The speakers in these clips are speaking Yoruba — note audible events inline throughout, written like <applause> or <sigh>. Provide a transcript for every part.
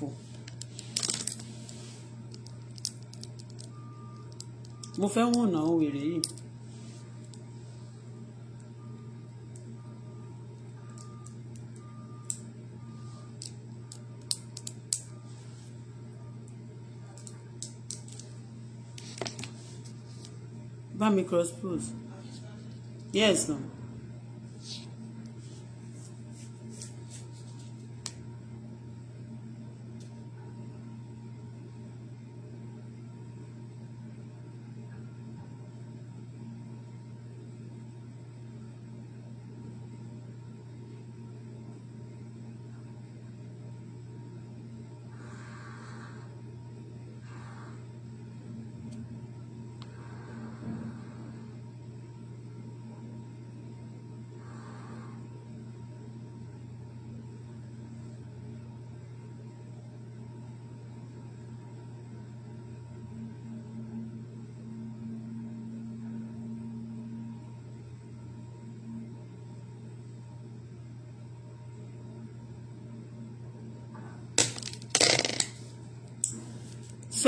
mo fẹ́ wọ̀n náà wèrè yìí. bá mi cross pose yes No.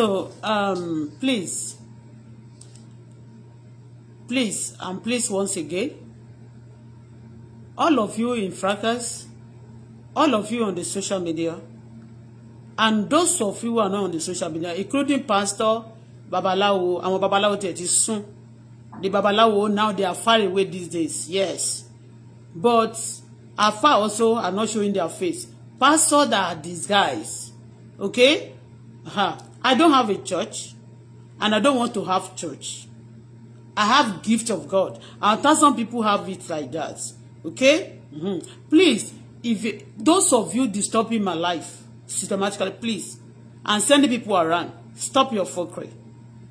So, um, please, please, and please once again, all of you in fracas, all of you on the social media, and those of you who are not on the social media, including Pastor Babalawo, and Babalawo tẹ̀ ti sùn. The Babalawo now they are far away these days, yes. But Afar also are not showing their face. Pastor that are disguised, okay? Ha. Uh-huh. I don't have a church and I don't want to have church. I have gift of God. A thousand people have it like that. Okay? Mm-hmm. Please, if you, those of you disturbing my life systematically, please, and sending people around, stop your fuckery.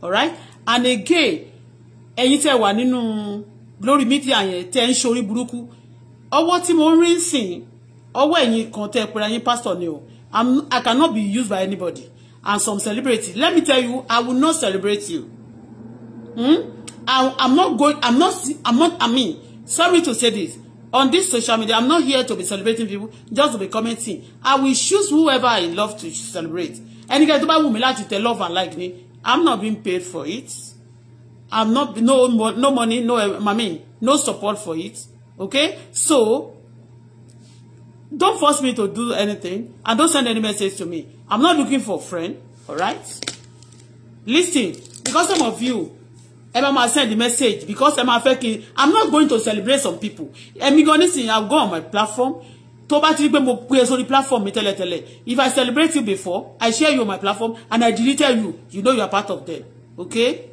Alright? And again, ẹ̀yin tẹ́ wà nínú you mídíà yẹn tẹ́ ń ṣorí burúkú ọwọ́ tí mo rí ń sìn ọwọ́ ẹ̀yin kan tẹ́ pera yín pásítọ̀ I cannot be used by anybody and some celebrity let me tell you i will not celebrate you hmm? I, i'm not going i'm not i'm not i mean sorry to say this on this social media i'm not here to be celebrating people just to be commenting i will choose whoever i love to celebrate ẹnikẹ́ni tó bá wù like láti tẹ love and like me. i'm not being paid for it i'm not no no money no i mean no support for it okay so don't force me to do anything and don't send any message to me. I'm not looking for a friend, all right? Listen, because some of you, Emma, máa send the message because Emma máa I'm not going to celebrate some people. And Èmi gan see. I'll go on my platform. Tó bá mo pè sórí platform mi tẹ́lẹ̀tẹ́lẹ̀. If I celebrate you before, I share you on my platform and I delete you, you know you are part of them. Okay?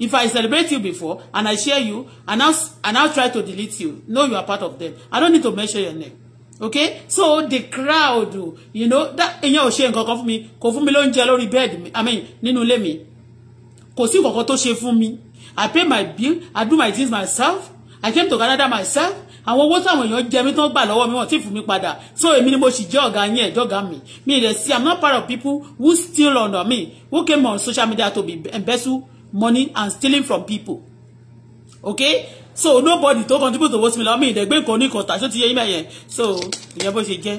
If I celebrate you before and I share you and I'll, and I'll try to delete you, know you are part of them. I don't need to mention your name okay so the crowd you know that èèyàn ò ṣe nǹkan kan fún mi kò fún mi lóúnjẹ lórí bed mi i mean nínú ilé mi kò sí nǹkan kan tó ṣe fún mi i pay my bill i do my things myself i came to Canada myself àwọn owó táwọn èèyàn jẹ mí tán gbà lọ́wọ́ mi wọ́n ti fún mi padà so èmi ni mo sì jẹ́ ọ̀gá yẹn ẹ̀dọ́gà mi mi rẹ̀ sí i'm not part of people who steal under me who came on social media to be embezzle money and stealing from people okay so nobody to contribute to wosimi lọ́mí ìdẹ́gbẹ́ nǹkan oníkan tà ṣó ti yẹ yín mẹ́yẹn so ìyẹn bó ṣe jẹ́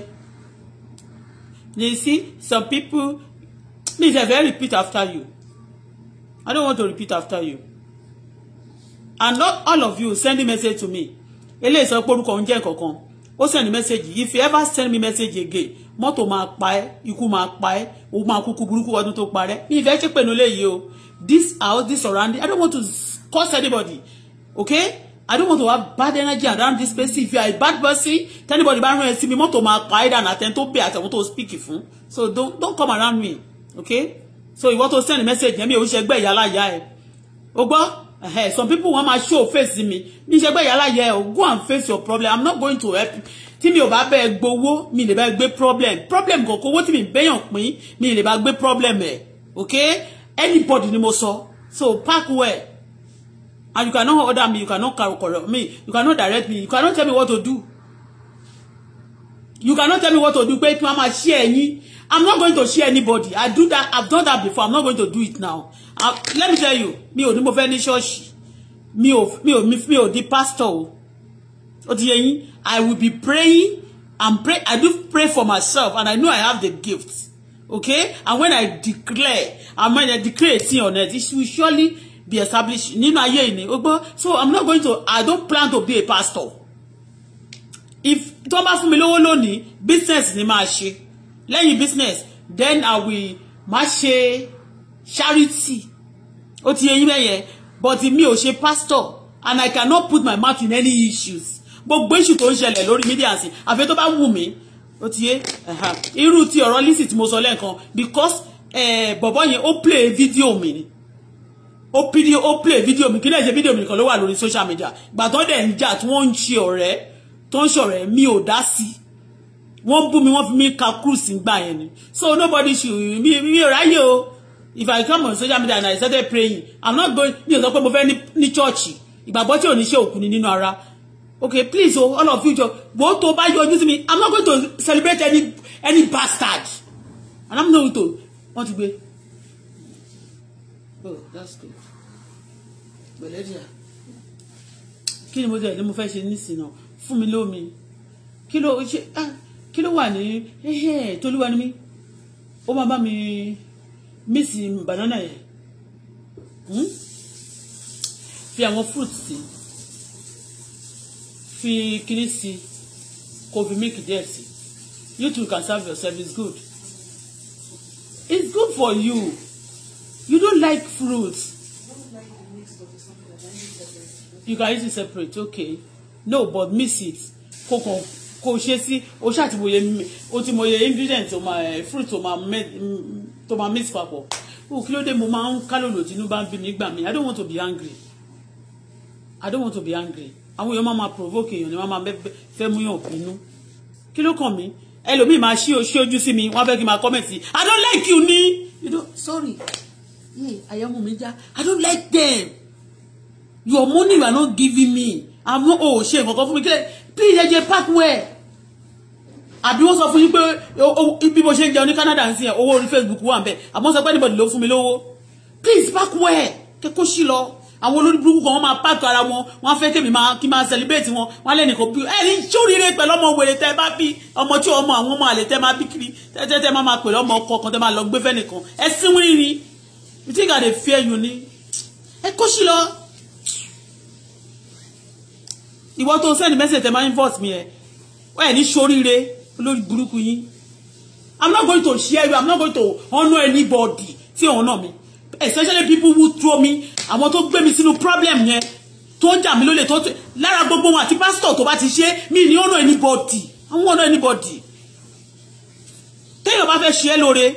you see some people me they very repeat after you I don't want to repeat after you and not all of you sending message to me eléyìí sọ pé orúkọ oúnjẹ kankan ó send message if you ever send me message again moto máa pa ẹ́ ikú máa pa ẹ́ o máa kúkú burúkú ọdún tó parẹ́ mi ìfẹ́ ṣépè nílé yìí o this house this surrounding I don't want to curse anybody okay I don't want to have bad energy around this place. If you are a bad person, tell anybody bá rán ẹ sí mi, mọ́tò máa pa ẹ́ dànù àtẹni tó pè àtẹ̀wọ́n tó speak you So don't don't come around me, okay? So you want to send a message yẹn mi ò ṣe gbẹ́ ìyá láyà ẹ̀. O Some people want my show face mi. Me ṣe gbẹ́ ìyá yai. go and face your problem. I'm not going to help you. me mi ò bá bẹ́ẹ̀ gbowó, mi lè bá gbé problem. Problem kò kówó tí mi bẹ́yàn pín, Me lè bá gbé problem ẹ̀, okay? Anybody ni mo sọ. So park where and you cannot order me you cannot correct me you cannot direct me you cannot tell me what to do you cannot tell me what to do pé kí wọ́n máa ṣe ẹ̀yìn i'm not going to share anybody i do that i've done that before i'm not going to do it now uh, let me tell you Me, ò ní mo fẹ́ ní ṣọ́ọ̀ṣì me. ò mi ò mi ò di pastor o ti yé i will be praying and pray i do pray for myself and i know i have the gift okay and when i declare and when i declare a thing on earth it will surely be established nínú ayé yìí ni ó gbọ́ so i'm not going to i don't plan to be a pastor if tí wọ́n bá fún mi lówó lónìí business ni máa ṣe lẹ́yìn business then i will máa ṣe charity ó ti yẹ yín but mi ò ṣe pastor and i cannot put my mouth in any issues gbogbo issue tó ń ṣẹlẹ̀ lórí media sí àfi tó bá wù mí ó ti yé irú ti ọ̀rọ̀ Lizzy mo sọ lẹ́ẹ̀kan because eh, bọ̀bọ̀ yẹn ó play video mi ni ó pídíò ó play fídíò mi kí lè video. fídíò mi nìkan ló wà lórí social media gbà tó dẹ̀ ń jà tí wọ́n ń ṣe ọ̀rẹ́ tó ń ṣọ̀rẹ́ mi ò dá sí wọ́n bú mi wọ́n fi mi ka cruise gbà yẹn ni so nobody should mi mi ò ráyè o if I come on social media and I started praying I'm not going mi ò sọ pé mo fẹ́ ní chọ́ọ̀chì ìgbàgbọ́ tí ò ní ṣe òkú ni nínú ara okay please o all of you go to buy your yọjú sí I'm not going to celebrate any any bastard and I'm not going to want to gbé oh that's good gbẹlẹdìá kí ni mo tẹ̀lé mo fẹ́ ṣe nísìnyí náà fún mi lómi kí ló ṣe ah, kí ló wà ní eh, eh, tolúwa ni mí ó máa bá mi mísì banana yẹn hmm? fi àwọn fruit sí fi kiri sí kò fi milk díẹ̀ sí you too can serve yourself it's good it's good for you. You don't like fruits. you can use it separate, okay. No, but miss it. Kókó kó ṣe sí o ṣáà ti mòye o ti mòye ingredient o máa fruit o máa tó máa mix papọ̀. O kí ló dé mo máa ń kálòlò tínú bá ń mi gbà mí. I don't want to be angry. I don't want to be angry. Àwọn èèyàn máa ma provoke èèyàn ni wọ́n máa fẹ́ mú yàn bínú. Kí ló kàn mí? Ẹlòmíì máa ṣí ojú sí mi, wọ́n á fẹ́ kí n máa comment sí. I don't like you ni. You don't sorry. Hey, I am já i don't like them your money you are not giving me i'm not oh ṣe nǹkan kan please ẹ jẹ park where. I wọ́n sọ fún yín pé People change ṣe ń jẹun ní Canada ń sìn owó orí Facebook one. bẹ́ẹ̀ àmọ́ sọ pé anybody ló for me. lówó please park well kẹ́kọ̀ọ́ sí lọ àwọn olórí burúkú kan wọ́n máa pààkì ara wọn wọ́n á fẹ́ kémi máa kí máa celebrate wọn wọ́n á lẹ́nu kò bí ẹni sóríire pẹ̀lú ọmọ wèrè tẹ́ bá bí ọmọ tí ọmọ àwọn ọmọ àlè tẹ́ máa bí kiri tẹ́tẹ́ tẹ́ máa máa pẹ̀lú ọmọ ọkọ kan tẹ́ máa lọ gbé fẹ́ nìkan ẹ sínwìn ni you think i dey fear you ni ẹ kó sí lọ ìwọ tó send message tẹ máa invoice mi ẹ ẹ ní soríire olórí burúkú yín i'm not going to share you i'm not going to honour anybody tí òun náà mi especially people who throw me àwọn tó gbé mi sínú problem yẹn tó jà mí lólè tó lára gbogbo wọn àti pásítọ̀ tó bá ti ṣe mí ní honour anybody I àwọn honour anybody téèyàn bá fẹ́ ṣe é lóore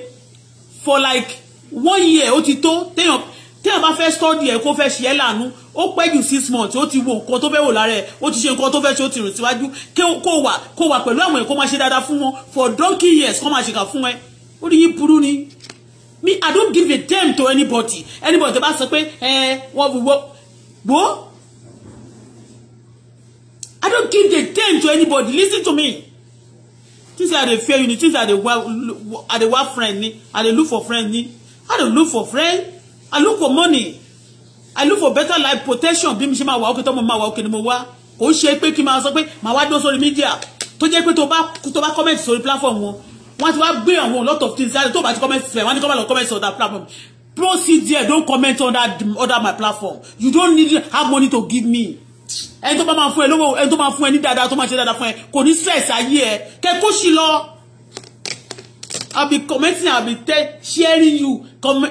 for like one year O ti tó téèyàn téèyàn bá fẹ́ study ẹ̀ kó fẹ́ ṣe ẹ́ lànú ó pẹ́ jù six months ó ti wo nǹkan tó fẹ́ wò lára ẹ̀ ó ti ṣe nǹkan tó fẹ́ ṣe ó ti rìn síwájú kó wà kó wà pẹ̀lú àwọn ẹ̀ máa ṣe dáadáa fún wọn for donkey years kó máa ṣe kà fún ẹ ó rí yín burú ni me i don't give a damn to anybody anybody bá sọ pé ẹ wọn fi wọ wo i don't give a damn to anybody listen to me things i dey fear you ni things i dey wa i dey wa friend ni i look for friend ni. I don't look for friend I look for money I look for better life protection bí mi ṣe máa wà ókè tọ́mọ máa wà ókè ni mo wá kò ń ṣe pé kí n máa sọ pé màá wá dó sórí mídíà tó jẹ́ pé tó bá comment sórí platform wọn wọ́n ti wá gbé àwọn lot of things tó bá ti comment sílẹ̀ wọ́n ní kọ́ bá lọ comment sórí that platform procedure don't comment on that under my platform you don't need have money to give me ẹni tó bá máa fún ẹ lówó ẹni tó máa fún ẹ ní dáadáa tó máa ṣe dáadáa fún ẹ kò ní stress ayé ẹ kẹ kó sí lọ i be commenting i be sharing you comment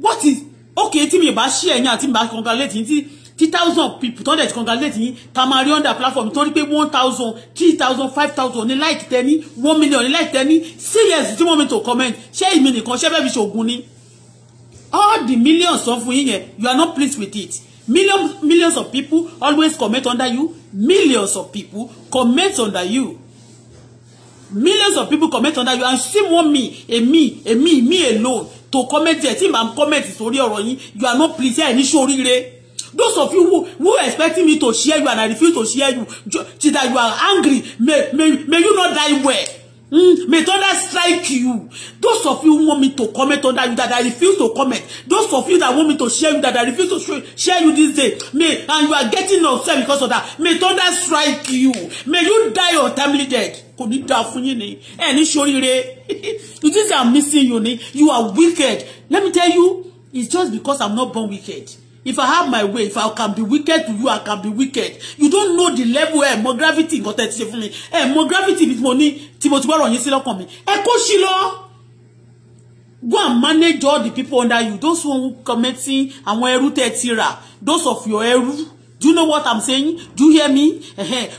what is okay tí mi bá share yín àti mi bá congratulate yín tí tí thousand people tọ́ndẹ̀ ti congratulate yín ta máa rí under platform torí pé one thousand three thousand five thousand ní like tẹ́ni one million ní like tẹ́ni serious tí wọ́n mi to comment Share èmi nìkan share bẹ́ẹ̀ fi ṣoògùn ni all the millions of fún yín you are not pleased with it millions millions of people always comment under you millions of people comment under you millions of people comment under you and still want me a me a me me alone to comment ẹ̀ tí màá comment sórí ọ̀rọ̀ yín you are not pleasing ẹ̀ ní sóríire those of you who who expecting me to share you and I refuse to share you till that you are angry may may may you not die well mm, may thunder strike you those of you who want me to comment on that that I refuse to comment those of you that want me to share you that I refuse to share you this day may and you are getting upset because of that may thunder strike you may you die or timely dead kò ní dáa fún yín ni ẹ ní ṣoríire you <laughs> think i'm missing you ni you are wicked let me tell you it's just because i'm not born wicked if i have my way if i can be wicked to you i can be wicked you don't know the level ẹ mọ gravity nǹkan tẹ́ ti ṣe fún mi ẹ mọ gravity bí mo ní tí mo ti wọ́rọ̀ yín sí lọ́kàn mi ẹ kó sí lọ go and manage all the people under you those who commenting àwọn ẹrú tẹ́ ti rà those of your ẹrú do you know what i'm saying do you hear me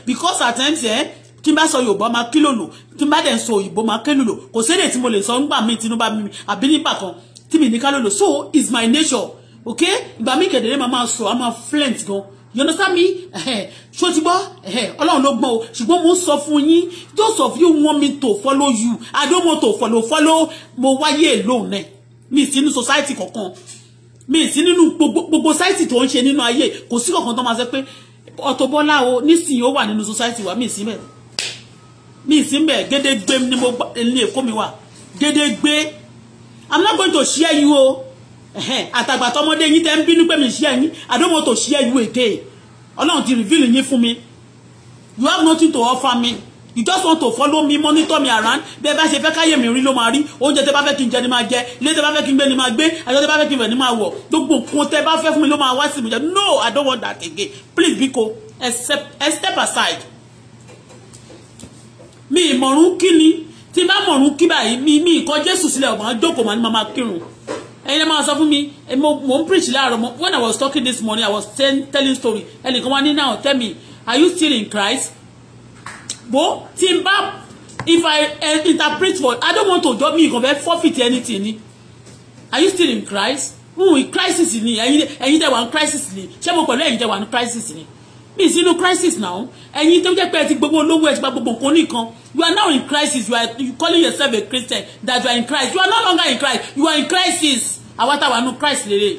because at times eh tí n bá sọ Yorùbá máa kílòlò tí n bá dẹ̀ sọ òyìnbó máa kílòlò kò sédè tí mo lè sọ ńgbà míì tinubu mi àbí nígbà kan tí mi ní kálòlò so is my nature okay ìgbà mi kẹ̀dẹ̀rẹ́ máa máa sọ a máa flint gan you understand me ṣó ti gbọ́ ọlọ́run ló gbọ́n o ṣùgbọ́n mo ń sọ fún those of you want me to follow you I don't want to follow follow mo wáyé alone? náà mi sí ní society kankan mi sí nínú gbogbo society tó ń ṣe nínú ayé kò sí kankan tó máa sọ pé Auto o nísìnyí ó wà nínú society wa mi sí bẹ́ẹ̀ mi sí mbẹ̀ gédégbé ni mo ní èkó mi wà gédégbé i'm not going to share you o àtàgbà tọmọdé yín tẹ́ ń bínú pé mi share yín i don't want to share you again ọlọ́run ti reveal yín fún mi you have nothing to offer me you just want to follow me monitor me around bẹ́ẹ̀ bá ṣe fẹ́ káyé mi rí ló máa rí oúnjẹ tẹ́ bá fẹ́ kí n jẹ ni máa jẹ ilé tẹ́ bá fẹ́ kí n gbé ni máa gbé aṣọ tẹ́ bá fẹ́ kí n wẹ̀ ni máa wọ̀ gbogbo nǹkan tẹ́ bá fẹ́ fún mi ló máa wá sí mi jẹ no i don't want that again please biko eh, step aside mi ìmọ̀rún kí ni tí bá mọ̀rún kí báyìí mi mi ìkọ́ jésù sílẹ̀ ọ̀gbọ́n jókòó màá ní màá kírun ẹ̀yin ẹ̀ máa sọ fún mi mo ń preach láàárọ̀ mo when i was talking this morning i was ten, telling story ẹnìkan wá ní now tell me are you still in christ bo tí n bá if i uh, interpret for i don't want to jọ me. ìkàn fẹ́ forfeit anything ni are you still in christ mo in crisis ni ẹ̀yin ẹ̀yin tẹ́ wà ní crisis ni ṣé mo pẹ̀lú ẹ̀yin tẹ́ wà ní crisis ni mi sínú crisis now ẹ̀yin tó jẹ́ pé ẹ ti gbogbo olówó ẹ ti gba gbogbo nǹkan nìkan you are now in crisis you are you calling yourself a Christian that you are in Christ you are no longer in Christ you are in crisis àwa nu Christ lélẹ̀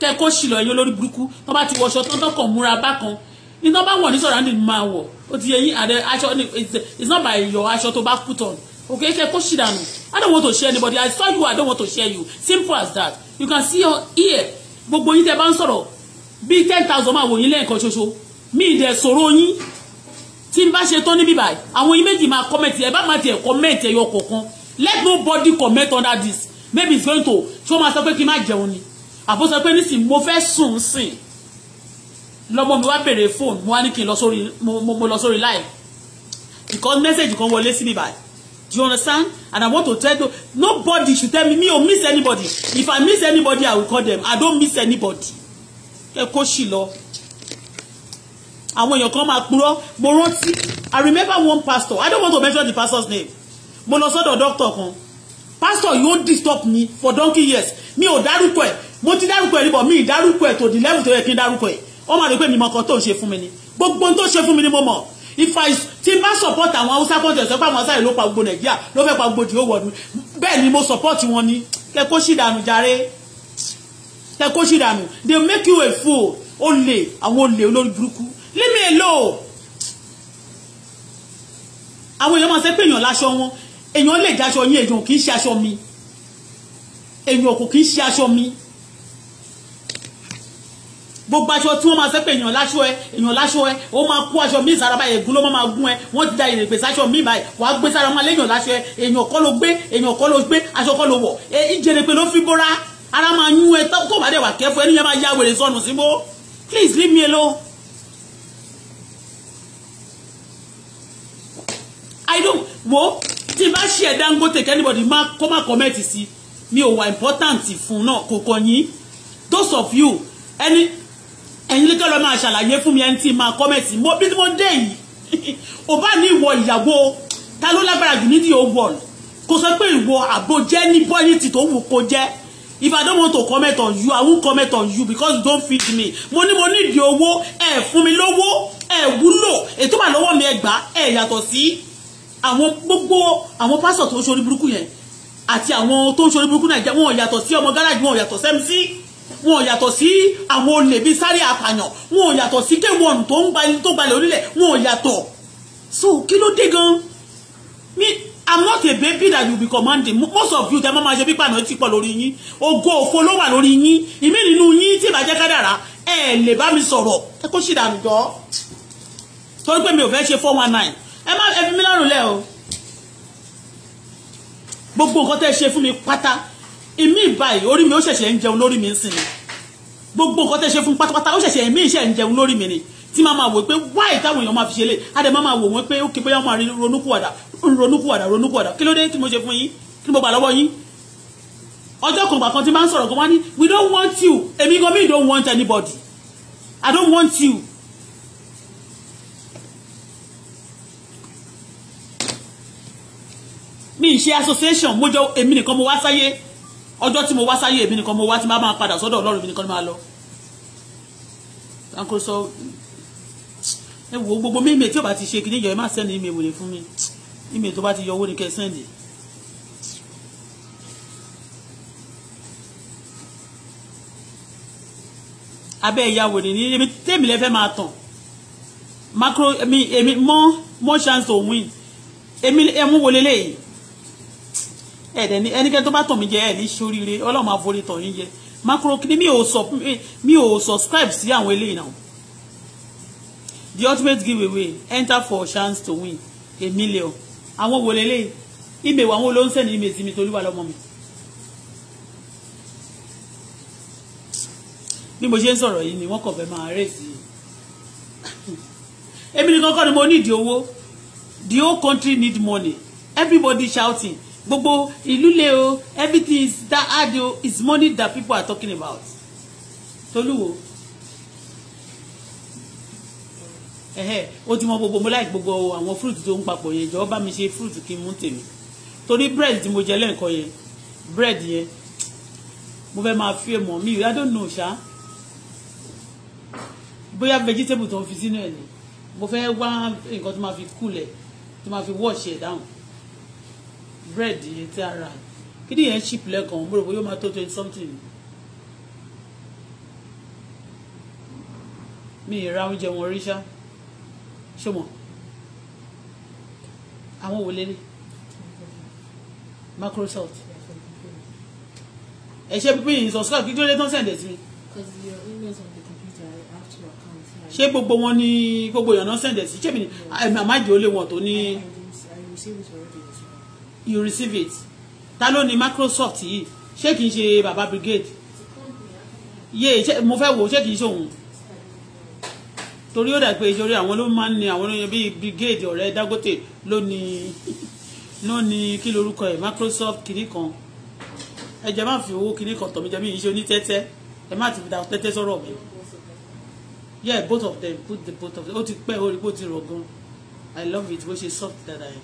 kẹ́ kó ṣìlọ ẹ̀yin olórí burúkú tó bá ti wọṣọ tó tọkàn múra bákan iná bá wọ̀ ní surrounding máa wọ̀ ó ti yẹ yín àdé aṣọ it's not by your aṣọ tó bá put on okay kẹ́ kó ṣìdànù I don't want to share anybody I saw you I don't want to share you simple as that you can see your ear gbogbo yín tẹ́ bá ń sọ̀rọ̀ bíi ten thousand máa wò yín lẹ́ẹ̀kan ṣoṣo mi ìdẹ̀ sọ̀rọ̀ yín tí n bá ṣe tán níbí báyìí àwọn yín méjì máa comment ẹ bá máa tiẹ̀ comment ẹ̀yọ kọ̀ọ̀kan let nobody comment under this maybe it's going to ṣé wọ́n máa sọ pé kí n má jẹun ni àbó sọ pé nísìn mo fẹ́ sùn sìn lọ́mọ mi wá bèrè fóònù mo wá ní kí n lọ sórí mo lọ sórí live because message kan wọlé sí mi báyìí do you understand and i want to tell you nobody should tell me me or miss anybody if i miss anybody i will call them i don't miss anybody kẹ kó sì lọ àwọn èèyàn kan máa purọ́ mo rántí I remember one pastor I don't want to mention the pastor's name mo lọ sọ́dọ̀ doctor kan pastor yóò disturb me for donkey years mi ò dárúkọ ẹ̀ mo ti dárúkọ ẹ̀ níbọ̀ mi ì dárúkọ tó di level tó yẹ kí n dárúkọ ẹ̀ wọ́n máa rí pé mi mọ̀ kan tó ń ṣe fún mi ni gbogbo tó ṣe fún mi ni mo mọ̀ if I ti bá support àwọn Hausa kan tẹ̀sán pé àwọn Hausa ló pa gbogbo Nàìjíríà ló fẹ́ pa gbogbo dìó wọ̀dù bẹ́ẹ̀ ni mo support wọn ni kẹ́kọ́ ṣì dànù jàre tẹ kó ṣì dànù they make you a fool ó lè àwọn olè olórí burúkú leave me alone àwọn èèyàn máa ṣe pé èèyàn láṣọ wọn èèyàn lè jáṣọ yín èèyàn kì í ṣe aṣọ mi èèyàn kò kì í ṣe aṣọ mi gbogbo aṣọ tí wọ́n máa ṣe pé èèyàn láṣọ ẹ èèyàn láṣọ ẹ ó máa kó aṣọ míì sára báyìí ègún ló máa gún ẹ wọ́n ti da ìrìnpè sáṣọ míì báyìí wàá gbé sára máa léèyàn láṣọ ẹ èèyàn kọ́ ló gbé èèyàn kọ́ ló gbé aṣọ kọ́ ló wọ̀ ìjẹrẹpẹ ló fi bóra ara máa yún ẹ tó bá dẹ̀ wà kẹ́fọ́ ẹni yẹn máa ya wèrè sọnù síbó please leave me alone. I don't wo tí n bá ṣe ẹ̀ Dangote kí anybody má kó má comment. sí mi ò wà important fún náà kò kàn yín those of you ẹni ẹ̀yin lẹ́kẹ́ lọ́ọ́ máa ṣàlàyé fún mi ẹni tí máa kọ́mẹ́ẹ̀tì mo bí mo dé yìí <laughs> ò bá ní ìwọ ìyàwó ta ló lágbára jù nídìí owó kò sọ pé ìwọ àbò jẹ́ ní bọ́yìntì tó wù kó jẹ́ if i don't want to comment on you i won't comment on you because you don't feed me mo ní mo ní ìdí owó ẹ fún mi lówó ẹ wúlò ètò wà lọ́wọ́ mi ẹ gbà ẹ yàtọ̀ sí àwọn gbogbo àwọn pásọ̀ tó ń ṣorí burúkú yẹn àti àwọn tó ń ṣorí burúkú nàìjíríà wọn yàtọ̀ sí ọmọ gáràjì wọn yàtọ̀ sẹ́mísì wọn yàtọ̀ sí àwọn olè bíi sáré apàyàn wọn yàtọ̀ sí kéwọn tó ń gbalẹ̀ orílẹ̀ wọn yàtọ̀ so kí ló dé gan-an i'm not a baby that you be commanding most of you the mọ́ máa ṣe pípa náà ti pọ̀ lórí yín ògo òfo ló wà lórí yín ìmí nínú yín tí ìbàjẹ́ kádàrá ẹ lè bá mi sọ̀rọ̀ ẹ kó ṣìdà nìjọ́ torí pé mi ò fẹ́ ṣe four one nine ẹ má ẹ fi mí lọ́rùn lẹ́ o gbogbo nǹkan tẹ́ ṣe fún mi pátá ìmí ìbáyìí orí mi ó ṣẹ̀ṣẹ̀ ń jẹun lórí mi ń sìn ni gbogbo nǹkan tẹ́ ṣe fún pátápátá ó ṣẹ̀ṣẹ̀ ìmí ìṣẹ̀ ń jẹun lórí mi ni tí máa máa wò pé wáì táwọn èèyàn fi ṣe lé adé máa máa wò wọ́n pé ó kí bóyá wọ́n máa ronú ronúkúwàdà ronúkúwàdà kí ló dé kí mo ṣe fún yín kí mo gbà lọ́wọ́ yín ọjọ́ kan gbàkan tí máa ń sọ̀rọ̀ kan wá ní we don't want you èmi gan mi don't want anybody I don't want you. mi ń ṣe association mo jọ èmi nìkan mo wá sáyé ọjọ́ tí mo wá sáyé èmi nìkan mo wá tí máa máa padà sọ́dọ̀ ọlọ́run èmi nìkan ni máa lọ. tanko sọ ẹ wo gbogbo mímì tí o bá ti ṣe kìnìyàn ẹ má sẹ́ni mímì wòlé fún mi. Tch email tó bá ti yọ owó ni kẹ́ sẹ́ndì. abẹ́ ìyá wèrè ní ebi tèmi lẹ́fẹ́ máa tàn macro èmi èmi mọ́ more chance to win èmi ẹ̀mú wọlé lẹ́yìn ẹ̀dẹ̀ ní ẹnikẹ́ni tó bá tàn mí jẹ ẹ̀ ní sóríire ọlọ́run máa forí tàn yín jẹ macro kí ni mi ò sọ mi ò subscribe sí àwọn eléyìí náà the ultimate giveaway enter for chance to win a million àwọn wò lélẹ̀ ìmèwò àwọn olóńsẹ̀ ní ìmèsì mi tolúwa lọ́mọ mi. bí mo ṣe ń sọ̀rọ̀ yìí ni wọ́n kàn fẹ́ máa rẹ̀ sí i èmi nìkan kọ́ ni mo ní ìdí owó the whole country need money everybody shouting gbogbo ìlú le o everything is that hard o is money that people are talking about tolúwo ó ti mọ gbogbo mo láì gbogbo àwọn fúrùtù tó ń papọ̀ yẹn jọ̀ọ́ bá mi ṣe fruit. kí n mú tèmi torí bread tí mo jẹ lẹ́ẹ̀kan yẹn bread yẹn mo fẹ́ máa fi èèmọ̀ mi I don't know ṣá bóyá vegetable tó ń fi sínú ẹ̀ ni mo fẹ́ wá nǹkan tó máa fi kúlẹ̀ tó máa fi wash ẹ̀ down bread yẹn tí a rà kí ni yẹn cheap lẹ́ẹ̀kan mo rò bóyá ó máa tó twenty something. mi ì ra oúnjẹ wọn rí ṣá ṣé mọ̀ àwọn wò lélẹ̀ Microsoft ẹ ṣe pípín yìí subscribe kí dúró lé tán sẹ̀ǹdẹ̀ sí mi. ṣé gbogbo wọn ní gbogbo ìyànà sẹ̀ǹdẹ̀ sí ṣé mi ní àmájì ó lé wọn tó ní you receive it ta ló ní Microsoft yìí ṣé kì í ṣe baba brigade yé mo fẹ́ wò ṣé kì í ṣe òun torí ó dà pé ìjọrí àwọn ló máa ń ní àwọn olóyìn bíi brigade ọ̀rẹ́ Dangote ló ní ló ní kí lorúkọ ẹ̀ Microsoft kìíní kan ẹ jẹ́ má fi owó kìíní kan tọ̀ mí jẹ́ mi ìṣe onítẹ́tẹ́ ẹ má ti da tẹ́tẹ́ sọ̀rọ̀ mi yeah both of them put the both of them ó ti pẹ́ ó bó ti rọ̀ gan I love it bó ṣe soft dada yẹn.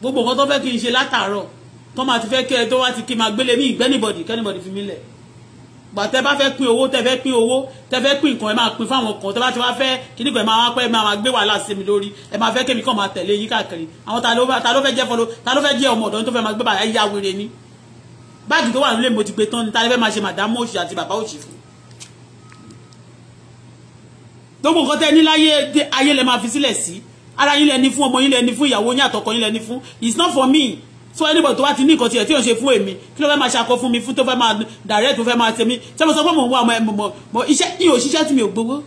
gbogbo nǹkan tó fẹ́ kí n ṣe látàárọ̀ tó máa ti fẹ́ kí ẹ tó wá ti kí máa gbélé mi ìgbẹ́nìbọ̀dì kẹ́nìbọ̀dì fi mí lẹ̀ gbà tẹ bá fẹ́ pín owó tẹ fẹ́ pín owó tẹ fẹ́ pín nǹkan ẹ máa pín fáwọn kan tẹ bá ti wá fẹ́ kíní kan ẹ máa wá pẹ́ ẹ máa gbé wàhálà sí mi lórí ẹ máa fẹ́ kémi kàn máa tẹ̀lé yín káàkiri àwọn ta ló ta ló fẹ́ jẹ́ fọlọ ta ló fẹ́ jẹ́ ọmọ ọ̀dọ́ tó fẹ́ máa gbé bàbá ya wèrè ni báàgì tó wà nílé mo ti gbé tán ni ta ló fẹ́ máa ṣe màdámù òṣì àti bàbá òṣì fún. gbogbo nǹkan tẹ ní láyé ayé lẹ máa fi sílẹ̀ sí ara yín lẹ ní fún ọmọ yín lẹ ní fún ìyàwó yín àtọkọ yín lẹ ní fún it's not for me so anybody tó bá ti ní nǹkan tiẹ̀ tí ò ń ṣe fún èmi kí ló fẹ́ máa ṣakọ fún mi fún tó fẹ́ máa direct tó fẹ́ máa tẹ̀mí tí mo sọ pé mò ń wá ọmọ ẹ̀mọ̀ mọ̀ iṣẹ́ ìhò ṣiṣẹ́ tí mi ò gbowó.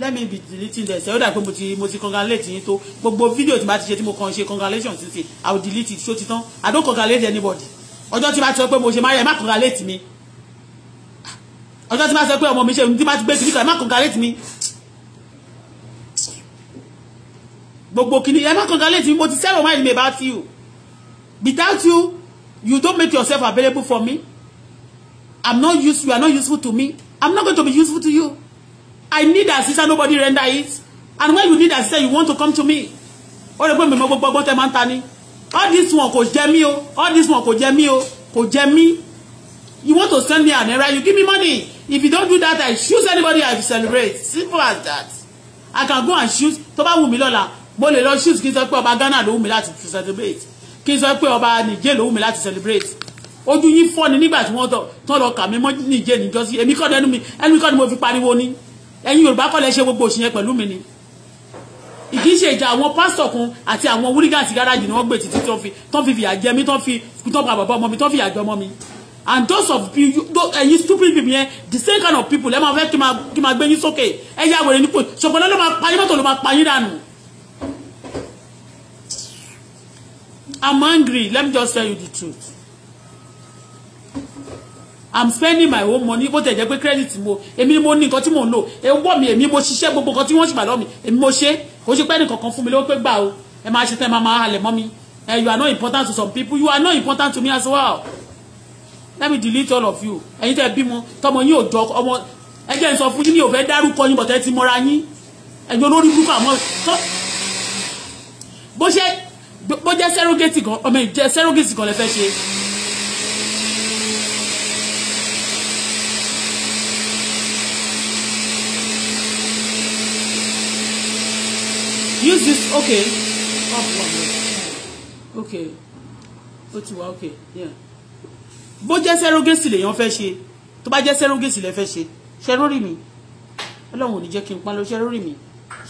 lẹ́mi ibi deleting the ṣe ó mo ti mo ti congratulate yín tó gbogbo fídíò tí mo ti ṣe tí mo kàn ṣe congratulation sísè i will delete it ṣó ti tán i don't congratulate anybody ọjọ́ tí bá ti sọ pé mo ṣe máa yẹ má congratulate mi ọjọ́ tí bá sọ pé ọmọ mi ṣe tí bá ti gbé síbí kan má congratulate mi gbogbo kini ẹ má congratulate me mo ti sell my mind about you without you you don't make yourself available for me i'm not useful you are not useful to me i'm not going to be useful to you i need assistance nobody render it and when you need assistance you want to come to me ó lè pé mi mọ gbogbo ọgbọ́n tẹ máa ń ta ni all this one kò jẹ mí o all this one kò jẹ mí o kò jẹ mí you want to send me an error you give me money if you don't do that i choose anybody i celebrate simple as that i can go and choose tó bá wù mí lọ́la mo lè lọ shoot kí n sọ pé ọba Ghana ló wù mí láti celebrate kí n sọ pé ọba Niger ló wù mí láti celebrate ojú yín fọ́ ni nígbà tí wọ́n tọ́ lọ kà mí mọ́ Niger níjọ́ sí èmi kọ́ ẹnu mi ẹnu mi kọ́ ni mo fi pariwo ni ẹ̀yin Yorùbá kọ́ lẹ ṣe gbogbo òṣìyẹn pẹ̀lú mi ni ìdí ṣe ìjà àwọn pásítọ̀ kan àti àwọn wúrígàtì gáràjì ni wọ́n gbé títí tó fi tó fi fìyà jẹ mí tó fi tó pa bàbá ọmọ mi tó fìyà jẹ ọmọ mi and those of you ẹyin stupid people yẹn the same kind of people ẹ máa fẹ́ kí máa gbé yín sókè ẹ yá wèrè nípò ṣọ̀pọ̀lọ́ ló máa pa yín mọ́tò ló máa pa yín dànù I'm angry. Let me just tell you the truth. I'm spending my own money. Bó tẹ̀ jẹ́ pé credit mo, èmi ni mo ní nǹkan tí mò ń lò. Ewọ́ mi, èmi mo ṣiṣẹ́ gbogbo nǹkan tí wọ́n ṣìgbà lọ́ mi. Èmi mo ṣe. Kò ṣe pé ẹnì kankan fún mi lówó pé gbà o. Ẹ máa ṣe tẹ́ ẹ máa máa halẹ̀ mi. Eh, you are not important to some people. You are not important to me as well. Let me delete all of you. Ẹ̀yin tẹ́ bímọ, tọmọ yín ò jọ ọmọ. Ẹ jẹ́ n sọ fún yín ní ò fẹ́ dárúkọ yín bọ̀tẹ́ ti mọ́ra yín. Ẹ̀yin olórí burúkú àmọ́. Bó ṣe bó jẹ́ sẹ́rógẹ́tì kan ọmọ ìjẹ́ sẹ́rógẹ́tì kan lè fẹ́ ṣe. use this okay up oh, okay ó ti wá okay yeah bó jẹ́ sẹ́rógẹ́sì lèèyàn fẹ́ ṣe tó bá jẹ́ sẹ́rógẹ́sì lè fẹ́ ṣe ṣe rórì mi ọlọ́run ò ní jẹ́ kí n pa lọ ṣe rórì mi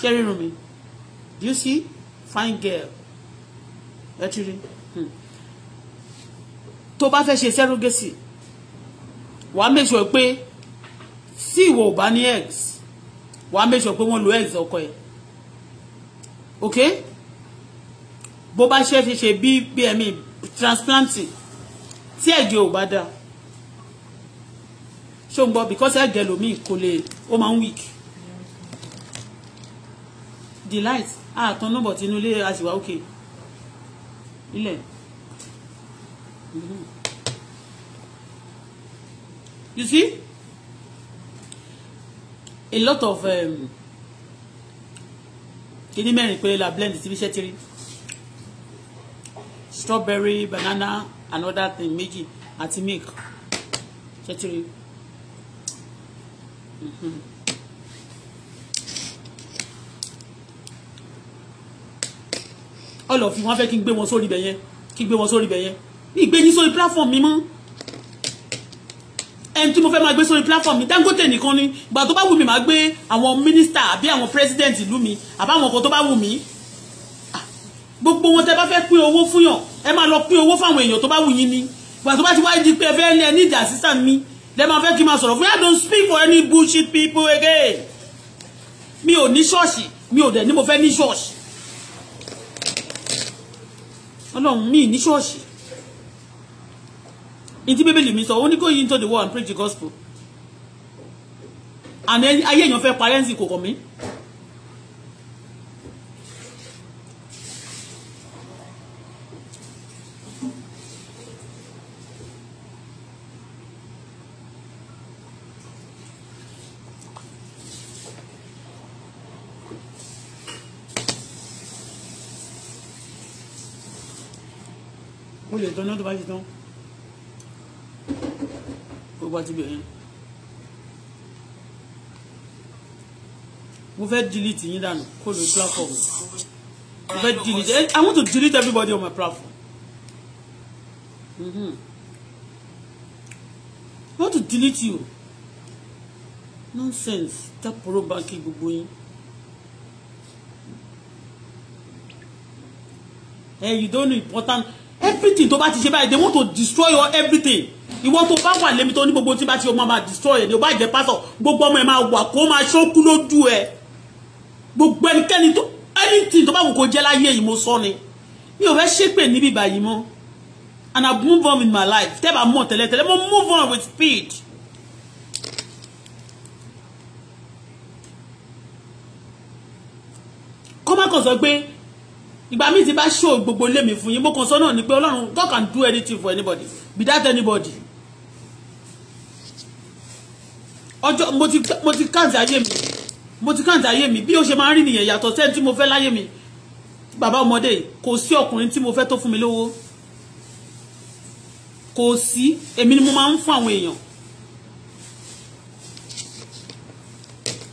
ṣe rírun mi do you see fine girl ẹ ti rí hmm. tó bá fẹ́ ṣe sẹ́rógẹ́sì wàá make sure pé tí ìwọ ò bá ní eggs wàá make sure pé wọ́n lo eggs ọkọ ẹ̀ ok bó bá ṣe fi ṣe bí bmi transplanting tí ẹ̀jẹ̀ ò bá dáa ṣó ń gbọ́ because ẹ̀jẹ̀ lomi kò lè ó máa ń weak the light àtọ́nàbọ̀ tinúlé àṣìwá òkè. Okay ilẹ̀ you see a lot of um, kíní mẹ́rin pé la blend síbi iṣẹ́ ti rí strawberry banana and other thing meji, àti milk ṣe ti Mm-hmm. all of you wọ́n fẹ́ kí n gbé wọn sórí ibẹ̀ yẹn kí n gbé wọn sórí ibẹ̀ yẹn ní ìgbé yín sórí platform mi mọ́ ẹni tí mo fẹ́ máa gbé sórí platform mi Dangote nìkan ni ìgbà tó bá wù mí máa gbé àwọn minister, àbí àwọn president ìlú mi àbáwọn kan tó bá wù mí ah, gbogbo wọn tẹ bá fẹ́ pín owó fún yàn ẹ máa lọ pín owó fáwọn èèyàn tó bá wù yín ni ìgbà tó bá ti wá di pé ẹ fẹ́ ní ẹ ní ìdí mi lẹ máa fẹ́ kí n máa sọ̀rọ̀ fún yà don't speak for any bullshit people again mi ò ní ṣọ́ọ̀ṣì mi ò dẹ̀ ní mo fẹ́ ní ṣọ́ọ̀ṣì ọlọ́run mi ní ṣọ́ọ̀ṣì ní tí bíbélì mi sọ ó ní go into the world and preach the gospel and ayé èèyàn fẹ́ parẹ́ ǹsìn kò kàn mí lè tán náà tó bá ti tán ó bá ti bẹ̀rẹ̀ mo fẹ́ delete yín dànù kó lórí platform mo fẹ́ delete eh, I want to delete everybody on my platform mm-hmm. I want to delete you nonsense taporo banki gbogbo yín. Hey, eh, you don't know important everything to bá ti ṣe báyìí they want to destroy your everything ìwọ tó bá wà lémi tó ní gbogbo tí bá ti ọmọ máa destroy ẹ̀ ní o bá jẹ́ pásọ̀ gbogbo ọmọ ẹ̀ máa wà kó máa ṣókú lójú ẹ̀ gbogbo ẹnikẹ́ni tó anything to bá wù kó jẹ́ láyé yìí mo sọ ni mi ò fẹ́ ṣépè níbi báyìí mọ́ and I move on in my life tẹ́ bá mọ̀ tẹ́lẹ̀tẹ́lẹ̀ mo move on with speed. kọ́mọ́kọ̀ sọ pé ìgbà míì ti bá ṣó gbogbo ilé fún yín mo kàn sọ ni pé ọlọ́run God can do anything for anybody without anybody ọjọ́ mo ti mo ti káàntì ayé mi mo ti káàntì ayé mi bí ó ṣe máa ń rí nìyẹn yàtọ̀ sẹ́ni tí mo fẹ́ láyé mi bàbá ọmọdé kò sí ọkùnrin tí mo fẹ́ tó fún mi lówó kò sí èmi ni mo máa ń fún àwọn èèyàn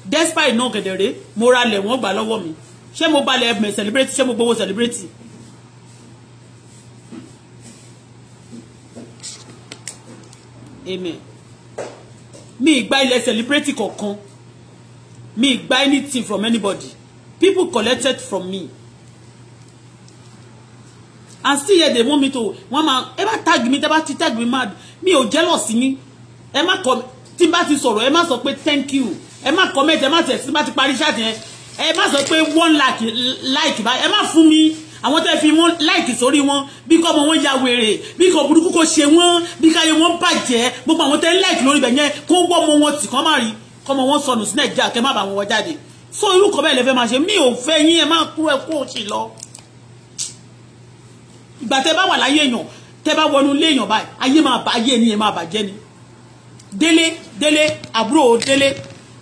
despite náà gẹ̀dẹ̀rẹ́ mo ra lẹ̀ wọ́n gbà lọ́wọ́ mi ṣé mo balẹ̀ mẹ́ celebrate ṣé mo gbowó celebrate. amen mi ìgbà ilẹ̀ celebrate kankan mi ìgbà anything from anybody people collected from me and still here they want me to wọn máa ẹ bá tag me. tẹ bá ti tag me mad mi ò jealous yín ẹ má kọ tí n bá ti sọ̀rọ̀ ẹ má sọ pé thank you ẹ má comment ẹ má tẹ̀ sí bá ti parí ṣáàtì yẹn ẹ má sọ pé one like like báyìí ẹ má fún mi àwọn tẹ́ fi wọ́n like sórí wọn bí kọ́ ọmọ wọn ya wèrè bí kọ́ burúkú kò ṣe wọ́n bí káyé wọn bàjẹ́ gbogbo àwọn tẹ́ like lórí bẹ̀ yẹn kó wọ́ ọmọ wọn tì kọ́ má rí kọ́ ọmọ wọn sọnù sí nàìjíríà kẹ́ má bà wọn jáde so irú kọ́ bẹ́ẹ̀ lè fẹ́ máa ṣe mí ò fẹ́ yín ẹ má kú ẹ kó sì lọ. ìgbà tẹ́ bá wà láyé èèyàn tẹ́ bá wọnú ilé èèyàn báyìí ayé máa bà ayé bàjẹ́ ni délé délé àbúrò délé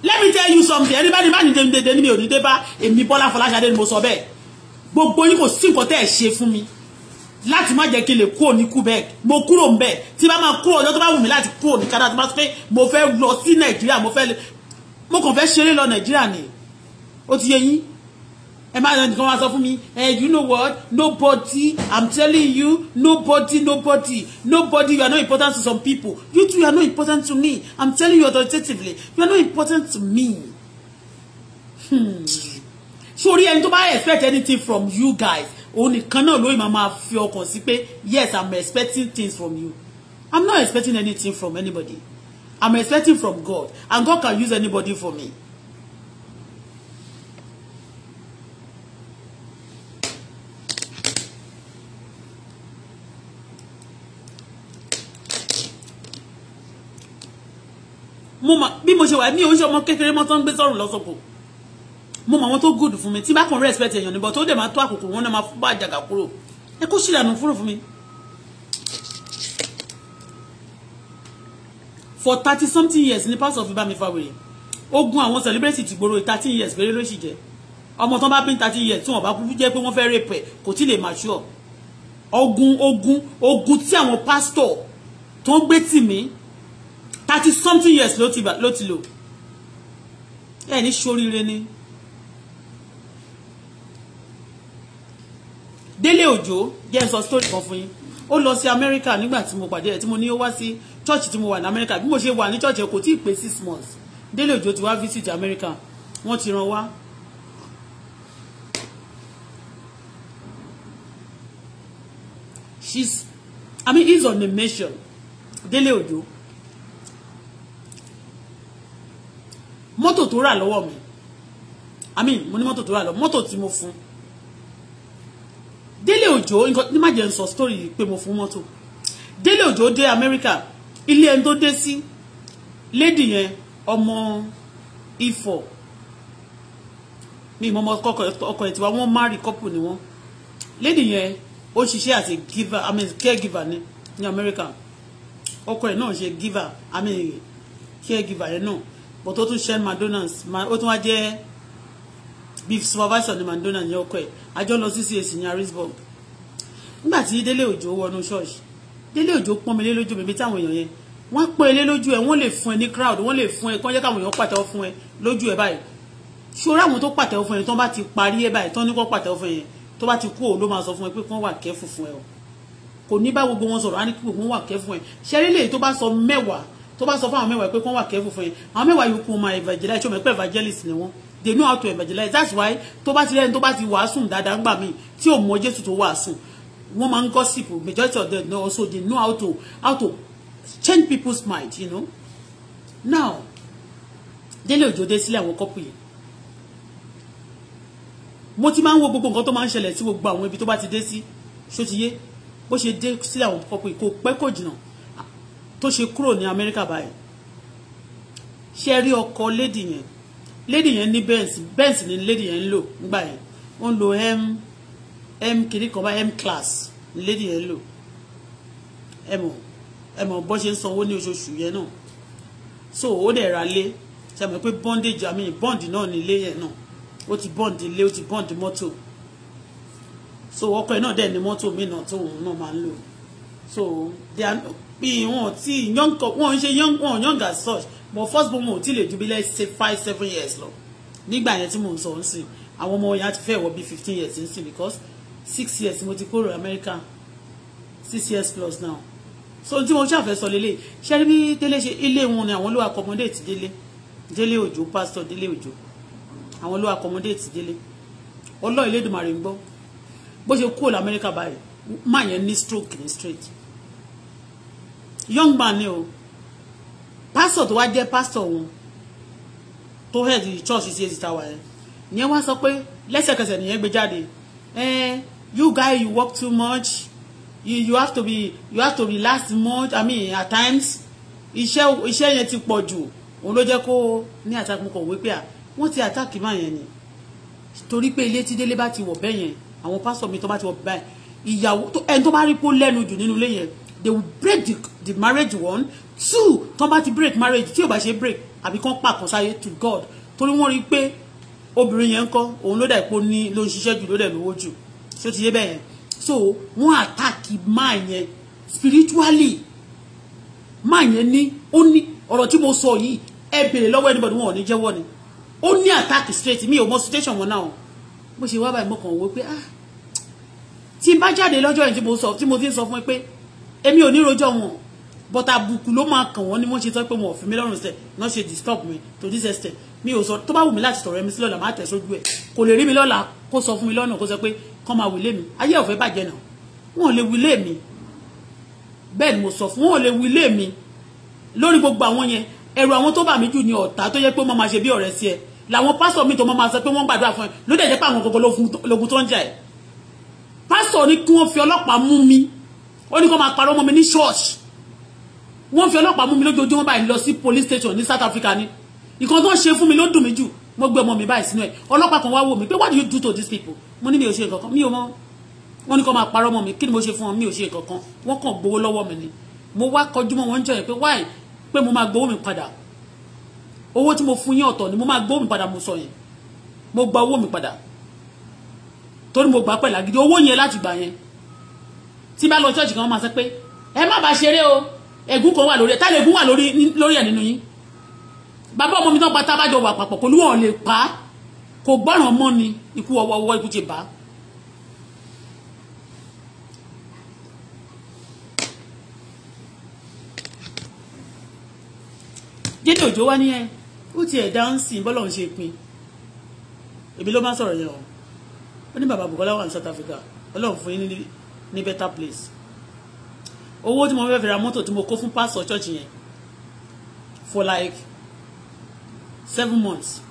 let me tell you something anybody má ní dénúdé ní mi ò ní dé bá èmi Bọ́lá Fọláṣadé ni mo sọ bẹ́ẹ̀ gbogbo yín kò sí nǹkan tẹ́ ẹ̀ ṣe fún mi láti má jẹ́ kí n lè kúrò ní Quebec mo kúrò ń bẹ̀ tí bá máa kúrò ọjọ́ tó bá wù mí láti kúrò ní Canada tó bá sọ pé mo fẹ́ lọ sí Nàìjíríà mo fẹ́ mo kàn fẹ́ ṣeré lọ Nàìjíríà ni ó ti yẹ yín ẹ má lọ nìkan wá sọ fún mi ẹ you know what nobody i'm telling you nobody nobody nobody you are not important to some people you too you are not important to me i'm telling you authoritatively you are not important to me. Hmm. sórí ẹni tó bá expect anything from you guys òun nìkan náà lóyún máa máa fi ọkàn sí pé yes i'm expecting things from you i'm not expecting anything from anybody i'm expecting from God and God can use anybody for me. bí mo ṣe wà mí ò ọmọ kékeré mọ́ tó ń gbé sọ́run lọ́sọ̀kọ̀ mo mọ àwọn tó good fún mi tí bá kàn respect èèyàn níbọ̀ tó dẹ̀ máa tó àkókò wọn náà máa fún bá àjàgà kúrò ẹ kó ṣìlànà fúrò fún mi. for thirty something years ni pastor fi bá mi fa wèrè ogun àwọn celebrity ti gbòòrò thirteen years péré ló sì jẹ ọmọ tán bá pín thirteen years tí wọn bá kú jẹ pé wọn fẹ́ rape ẹ kò tí lè mature ogun ogun ogun tí àwọn pastor tó ń gbé tì mí thirty something years ló ti lò ẹ ní ṣoríire ni. Délé Òjó jẹ́ ń sọ story kan fún yín ó lọ sí Amẹ́ríkà nígbà tí mo pàdé ẹ̀ tí mo ní ó wá sí church tí mo wà ní Amẹ́ríkà bí mo ṣe wà ní church ẹ̀ kò tí ì pé six months Délé Òjó ti wá visit Amẹ́ríkà wọ́n ti rán wá she's I mean he's on a mission Délé Òjó mọ́tò tó rà lọ́wọ́ mi i mean mo ní mọ́tò tó rà lọ́wọ́ mọ́tò tí mo fún Délé Òjó ní má jẹ́ n sọ story pé mo fún mọ́tò Délé Òjó dé Amẹ́ríkà ilé ẹni tó dé sí lady yẹn ọmọ Ifọ̀ mi mọ́mọ́ ọkọ ẹ̀ tí wọ́n wọ́n marry couple ni wọ́n lady yẹn ó ṣiṣẹ́ as a giver i mean caregiver ní ní Amẹ́ríkà ọkọ ẹ̀ náà ṣe giver i mean care giver yẹn náà but ó tún ṣe McDonald's ó tún wá jẹ́ bí supervisor ní McDonald's ní ọkọ̀ ẹ̀ àjọ lọ sí CAC ní Harrisburg nígbà tí Délé Òjò wọnú ṣọ́ọ̀ṣì Délé Òjò pọ́n mi lé lójú bèbí táwọn èèyàn yẹn wọ́n pọ́n ilé lójú ẹ̀ wọ́n lè fún ẹ ní crowd wọ́n lè fún ẹ kọ́ jẹ́ káwọn èèyàn pàtẹ́wọ́ fún ẹ lójú ẹ báyìí ṣòro àwọn tó pàtẹ́wọ́ fún ẹ tó bá ti parí ẹ báyìí tó ní kọ́ pàtẹ́wọ́ fún ẹ tó bá ti kú òun ló máa sọ fún ẹ pé kí wà kẹ́fù fún ẹ o kò ní bá gbogbo wọn sọ̀rọ̀ á ní kí gbogbo wọn wà ẹ ṣẹ́rí lè tó bá sọ mẹ́wàá tó bá sọ fún àwọn mẹ́wàá pé kí wọ́n wà kẹ́fù fún yẹn àwọn mẹ́wàá yòókù wọn máa evangelize tí wọ́n evangelist ni wọ́n they know how to evangelize that's why tó bá ti rẹ́ni tó bá ti wàásù dáadáa ńgbà míì tí ò mọ Jésù tó wàásù wọ́n máa ń gossip majority of them also they know how to how to change people's mind you know now délé òjò dé sílé àwọn kọ́pù yẹn mo ti máa ń wo gbogbo nǹkan tó máa ń ṣẹlẹ̀ sí gbogbo àwọn ibi tó bá ti dé sí ṣó ti yé bó ṣe dé sílé àwọn kọ́pù yìí kò pẹ́ kò jìnnà tó ṣe kúrò ní amẹ́ríkà báyìí ṣe rí ọkọ lady yẹn lady yẹn ní benz benz ni lady yẹn ń lò nígbà yẹn ó ń lo m m kiri kan bá m class lady yẹn ń lò ẹ mọ̀ ẹ mọ̀ bó ṣe ń sanwó ní oṣooṣù yẹn náà so ó dẹ̀ ra lé ṣe mọ̀ pé bondage àmì bọ́ǹdì náà ní ilé yẹn náà ó ti bọ́ǹdì ilé ó ti bọ́ǹdì mọ́tò so ọkọ ẹ náà dẹ̀ ní mọ́tò mi náà tó òun náà máa ń lò so they are bí wọn ti young wọn ṣe young wọn young as such but first born wọn ò tí ju bí let's say five seven years lọ nígbà yẹn tí mò ń sọ ń sìn àwọn ọmọ yẹn á ti fẹ́ wọ bí fifteen years ń sìn because six years mo ti kúrò America six years plus now so tí mo ṣàfẹ́ sọ lélẹ̀ ṣe rí bí délé ṣe ilé wọn ni àwọn ló accommodate délé délé òjò pásítọ̀ délé òjò àwọn ló accommodate délé ọlọ́ọ̀lẹ́dùnmarè ń gbọ́ bó ṣe kúrò lamẹ́ríkà báyìí máa yẹn ní stroke ní straight young man ni o pásítọ̀ tó wá jẹ́ pásítọ̀ wọn tó head church sí èsì táwa yẹn ìyẹn wá sọ pé lẹ́sẹ̀kẹsẹ̀ nìyẹn gbé jáde eh, you guy you work too much you, you have to be you have to be last month i mean at times iṣẹ́ iṣẹ́ yẹn ti pọ̀ jù òun ló jẹ́ kó ní attack mo kọ̀ wé pé à ah, wọ́n ti attack máa yẹn ni torí pé ilé tí délé bá ti wọ̀ bẹ́yẹn àwọn pastor mi tó bá ti wọ̀ báyìí ìyàwó ẹni tó bá rí pó lẹ́nu jù nínú ilé yẹn they will break the, the marriage one two tó bá ti break marriage tí ò bá ṣe break àbí kán pàkan sáyé to God torí wọ́n rí i pé obìnrin yẹn ń kọ́ òun ló dà ipò ní ló ń ṣiṣẹ́ jù ló dẹ̀ lówó jù ṣé ó ti yé bẹ́ẹ̀ yẹn so wọ́n attack máa yẹn spiritually máa yẹn ní ó ní ọ̀rọ̀ tí mo sọ yìí ẹ bèrè lọ́wọ́ anybody wọn ò ní jẹ́wọ́ ni ó ní attack straight mi ò mọ situation wọn náà bó ṣe wá báyìí mo kàn wọ́n pé ah tí n bá jáde lọ́jọ́ yẹn tí mo sọ tí mo ti ń sọ fún mi pé èmi ò ní rojọ́ wọn but àbùkù ló máa kàn wọ́n ni wọ́n ṣe sọ pé wọn ò fi mí lọ́rùn sẹ̀ wọ́n ṣe disturb mi to this extent mi ò sọ tó bá wù mí láti sọ̀rọ̀ ẹ̀mí sí lọ́la má tẹ̀ sójú ẹ̀ kò lè rí mi lọ́la kó sọ fún mi lọ́nà kó sọ pé kán máa wílé mi ayé ọ̀fẹ́ bàjẹ́ náà wọn ò lè wílé mi bẹ́ẹ̀ ni mo sọ fún wọn ò lè wílé mi lórí gbogbo àwọn yẹn ẹ̀rù àwọn tó bà mí jù ní ọ̀tá tó yẹ pé wọ́n máa ṣe bí ọ̀rẹ́ sí ẹ làwọn pásọ̀ mi tó máa sọ pé wọ́n gbàdúrà fún ẹ ló dẹ̀ jẹ́ pé àwọn gbogbo lógun tó ń jà ẹ̀ pásọ̀ ni kí wọ́n fi ọlọ́pàá mú mi ó ní kó máa parọ́ mọ́ mi ní ṣọ́ọ̀ṣì wọ́n fi ọlọ́pàá mú mi lójoojúmọ́ báyìí lọ sí police station ní South Africa ni nǹkan tó ń ṣe fún mi ló dùn mí jù mo gbé ọmọ mi báyìí sínú ẹ̀ ọlọ́pàá kan wá wò mí pé what do you do to these people mo ní mi ò ṣe nǹkan kan mi ò mọ wọ́n ní kó máa parọ́ mọ́ mi kí ni mo ṣe fún wọn mi ò ṣe nǹkan kan wọ́n kàn gbowó lọ́wọ́ mi ni mo wá kọjú mọ́ wọn jọ pé why pé mo máa gbowó mi padà owó tí mo fún yín ọ̀tọ̀ ni mo máa gbowó mi padà mo sọ yẹn mo gba owó mi padà torí mo gbà pẹ̀lú àgídí owó yẹn láti gbà yẹn tí bá lọ church kan wọ́n máa sọ pé ẹ má bàa ṣeré o ègún kan wà lórí ẹ táyà ègún wà lórí ẹ nínú yín bàbá ọmọ mi náà pátá bá jọ wà papọ̀ kò lúwọ̀n lè pa á kò gbọ́ràn mọ́ ni ikú ọwọ́wọ́ ikú ti bá. jẹ́dí òjò wá ní ẹ ó ti ẹ̀ dáhùn sí bọ́lá òun pin èmi ló máa sọ̀rọ̀ yẹn o ó ní Bukola wà South Africa ọlọ́run fún yín ní ní better place owó tí mo fẹ́ fi ra mọ́tò tí mo kó fún pásítọ̀ church yẹn for like seven months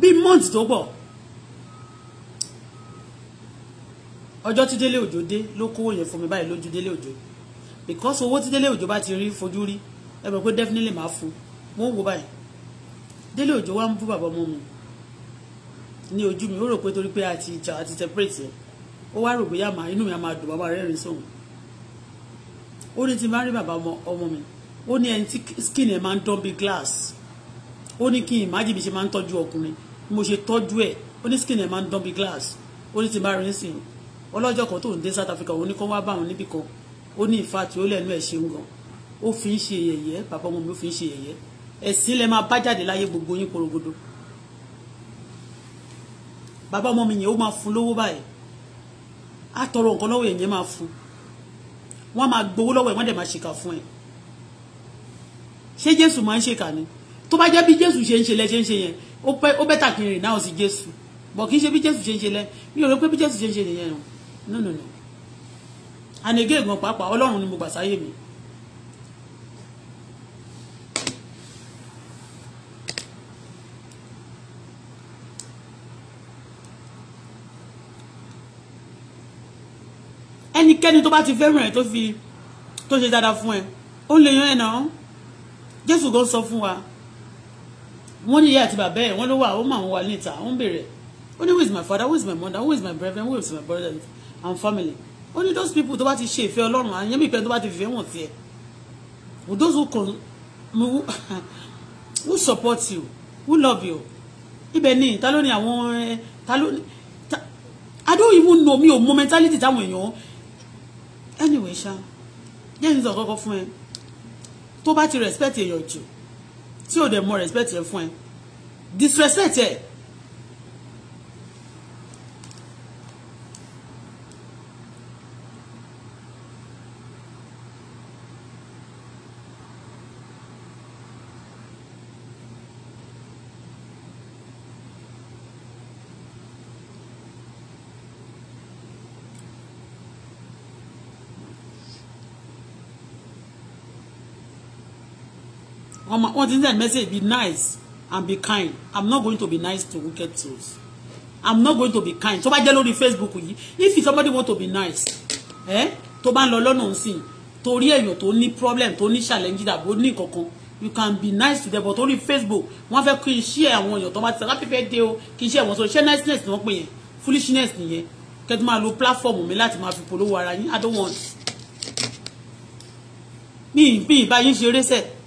bí month tó bọ̀ ọjọ́ tí délé òjò dé ló kówó yẹn fún mi báyìí lójú délé òjò because owó tí délé òjò bá ti rí fojú rí ẹ mọ̀ pé definitely máa fún wọn wò báyìí délé òjò wá ń bú bàbá ọmọ mi ní ojú mi ó rò pé torí pé a ti jà a ti separate ẹ ó wá rò bóyá màá inú mi á máa dùn bàbá rẹ́rìn sóhun ó ní ti máa rí bàbá ọmọ mi ó ní ẹni tí skin ẹ máa ń dán bíi glass ó ní kí n má jìbì ṣe máa ń tọ́jú ọkùnrin bí mo ṣe tọ́jú ẹ̀ ó ní skin ẹ máa ń dán bíi glass ó ní ti máa rí sìn ọlọ́jọ́ kan tó ń dé South Africa òun ní kó wá bá òun níbì kan ó ní ìfà tí ó lẹ́nu ẹ̀ ṣeun gan ó fi ń ṣe yẹ̀yẹ́ bàbá ọmọ mi ó fi ń ṣe yẹ̀yẹ́ ẹ̀sìn lẹ máa bá jáde láyé gbogbo yín korogodo bàbá ọmọ mi yẹn ó máa fún lówó báyìí á nǹkan lọ́wọ́ yẹn máa fún wọ́n máa gbowó lọ́wọ́ ẹ̀ wọ́n dẹ̀ máa ṣèkà fún ẹ̀ ṣé Jésù máa ń ṣèkà ni tó bá jẹ́ bí Jésù ṣe ń ṣe lẹ ṣe ń ṣe yẹn ó bẹ́tà kí n rìn náà sí Jésù bọ̀ kí n ṣe bí Jésù ṣe ń ṣe lẹ mi ò rò pé bí Jésù ṣe ń ṣe nìyẹn o no no no ànégé gan pàápàá ọlọ́run ni mo gbà sáyé mi. ẹnikẹ́ni tó bá ti fẹ́ràn ẹ̀ tó fi tó ṣe dáadáa fún ẹ ó lè yan ẹ̀nà jésù gan sọ fún wa wọ́n ní ìyá àti bàbá ẹ̀ wọ́n ló wà ó mà wọ́n wà níta ó ń bèrè ó ní who is my father who is my mother who is my brother? who is my brother and family Only those people tó bá ti ṣe ìfẹ́ ọlọ́run àyẹ́mí ìfẹ́ tó bá ti fìfẹ́ wọ̀n tiẹ̀ those who con who, who support you who love you ibẹ̀ ni ta ló ní àwọn ta ló ní I don't even know mi ò mọ mentality táwọn èèyàn anyway ṣá jẹ́ ìsọ̀ kọ́kọ́ fún ẹ tó bá ti respect èèyàn jù tí ò dẹ̀ mọ respect ẹ fún ẹ disrespect ẹ. ọmọ wọn ti ń message be nice and be kind i'm not going to be nice to wicked souls i'm not going to be kind tó bá jẹ́ lórí facebook you. if somebody want to be nice eh? tó bá ń lọ lọ́nà òsìn torí èèyàn tó problem tó ní challenge dàbò ní kankan you can be nice to them but only facebook wọ́n fẹ́ kí n share àwọn èèyàn tó bá ti sọ láti fẹ́ dé o kí n share àwọn sọ ṣé niceness ni wọ́n pè yẹn foolishness nìyẹn kẹ́tù máa lo platform mi láti máa fi polówó ara yín i don't want mi ì bá yín ṣeré sẹ́ẹ̀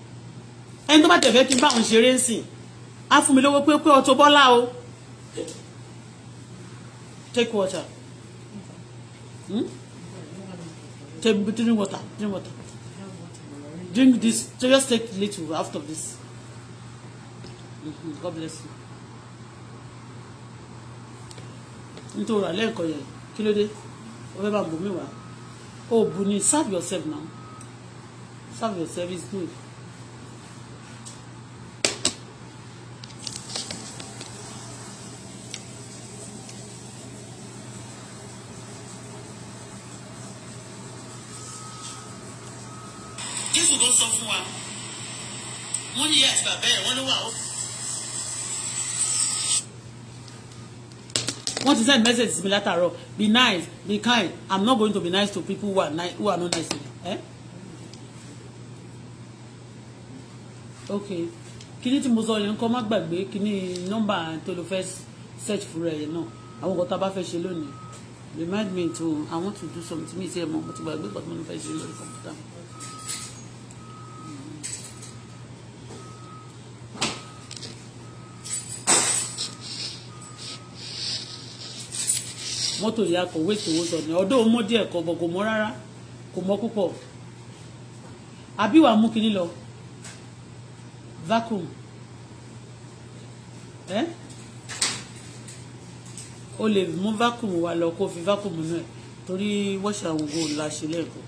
ẹni tó bá tẹ̀fẹ́ kí n bá òun ṣeré ń sìn á fún mi lówó pé pé Auto Bola o take water hmm? take drink water drink water drink this just take little out of this God bless you nítorí àlẹ́ ẹ̀kọ́ yẹn kí ló dé o fẹ́ bá bù mí wá o bù ni serve yourself now serve yourself is good. sọ fún wa wọ́n ní ìyá àti bàbá ẹ̀ wọ́n wà ó. wọ́n ti send message sí mi látàárọ̀ be nice be kind i'm not going to be nice to people who are, ni who are not nice to me. Eh? okay kíní tí mo sọ yẹn kọ́ má gbàgbé kíní nọ́mbà tó lọ fẹ́ search fún rẹ̀ yẹn náà àwọn nǹkan tá a bá fẹ́ ṣe lónìí remind me to i want to do something mi sí mo ti gbàgbé nǹkan tí mo fẹ́ ṣe lórí kọ̀m̀pútà mọ́tò ìyá kan wéètì owó sọ̀nà ọ̀dọ́ ó mọ́ díẹ̀ kan bọ̀ kò mọ́ rárá kò mọ́ púpọ̀ àbí wàá mú kinní lọ vacuum ẹ́ o lè mú vacuum wa lọ kó fi vacuum nù ẹ̀ torí wọ́ṣà ògo la ṣe lẹ́ẹ̀kan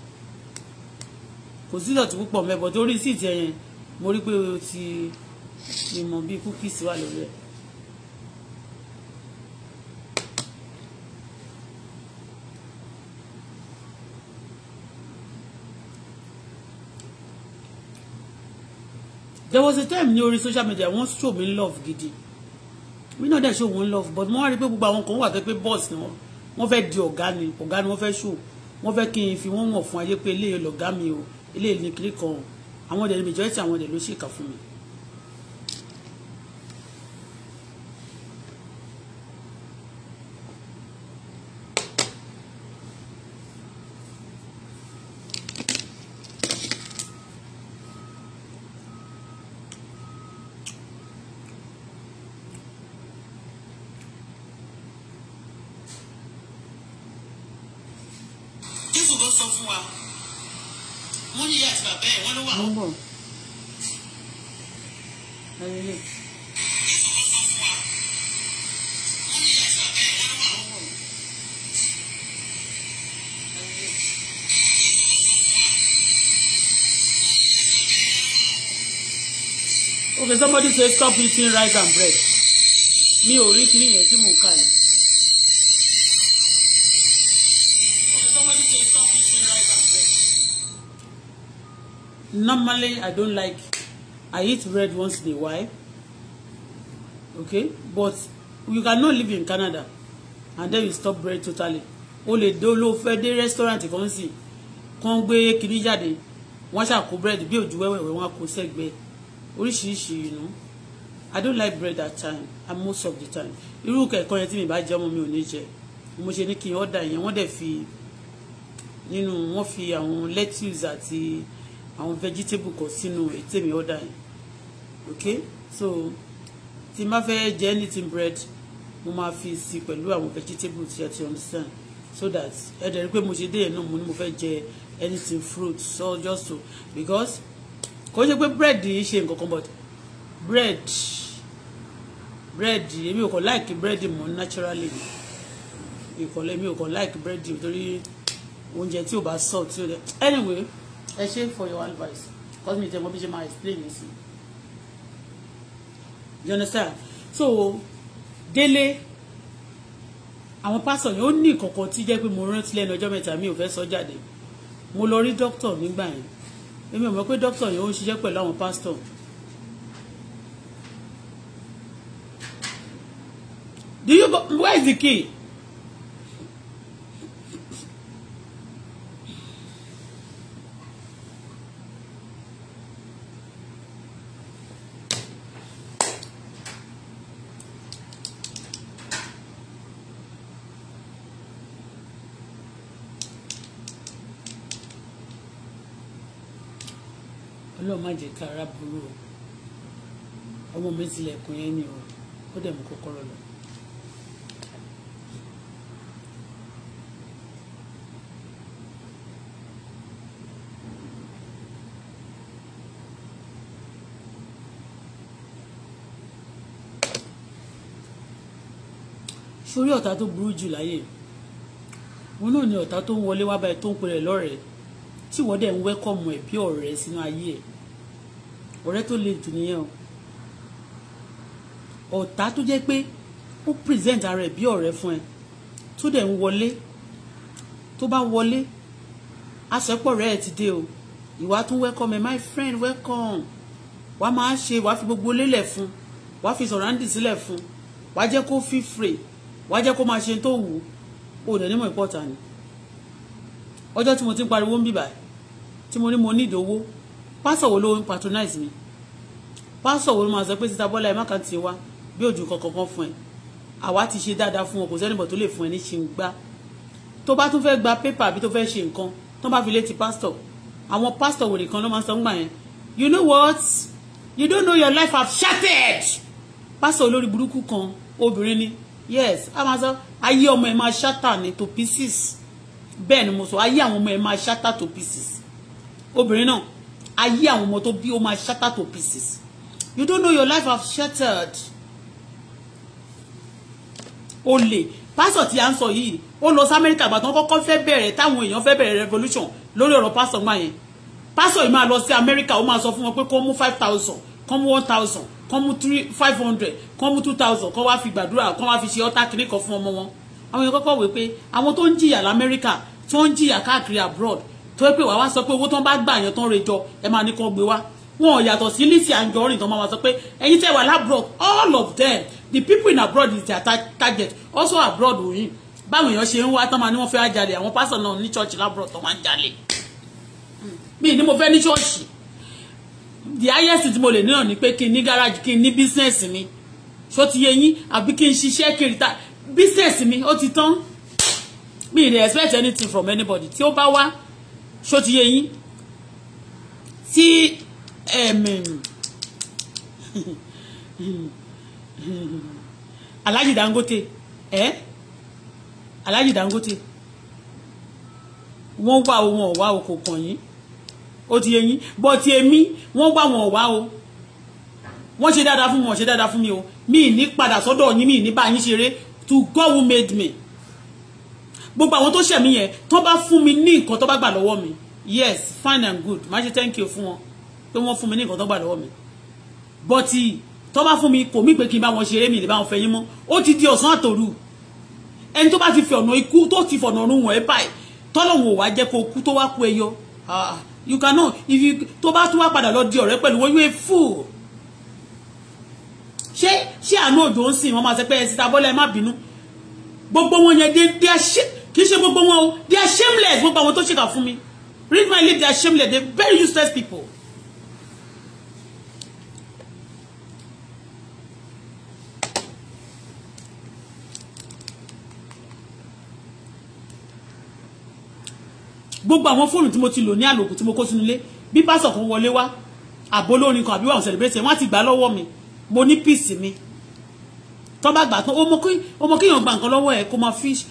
kò sí ìdọ̀tí púpọ̀ mẹ́bọ̀ torí sí ìtẹ̀yẹn mo rí pé o ti ìmọ̀ bíi kúkìsì wà lórí ẹ̀. there was a time ní orí social media wọ́n show me love gidi mi náà dẹ̀ show wọn love but mo wá rí pé gbogbo àwọn kan wà tó pé boss ni wọ́n wọ́n fẹ́ di ọ̀gá ni ọ̀gá ni wọ́n fẹ́ show wọ́n fẹ́ kí n fi wọ́n wọ̀n fún ayé pé eléyìí lọ̀gá mi o eléyìí ní kiri kan àwọn ọ̀dẹ̀ ni majority àwọn ọ̀dẹ̀ ló ṣèkà fún mi fún wa wọ́n ní àti bàbá ẹ̀ wọ́n ló wà. Okay, somebody say stop eating rice and bread. Me ò eating kiri yẹn tí mo normally I don't like I eat bread once in a while okay but you cannot live in Canada and then you stop bread totally o lè dé olówó fẹ́ dé restaurant kan sí kan gbé kiri jáde wọ́n ṣàkó bread bí òjú wẹ́wẹ́wẹ́ wọ́n kó sẹ́gbẹ́ oríṣiríṣi you know I don't like bread at time and most of the time irú kẹ̀kọ́ yẹn tí mi bá jẹ́ ọmọ mi ò ní jẹ mo ṣe ní kí n order yẹn wọ́n dẹ̀ fi nínú wọ́n fi àwọn lettuce àti àwọn vegetable kan sínú ètè mi order yẹn ok so tí n bá fẹ́ jẹ anything bread mo máa fi sí pẹ̀lú àwọn vegetable tí ẹ ti understand so that ẹ dẹ̀ rí pé mo ṣe dé yẹn náà mo ní mo fẹ́ jẹ anything fruit so just so because kò ṣe pé bread yìí ṣe nǹkan kan but bread bread èmi ò kàn like bread mọ́ naturally ìkọ̀lẹ́ mi ò kàn like bread nítorí oúnjẹ tí ò bá salt tí ò dẹ̀ anyway ẹ ṣe for your advice cause me tẹ mọ bí ṣe máa explain mi sí you understand so délé àwọn pastor, yẹn ó ní ìkọ̀kọ̀ tí jẹ́ pé mo rántí lẹ́nu ọjọ́ mẹ́ta mi ò fẹ́ sọ jáde mo lọ rí dókítà nígbà yẹn èmi ò mọ̀ pé dókítà yẹn ó ń ṣiṣẹ́ pẹ̀lú àwọn pásítọ̀ do you go where is the key ọlọ́run má jẹ́ ká ara burú o ọmọ mi tilẹ̀kùn yẹn ni o ó dẹ̀ mú kọ́kọ́rọ́ lọ. sórí ọ̀tá tó burú jù láyé òun náà ni ọ̀tá tó ń wọlé wá báyìí tó ń pè lọ́rẹ̀ẹ́ tí wọ́n dẹ̀ ń wẹ́kọ̀mù ẹ̀ bí ọ̀rẹ́ sínú ayé ẹ̀ ọ̀rẹ́ tó le jù nìyẹn o ọ̀tá tó jẹ́ pé ó present ara ẹ̀ bí ọ̀rẹ́ fún ẹ tó dẹ̀ ń wọlé tó bá wọlé aṣọ́pọ̀ rẹ̀ ẹ̀ ti dé o ìwà tún welcome my friend welcome wàá máa ṣe wàá fi gbogbo lélẹ̀ fún wàá fi sọ̀ráǹdì sílẹ̀ fún wàá jẹ́ kó fi free wàá jẹ́ kó máa ṣe tó wù ó dẹ̀ nímọ̀ ìpọ́ta ni ọjọ́ tí mo ti ń pariwo ń bìbà tí mo ní mo ní ìdówó pásọ̀ wo ló ń patronize mi pásọ̀ wo ló máa sọ pé títa bọ́lá ẹ̀ má kàn tiẹ̀ wá bí òjò kankan kan fún ẹ àwa ti ṣe dáadáa fún ọ kò sẹ́nìbọ̀ tó lè fún ẹ ní ṣe ń gbá tó bá tún fẹ́ gba pépà àbí tó fẹ́ ṣe nǹkan tó bá fi létí pásítọ̀ àwọn pásítọ̀ wò nìkan ló máa sọ ń gbà yẹn you know what you don't know your life have shattered pásítọ̀ olórí burúkú kan obìnrin ni yes a máa sọ ayé ọmọ ẹ máa shatter ni to pieces bẹ́ẹ̀ ni mo sọ ayé àwọn ọmọ ẹ máa shatter to pieces obìnrin náà ayé àwọn ọmọ tó bí ó máa shatter to pieces you don't know your life have shattered o lè pásọ̀ tí a ń sọ yìí ó lọ sí amẹ́ríkà àgbà tó kọ́kọ́ fẹ́ bẹ̀rẹ̀ táwọn èèyàn fẹ́ bẹ̀rẹ̀ revolution lórí ọ̀rọ̀ pásọ̀ gbà yẹn pásọ̀ yìí máa lọ sí amẹ́ríkà ó máa sọ fún wọn pé kó mú five thousand kó mú one thousand kó mú three five hundred kó mú two thousand kó wá fi gbàdúrà kó wá fi ṣe ọ́tá kiri kan fún ọmọ wọn àwọn èèyàn kọ́kọ́ wé pé àwọn tó ń jìyà lamẹ́ríkà tó ń jìyà káàkiri abroad tó pé wàá wá sọ pé owó tó ń bá gbà yẹn tó ń rejọ ẹ máa ní kó gbé wá wọn ò yàtọ̀ sí Lizzy Anjorin tó máa ma sọ pé ẹ̀yin tẹ́ wà lábroad all of them the people in abroad is their target also abroad òyìn báwọn èèyàn ṣe ń wá tán máa ní wọ́n fẹ́ jalè àwọn pásọ̀ náà ní church lábroad tó máa ń jalè mi ni mo fẹ́ ní ṣọ́ọ̀ṣì the highest tí mo lè níyàn ni pé kí n ní garage kí n ní business mi ṣó ti yé yín àbí kí n ṣiṣẹ́ kiri ta business mi ó ti tán mi ì expect anything from anybody tí ó bá wá ṣó ti yé yín tí <laughs> Alhaji Dangote ẹ Alhaji Dangote wọ́n wá o wọn ò wá o kò kàn yín ó ti yé yín bọ́ ti èmi wọ́n wá wọn wá o wọ́n ṣe dáadáa fún mi wọ́n ṣe dáadáa fún mi o mi ní padà sọ́dọ̀ yín mi ní bá yín ṣeré to God who made me gbogbo àwọn tó ṣẹ̀ mí yẹn tó bá fún mi ní nǹkan tó bá gbà lọ́wọ́ mi yes fine and good má ṣe thank you fún wọn pé wọ́n fún mi ní nǹkan tó gbà lọ́wọ́ mi but tó bá fún mi kò mí pé kí n bá wọn ṣeré mi lè bá wọn fẹyín mọ́ ó ti di ọ̀sán àtòru ẹni tó bá ti fi ọ̀nà ikú tó ti fọ̀nà ọ̀run wọ̀n ẹ́ báyìí tọ́lọ́hún ò wá jẹ́ kó kú tó wá kú ẹyọ ah, you cannot if you tó bá tún wá padà lọ di ọ̀rẹ́ pẹ̀lú wọn you a fool ṣé ṣé àánú òjò ń sìn wọn máa ṣe pé ẹ síta bọ́lá ẹ má bínú gbogbo wọn yẹn dé dé ṣé kì ṣe gbogbo wọn o they are shameless gbogbo àwọn tó ṣèkà fún mi read my lips they are shameless they are very useless people. gbogbo àwọn fóònù tí mo ti lò ní àlòkù tí mo kó sínú ilé bí pásọ̀ kan wọlé wá àbólórin kan àbí wà celebrate wọn ti gbà lọ́wọ́ mi mo ní píìsì mi tọ́ bá gbà tán ó mọ kéèyàn gba nǹkan lọ́wọ́ ẹ̀ kó máa fish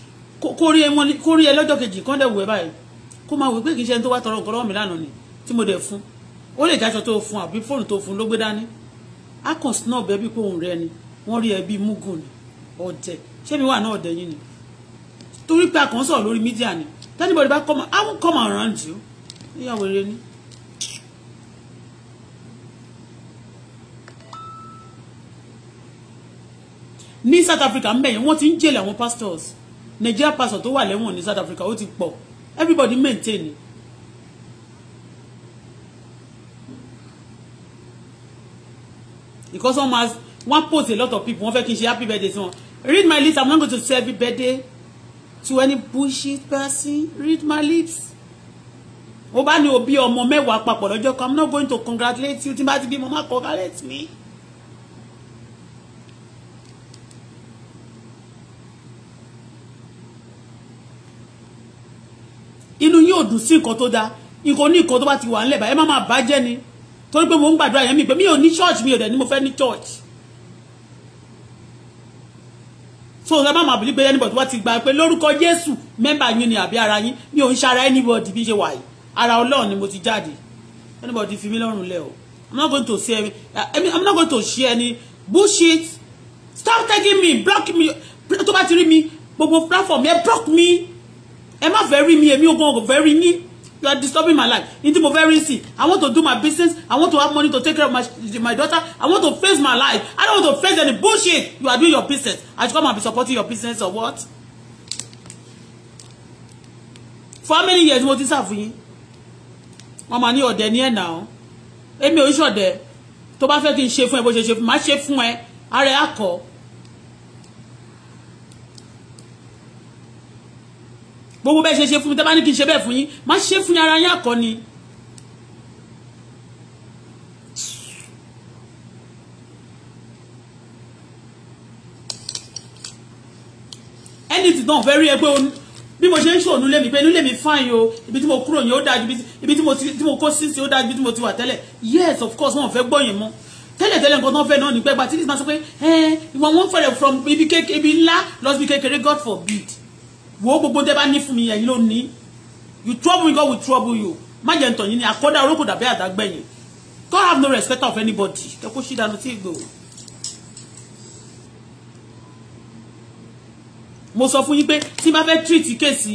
kó rí ẹ lọ́jọ́ kejì kán dẹ̀ wù ẹ báyìí kó máa wò pé kì í ṣe ẹni tó wá tọrọ nǹkan lọ́wọ́ mi lánàá ni tí mo dẹ̀ fún ó lè jáṣọ tó fún àbí fóònù tó fún ló gbé dání akọ̀s náà bẹ́ẹ̀ bí pé òun rẹ ni wọ́n rí ẹ bí mugun ni ọ̀dẹ̀ ṣé mi wà náà ọ̀dẹ̀ yín ni torí pé akọ̀ sọ̀rọ̀ lórí mídíà ni tẹ́nibọ̀dì bá kọ́ I will come around you níyàwó eré ni. ní South Africa ń bẹ̀yẹn wọ́n ti ń jèlè àwọn pastors Nigeria pastor tó wà lẹ́wọ̀n ní South Africa ó ti pọ̀ everybody maintain because one máa one post a lot of people wọ́n fẹ́ kí n ṣe happy birthday sí wọn read my lips i'm not going to say happy birthday to any bullshit person read my lips ó bá ní òbí ọmọ mẹ́wàá papọ̀ lọ́jọ́ kan i'm not going to congratulate you tí n bá ti bí mo má congratulate me. inú yín ò dùn sí nǹkan tó dáa nǹkan ní nǹkan tó bá ti wà ńlẹ̀ báyìí ẹ má bàjẹ́ ni torí pé mo ń gbàdúrà yẹn mi pé mi ò ní church mi ò dẹ̀ ni mo fẹ́ ní church so ẹ má máa bìlí pé anybody wá ti gbà pé lórúkọ Jésù mẹ́mbà yín ni àbí ara yín mi ò ń ṣe anybody bí ṣe wà yìí ara Ọlọ́run ni mo ti jáde anybody fi mí lọ́rùn lẹ̀ o I'm not going to say any I'm not going to share any bullshit stop tagging me block me tó bá ti rí mi gbogbo platform yẹn block me ẹ má fẹ́ rí mi èmi ogun ogun fẹ́ rí yín you are disturbing my life ní tí mo fẹ́ rí sí i want to do my business i want to have money to take care of my, my daughter i want to face my life i don't want to face any bullshit you are doing your business i should come and be supporting your business or what. for how many years mo ti sá fún yín wọn máa ní ọ̀dẹ̀ ní ẹ̀nà ọ́ èmi ò ń ṣọ̀dẹ̀ tó bá fẹ́ kí n ṣe fún ẹ bó ṣe ṣe fún mi má ṣe fún ẹ ara ẹ á kọ́ gbogbo bẹ́ẹ̀ ṣe ṣe fún mi tẹ́ bá ní kí n ṣe bẹ́ẹ̀ fún yín má ṣe fún ara yín àkọ́ni. anything náà fẹ́ rí ẹ pé bí mo ṣe ń ṣòwò nílé mi pé nílé mi fine o ibi tí mo kúrò yẹn ó dájú ibi tí mo kó sísè ó dájú ibi tí mo ti wà tẹ́lẹ̀ yes of course wọn ò fẹ́ gbọ́ yẹn mọ́ tẹ́lẹ̀tẹ́lẹ̀ nǹkan tán fẹ́ náà nígbà tí ní sọ pé ẹ eh, ìwọ̀n wọn fẹ́rẹ̀ from ibi ńlá lọ sí ibi kékeré God forbid wo gbogbo tẹ́ bá ní fún mi ẹ̀yin ló ní you trouble me God will trouble you má jẹ́ ntọ̀ yín ni àkọ́dá orókò dàbí àdágbẹ̀yìn God have no respect of anybody ẹ kó ṣí dànù tí ì gbòò. mo sọ fún yín pé tí n bá fẹ́ treat kéèsì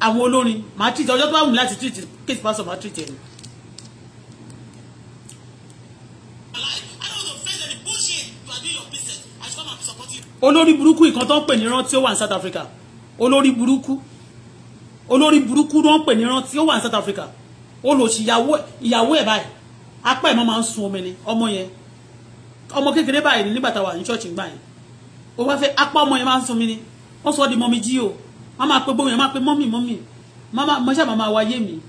àwọn olórin màá treat ọjọ́ tó bá wù mí láti treat kéèsì pásọ̀ màá treat ẹ̀yìn. olórí burúkú ìkan tó ń pè ní rán ó wà ní South Africa olórí burúkú olórí burúkú ló ń pè ní rán ó wà ní South Africa olòṣì ìyàwó ẹ̀ báyìí apá ẹ̀ máa ń sun omi ni ọmọ yẹn ọmọ kékeré báyìí ni nígbà tá a wà ní ṣọ́ọ̀ṣì ń gbà yẹn ó wá fẹ́ apá ọmọ yẹn máa ń sun omi ni wọ́n sọ ọ́ di mọ́mí jí o wọ́n máa pe gbóhùn yẹn máa pe mọ́mì mọ́mì mọ́ṣá máa máa wáyé mi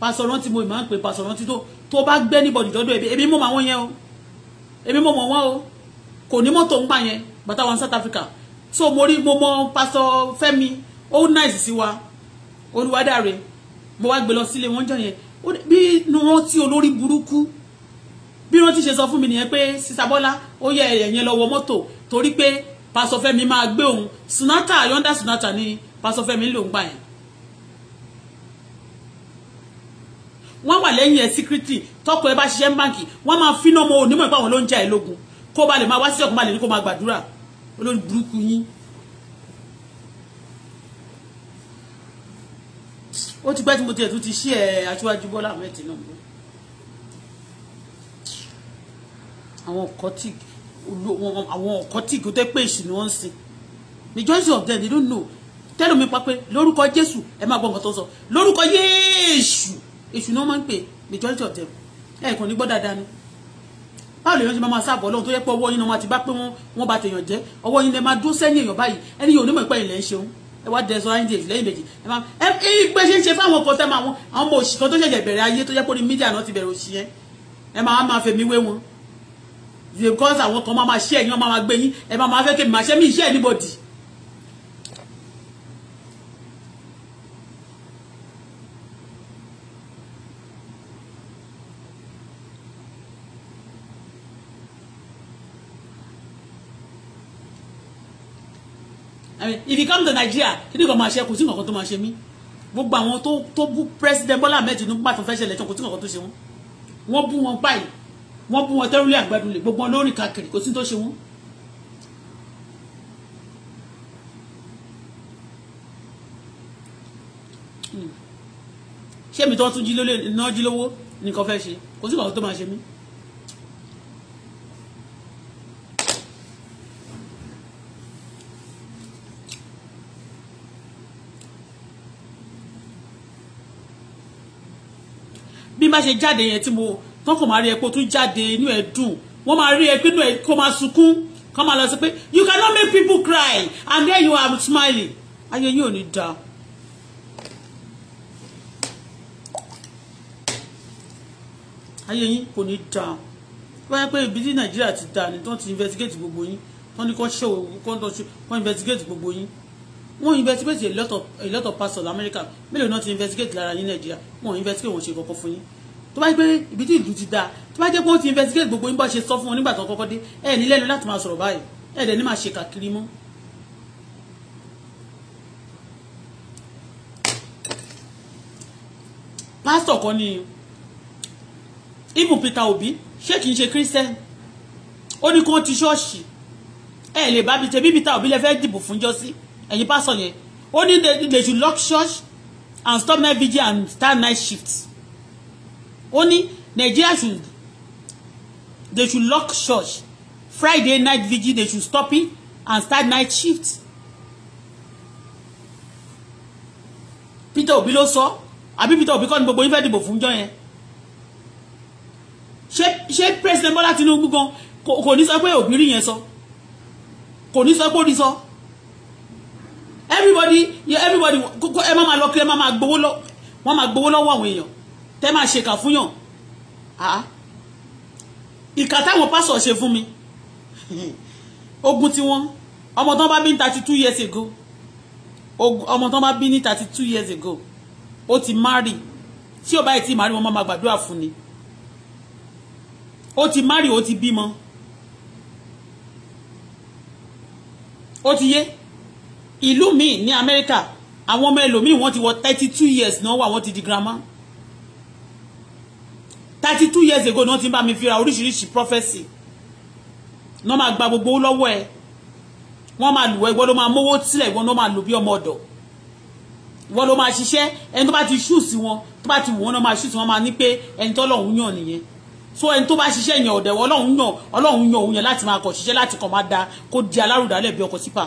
pásọ rántí mo máa ń pe pásọ rántí tó bá gbẹ́ níbọ̀dì dọ́dọ̀ ẹ̀bí èmi mọ̀ àwọn yẹn o èmi mọ̀ wọ́n o kò ní mọ́tò ń gbà yẹn bàtà wọn South Africa so mo rí mo mọ pásọ Fẹ́mi ó náìsì sí wa olùwádàre mo wá gbé lọ sílé wọn jọ yẹn bí inú wọn tí olórí burúkú bí wọn ti ṣe sọ fún mi nìyẹn pé sísá Bọ́lá ó yẹ ẹyẹn lọ wọ mọ́tò torí pé pásọ Fẹ́mi máa gbé òun Sonata yọǹda Sonata ni pásọ Fẹ́mi ló ń gbà wọ́n wà lẹ́yìn ẹ̀ síkírítì tọ́kọ ẹ bá ṣiṣẹ́ ń báǹkì wọ́n máa fínà ọmọ onímọ̀ ìpàwọn ló ń jẹ́ ẹ̀ lógun kó ba máa wá sí ọkùnrin ní kó máa gbàdúrà olórí burúkú yín ó ti pẹ́ tí mo tiẹ̀ tún ti ṣí ẹ̀ aṣíwájú Bọ́lá Ahmed Tinubu àwọn ọ̀kọ́tìkì àwọn ọ̀kọ́tìkì tó tẹ́ pé èṣù ni wọ́n ń sìn majority of them they don't know tẹ́lọ̀ mi pa pé lórúkọ Jésù ẹ máa gbọ́ nǹkan tó ń sọ lórúkọ Yéèṣù èṣù ni wọ́n máa ń pè majority of them ẹ̀ kàn ní gbọ́ dáadáa ni báwo lèèyàn ṣe máa máa sáàbọ̀ ọlọ́run tó yẹ pé ọwọ́ yín ni wọ́n ti bá pé wọ́n bá tèèyàn jẹ́ ọwọ́ yín lè máa dún sẹ́yìn èèyàn báyìí ẹni yóò nímọ̀ ìpẹ́yìn lẹ́ ń ṣeun ẹ wá dẹ̀ sọ ayíǹde lẹ́yìn méjì ẹ máa ẹ pé ṣe ń ṣe fáwọn ọkọ̀ tẹ́mọ àwọn àwọn ọmọ òṣì tó ṣẹ̀ṣẹ̀ bẹ̀rẹ̀ ayé tó yẹ pé ní mídíà náà ti bẹ̀rẹ̀ òṣì ẹ máa máa fèmí wé wọn because àwọn kan máa máa ṣe ẹ̀yìn wọn máa máa gbé yín ẹ máa máa fẹ́ kémi máa ṣe mí iṣẹ́ anybody mean if you come to Nigeria kí ni kò máa ṣe kò sí nǹkan tó máa ṣe mí gbogbo àwọn tó tó bú president Bọ́lá Ahmed Tinubu pàtó fẹ́ ṣẹlẹ̀ tán kò sí nǹkan tó ṣe wọn wọ́n bú wọn báyìí wọ́n bú wọn tẹ́rùlé àgbàdùn lè gbogbo wọn lórí kakiri kò sí tó ṣe wọn. Hmm. ṣé mi tó tún jí lówó nìkan fẹ́ ṣe kò sí nǹkan tó máa ṣe mí. bí n ṣe jáde yẹn tí mo tán kò máa rí epo tún jáde inú ẹ dùn wọ́n máa rí epo inú ẹ kó máa sunkún kó máa lọ sí pé you cannot make people cry and then you are smiling ayé yìí ò ní da. ayé yín kò ní da wọ́n yẹ pé ibi tí nàìjíríà ti da ni tán ti investigate gbogbo yín tán ní kán ṣe òwò kán investigate gbogbo yín wọ́n investigate a lot of a lot of pastors America mélòó náà ti investigate lára ní Nàìjíríà wọ́n investigate wọ́n ṣe kọ́kọ́ fún yín tó bá yẹ pé ibi tí ìlú ti dáa tó bá jẹ́ pé wọ́n ti investigate gbogbo yín bá ṣe sọ fún wọn nígbà tó kọ́kọ́ dé ẹ̀ ní lẹ́nu láti máa sọ̀rọ̀ báyìí ẹ̀ dẹ̀ ní máa ṣe kàkiri mọ́. pásítọ̀ kan ni ibù Peter Obi ṣé kìí ṣe christian ó ní kó ti ṣọ́ọ̀ṣì ẹ̀ lè bá bi tẹ bí Peter Obi lè fẹ́ dìbò fún jọ́sí. Si ẹ̀yin pásọ̀ yẹn ó ní they should lock church and stop night vigil and start night shift ó ní Nigeria should they should lock church Friday night vigil they should stop it and start night shift Peter Obi ló sọ àbí Peter Obi kọ́ ni gbogbo yín fẹ́ dìbò fún jọ yẹn ṣé ṣé president Bọ́lá Tinubu gan kò ní sọ pé òbí rí yẹn sọ kò ní sọ pé ó ní sọ everybody everybody kókó ẹ má máa lọ kí ẹ má máa gbowó lọ wọ́n máa gbowó lọ́wọ́ àwọn èèyàn tẹ́ máa ṣèkà fún yàn ah ìkà táwọn pásọ̀ ṣe fún mi <laughs> ogun tí wọ́n ọmọ tán bá bí ní thirty two years ago ọmọ tán bá bí ní thirty two years ago ó ti marry tí ó báyìí ti marry wọn máa gbàdúrà fún ni ó ti marry ó ti bímọ ó ti yé ìlú míì ní Amẹ́ríkà àwọn ọmọ ẹlòmíì wọ́n ti wọ thirty two years náà wà wọ́n ti di grandma 32 years ago ni wọ́n ti ń bá mi fira oríṣiríṣi prophesy náà máa gba gbogbo lọ́wọ́ ẹ̀ wọ́n máa lù ẹ́ ìwọ ló máa mówó sílẹ̀ ìwọ ló máa lò bí ọmọ ọ̀dọ̀ ìwọ ló máa ṣiṣẹ́ ẹni tó bá ti ṣùùsì wọn tó bá ti wù wọn náà máa ṣùùsì wọn máa ní pé ẹni tó lọ́hùn yàn nìyẹn so ẹni tó bá ṣiṣẹ́ yẹn ọ̀dẹ̀wọ̀ ọlọ́hun yàn ọlọ́hun yàn òun yẹn láti máa kọ̀ ṣiṣẹ́ láti kàn máa da kó di alárùdálẹ̀ bí ọkọ̀ sípà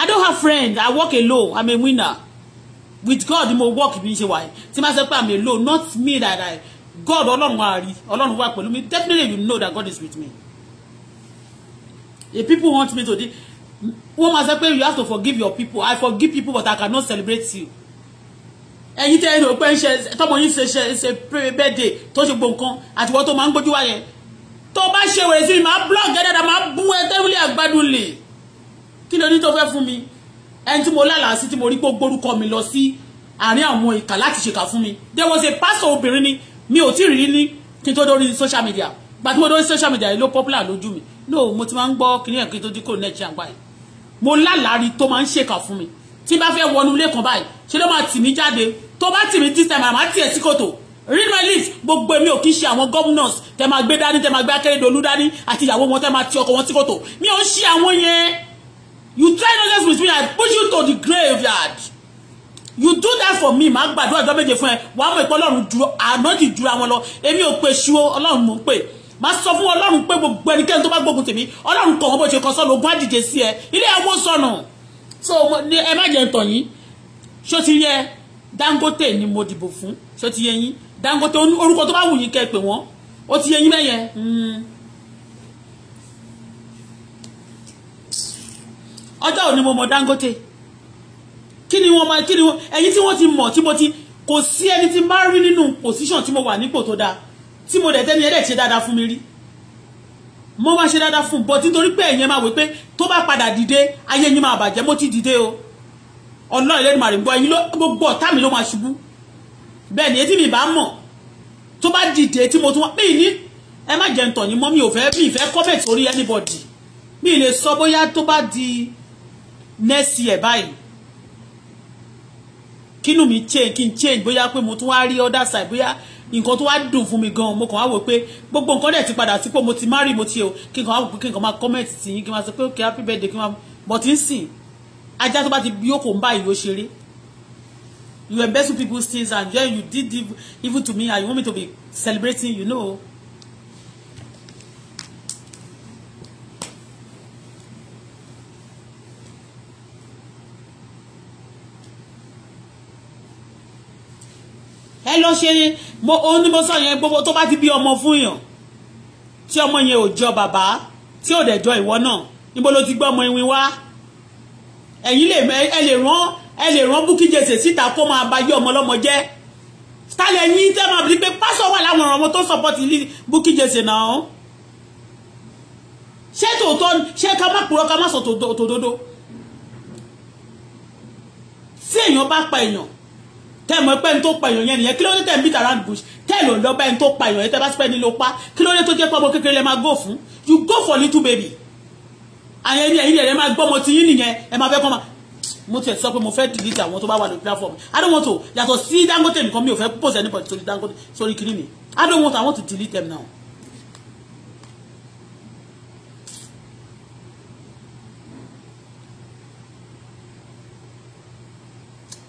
I don't have friends. I work alone. I'm a winner. With God, mo work bí ṣe wà. Tí ma sọ I'm alone, not me that I God Ọlọ́run wà rí. Ọlọ́run wà pẹ̀lú Definitely you know that God is with me. The people want me to do wọ́n máa you have to forgive your people. I forgive people but I cannot celebrate you. Ẹ̀yin tẹ́ ẹ rò pé ń ṣe tọ́mọ yín ṣe ṣe ṣe birthday tó ṣe gbọ̀ǹkan àtiwọ́ tó máa ń gbójú wáyẹ. Tó bá ṣe wèrè sí mi, màá blog ẹ̀dá máa bú ẹ tẹ́wílẹ̀ àgbádùn lè kí ló ní tó fẹ́ fún mi ẹni tí mo lálàá sí tí mo rí pé ó gbórúkọ mi lọ sí àárín àwọn ìkà láti ṣèkà fún mi there was a pastor obìnrin ni mi ò tí ì rí ní kí n tó dórí social media gbà tí mo dórí social media yìí ló popular lójú mi no mo ti máa ń gbọ́ kiri ẹ̀ kí n tó dín kúrò nàìjíríà gbà yìí mo lálàárí tó máa ń ṣèkà fún mi tí bá fẹ́ wọnú ilé kan báyìí ṣé ló máa tì mí jáde tó bá tì mí this time àmà tiẹ̀ sí kòtò read my lips gbogbo èmi ò kí ń ṣe àwọn governors tẹ máa gbé dání tẹ máa gbé Akérédolú dání àti ìyàwó wọn tẹ máa ti ọkọ wọn sí kòtò mi ò ń ṣe àwọn yẹn you try nonsense with me i push you to the graveyard you do that for me màá gbàdúrà ọjọ́ méje fún ẹ wà á mọ̀ ìpọ́ ọlọ́run dúró àná ti dúra wọn lọ èmi ò pe ṣu ọlọ́run mò ń pè màá sọ fún ọlọ́run pé gbogbo ẹnikẹ́ni tó bá gbógun tèmi ọlọ́run kọ̀ wọ́n bó ṣe kọ́ sọ́nù ogun àdìjẹ sí ẹ ilé ẹwọ́ sọnù so ẹ má jẹ́ ntọ̀ yín ṣó ti yẹ Dangote ni mo dìbò fún ṣó ti yẹ yín Dangote orúkọ tó bá wù yín kẹ́ pè wọ́n ó ti yẹ yín mẹ́yẹn hmm. ọjọ́ òní mo mọ̀ Dangote kí ni wọ́n máa kí ni wọ́n ẹ̀yin tí wọ́n ti mọ̀ tí mo ti kò sí ẹni tí máa rí nínú position tí mo wà nípò tó dáa tí mo dẹ̀ tẹ́ni ẹ̀dẹ̀ ṣe dáadáa fún mi rí mo máa ṣe dáadáa fún bọ́ nítorí pé ẹ̀yin máa wí pé tó bá padà dìde ayé yín máa bàjẹ́ mo ti dìde o ọlọ́run lẹ́nu màrí gbọ́ ẹ̀yin gbogbo ọ̀tá mi ló máa ṣubú bẹ́ẹ̀ ni etí mi bá mọ̀ tó bá dìde tí mo tún wá pé ìní ẹ má jẹun tọ̀ ní mọ́ mi ò fẹ́ mi ì fẹ́ comment orí anybody mi ì lè sọ bóyá tó bá di next year báyìí kínú mi change kí n change bóyá pé mo tún wá rí other side bóyá nǹkan tó wá dùn fún mi gan mo kàn wá wò pé gbogbo nǹkan dẹ̀ ti padà sí mo ti marry mo ti o kí n wá wò pé kí n máa comment sí yín kí n máa sọ pé okay happy birthday kí n máa but n sìn ajá tó bá ti bí okò ń báyìí ó ṣeré you embezzle people's things and then you did even to me and you want me to be celebrating you know. ẹ lọ ṣe mo òun ni mo sọ yẹn gbogbo tó bá ti bí ọmọ fún yàn tí ọmọ yẹn ò jọ bàbá tí ò dẹ̀ jọ ìwọ náà níbo ló ti gbọ́ ọmọ ìwìn wá ẹ̀yin lè ẹ lè rán ẹ lè rán Bukky Jesse síta kó máa ba yé ọmọ ọlọ́mọ jẹ́ tálẹ̀ yín tẹ́ máa bí pé pásọ̀ wà láwọn ọmọ tó sọpọ́tì Bukky Jesse náà ṣé tòótọ́ ṣé ká má purọ́ ká má sọ tòdodo tí èèyàn bá pa èèyàn tẹ́ mọ̀ pé ẹni tó pa èèyàn yẹn nìyẹn kí ló dé tẹ́ ń beat around bush tẹ́ ló lọ bá ẹni tó pa èèyàn yẹn tẹ́ bá sípẹ́ ni ló pa kí ló dé tó jẹ́ pé ọmọ kékeré lẹ máa go fún you go for little baby àyẹn ní ẹ̀yìn ẹ̀yẹ máa gbọ́ ọmọ ti yín nìyẹn ẹ máa fẹ́ kọ́ máa mo ti ẹ̀ sọ pé mo fẹ́ delete àwọn tó bá wà lórí platform I don't want to yàtọ̀ sí Dangote nìkan mi ò fẹ́ post anybody sórí Dangote sórí kiri mi I don't want I want to delete them now.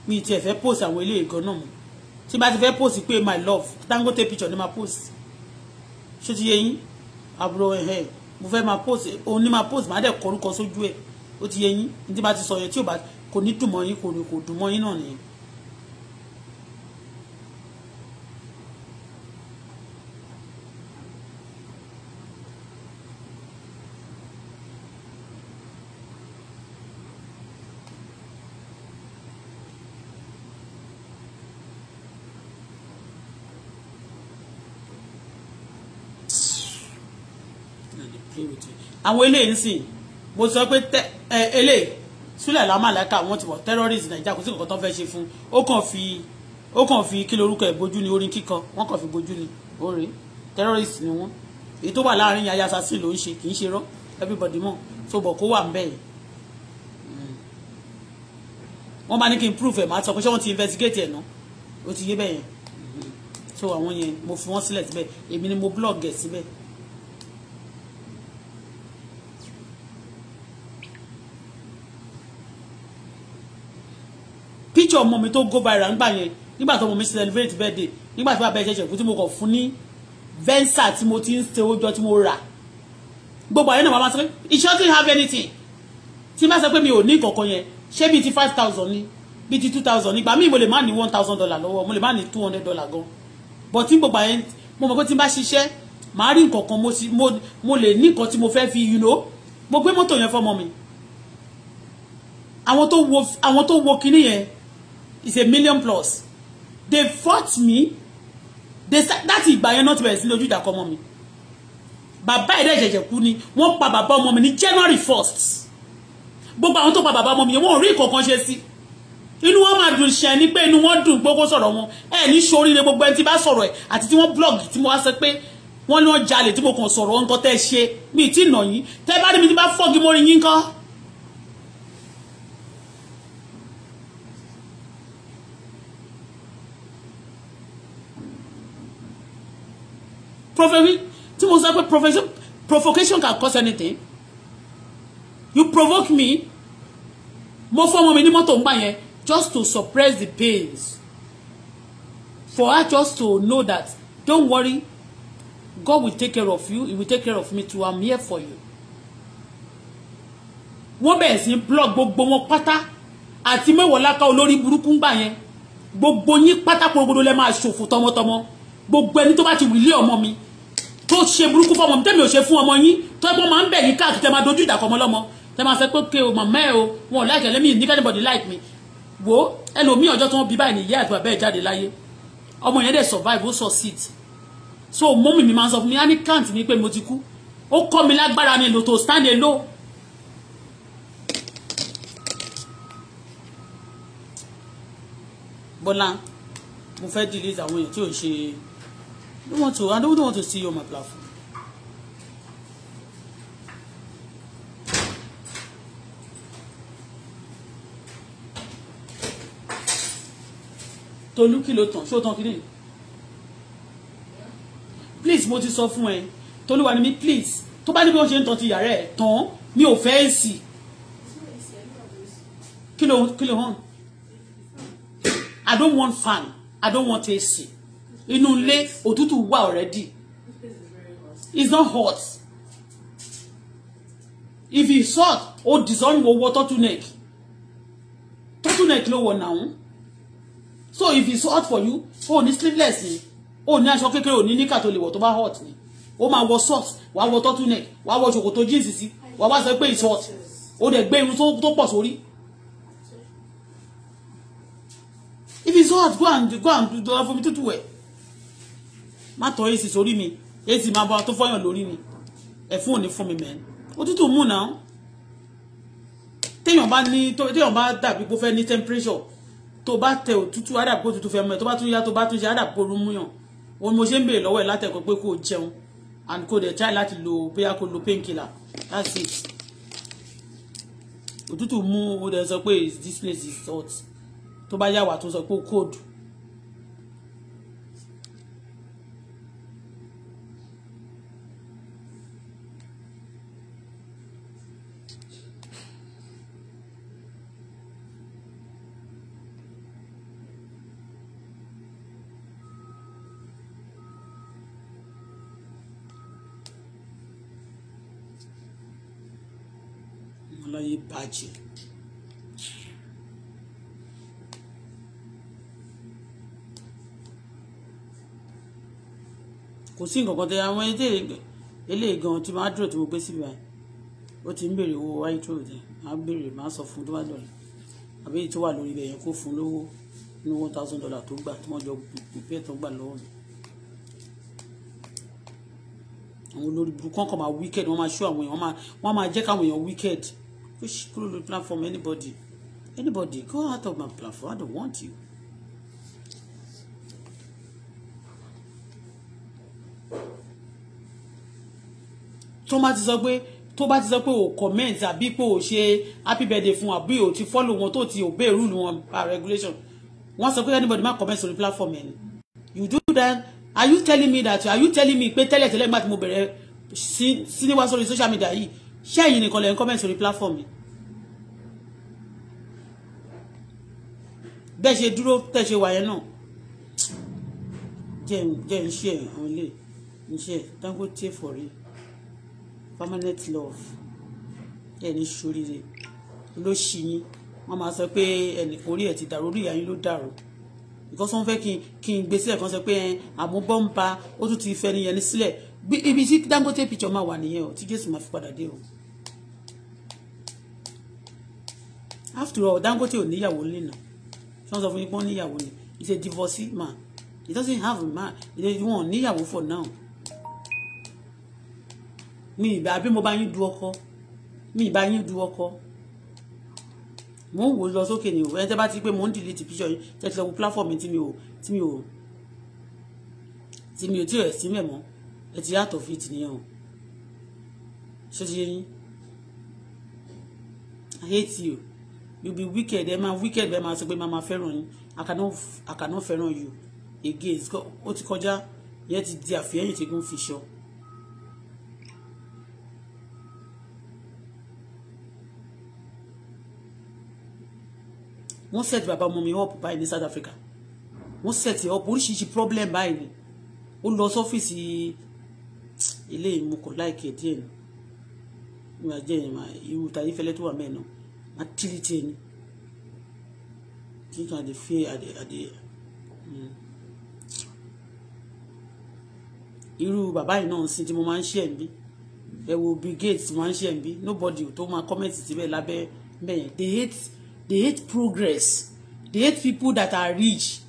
mi ti ẹ̀ fẹ́ post àwọn eléyìí gan náà mọ́ tí bá ti fẹ́ post pé my love Dangote picture ni ma post ṣé ti yẹ yín àbúrò ẹ̀hẹ́ mo fẹ́ máa post òun ni máa post máa dẹ̀ kọ orúkọ sójú ẹ̀ ó ti yẹ yín ní tí bá ti sọ yẹn tí ò bá kò ní dùn mọ́ yín kò dùn mọ́ yín náà nìyẹn àwọn eléyìí ń sìn mo sọ pé eléyìí súlẹ̀ lámàlẹ́kà wọ́n ti wọ̀ terrorist nàìjíríà kò sí nǹkan tó fẹ́ ṣe fún ó kàn fi ó kàn fi kí lorúkọ ẹ̀ bojú ni orin kíkọ wọ́n kàn fi bojú ni orin terrorist ni wọ́n èyí tó wà láàrin yaya sassi ló ń ṣe kì í ṣe rọ́ everybody mọ̀ tó bọ̀ kó wà ń bẹ̀ yẹn hmm. wọ́n bá ní kí n proof ẹ̀ máa sọ pé ṣé wọ́n ti investigate ẹ̀ náà ó ti yé bẹ́ẹ̀ yẹn so àwọn yẹn mo fi wọ́n sílẹ̀ síbẹ̀ èmi ni mo blog ẹ̀ síbẹ̀ picture ọmọ mi tó go viral ńgbà yẹn nígbà tó ọmọ mi celebrate birthday nígbà tó bá bẹ́ẹ̀ ṣẹ̀ṣẹ̀ kú tí mo kàn fún ní venza tí mo ti ń ṣe ojọ́ tí mo rà gbogbo àyẹ̀nà wa máa sọ pé it shouldn't have anything tí má sọ pé mi ò ní ìkọ̀kan yẹn ṣé bíi ti five thousand ni bíi ti two thousand nígbà míì mo lè má ní one thousand dollar lọ́wọ́ mo lè má ní two hundred dollar gan but tí gbogbo àyẹn mo mọ̀ pé tí n bá ṣiṣẹ́ màá rí nǹkan kan mo lè ní nǹkan tí mo fẹ́ fi you know mo gbé mọ́tò yẹn fọ́mọ mi àwọn tó wo kinní yẹn is a million plus they fought me they said that is by ti bẹ̀rẹ̀ sí lójú ìdàkọ ọmọ mi bàbá ẹ̀dá ìjẹ̀jẹ̀ kú ni wọ́n pa bàbá ọmọ mi ní January first gbogbo àwọn tó pa bàbá ọmọ mi yẹn wọ́n ò rí ìkọ̀kan ṣe sí inú wọn máa dùn ṣẹ ni pé inú wọn dùn gbogbo sọ̀rọ̀ wọn ẹ ní sóríire gbogbo ẹni tí bá sọ̀rọ̀ ẹ̀ àti tí wọ́n blog tí mo wá sọ pé wọ́n ní wọ́n jalè tí mo kàn sọ̀rọ̀ nǹkan tẹ́ ṣe mi ì tí ì nà yín tẹ́ bá rí mi tí bá fọ́gi mórí kan prophecy tí mo sọ pé prophecy provocation can cause anything you provoke me mo fọmọ mi ní mọ́tò ń gbà yẹn just to suppress the pains for her just to know that don't worry God will take care of you he will take care of me too I'm here for you wọ́n bẹ̀rẹ̀ sí blog gbogbo wọn pátá àti mẹ́wọ̀láka olórí burúkú ń gbà yẹn gbogbo yín pátá korogodo lẹ́ máa ṣòfò tọmọtọmọ gbogbo ẹni tó bá ti wílé ọmọ mi tó ṣe burúkú fọmọ tẹ́mi ò ṣe fún ọmọ yín tó ẹgbọ́n máa ń bẹ̀ yín káàkiri tẹ́ máa dojú ìdàkọ̀ ọmọ lọ́mọ tẹ́ máa sọ pé ké o màmá ẹ o wọn ò láìkẹ lẹ́mí ní anybody like me wo ẹlòmíì ọjọ́ tó ń bí báyìí ní ìyá àti bàbá ẹ̀ jáde láyé ọmọ yẹn dẹ̀ survive ó succeed so mọ́mì mi máa ń sọ fún mi ani kant mi pé mo ti kú ó kọ́ mi lágbára ni lò tó stand alone bọ́lá mo fẹ́ delete àwọn èèyàn tí ò ṣe don't want to. I don't want to see you on my platform. Tolú look ló tàn ṣé ó tàn kí please what ti sọ fún ẹ Tolúwa ni mi please tó bá ní bí wọ́n ṣe ń tan ti yàrá ẹ̀ tán mi ò fẹ́ èsì kí ló hàn I don't want fan I don't want AC inú ilé òtútù wà already it's not hot if it's hot ó dissolve owó turtleneck turtleneck ló wọ̀ náà so if it's hot for you ó ní sleeveless ni ó ní aṣọ kékeré ò ní níkà tó lè wọ̀ tó bá hot ni ó máa wọ short wàá wọ turtleneck wàá wọ ṣòkòtò jeans sí wàá wá sọ pé it's hot ó dẹ̀ gbé irun tó pọ̀ sórí. If it's hot, go and go and do the for me to do má tọ́ èsì sórí mi èsì máa bọ́ tó fọyàn lórí mi ẹ̀fún òní fún mi mẹ́ òtútù mú náà téèyàn bá ní téèyàn bá dàbí pé ó fẹ́ ní temperature tó bá tẹ òtútù àdàpọ̀ òtútù fẹ́ mọ́ ẹ̀ tó bá tún yá tó bá tún ṣe àdàpọ̀ orun múyàn wọn mo ṣe ń béèrè lọ́wọ́ ẹ̀ látẹ̀kọ́ pé kò jẹun and kò dẹ̀ try láti lo bóyá kò lo painkiller that's it òtútù mú ó dẹ̀ sọ pé this place is hot tó bá yà wà tó sọ pé cold yìí bàjẹ́ kò sí nǹkan kan tẹ àwọn ẹdẹ eléyìí gan tí màá dúró tí mo gbé síbi báyìí ó ti ń béèrè owó wáyé tó rẹ màá béèrè màá sọ fún tó bá dọ̀rẹ́ àbí èyí tó wà lórí ibẹ̀ yẹn kó fún lówó ní one thousand dollar tó gbà tí wọ́n jọ pípẹ́ tó gbà lọ́wọ́ mi. àwọn olórí burúkú kan máa wíkẹ́ẹ̀dì wọ́n máa ṣó àwọn èèyàn wọ́n máa jẹ́ káwọn èèyàn wíkẹ́ẹ̀dì push through my platform anybody anybody go out of my platform I don't want you. tó má ti sọ pé tó bá ti sọ pé o comment àbí pé o ṣe happy birthday fún àbí o ti follow wọn tó ti obey rule wọn by regulation wọ́n sọ pé anybody má comment sórí platform ẹni you do that are you telling me that are you telling me pé tẹ́lẹ̀ tẹ́lẹ̀ nígbà tí mo bẹ̀rẹ̀ sí níwá sórí social media yìí ṣé ẹ̀yin nìkan lẹ ń comment orí platform mi bẹ́ẹ̀ ṣe dúró tẹ̀ ṣe wà yẹn náà jẹ́ jẹ́ ń ṣe ẹ̀hán lè ń ṣe Dangote for real permanent love ẹ̀ ní ṣoríire ló ṣì yín wọ́n máa sọ pé ẹnì orí ẹ̀ ti dàrú orí ìyá yín ló dàrú because wọ́n fẹ́ kí kí n gbèsè kan sọ pé àmúbọ́npa ó tún ti fẹ́ nìyẹn ní sílẹ̀ ibi tí Dangote picture máa wà nìyẹn o tí Jésù máa fi padà dé o. after all Dangote ò níyàwó lè nà tí wọ́n sọ fún yín pé wọ́n níyàwó ni he is a divorcee man he doesn't have a man He wọ́n níyàwó for now mi ìbá àbí mo bá yín du ọkọ mi ìbá yín du ọkọ mo ń wò lọ sókè ni o ẹni tẹ́ bá ti pé mo ń delete picture yín tẹ́ ti lọ wo platform mi tí mi ò tí mi ò tí mi ò tí ò ẹ̀ sí mẹ̀ ẹ ti yàtọ̀ fit nìyẹn o ṣé ti yé yín I hate you you be wicked ẹ máa wicked ẹ máa sọ pé màmá fẹ́ràn yín I cannot I cannot fẹ́ràn you again ó ti kọjá yẹn ti di àfihàn tí kò ń fi ṣọ. wọ́n set bàbá ọmọ mi up báyìí ní South Africa wọ́n set e up oríṣiríṣi problem báyìí ni ó lọ sọ́fíìsì ilé ìmúkọ̀ láìkè e díẹ̀ ní ìwà jẹ́ ìrù tàyífẹ́lẹ́ tó wà mẹ́ẹ̀ náà activity ni think i dey feel i dey i dey hmm. irú bàbá yìí náà sí tí mo máa ń ṣe ẹ̀ ń bí ẹ wo Bill Gates máa ń ṣe ẹ̀ ń bí nobody tó máa comment síbẹ̀ lábẹ́ bẹ́ẹ̀ they hate they hate progress they hate people that are rich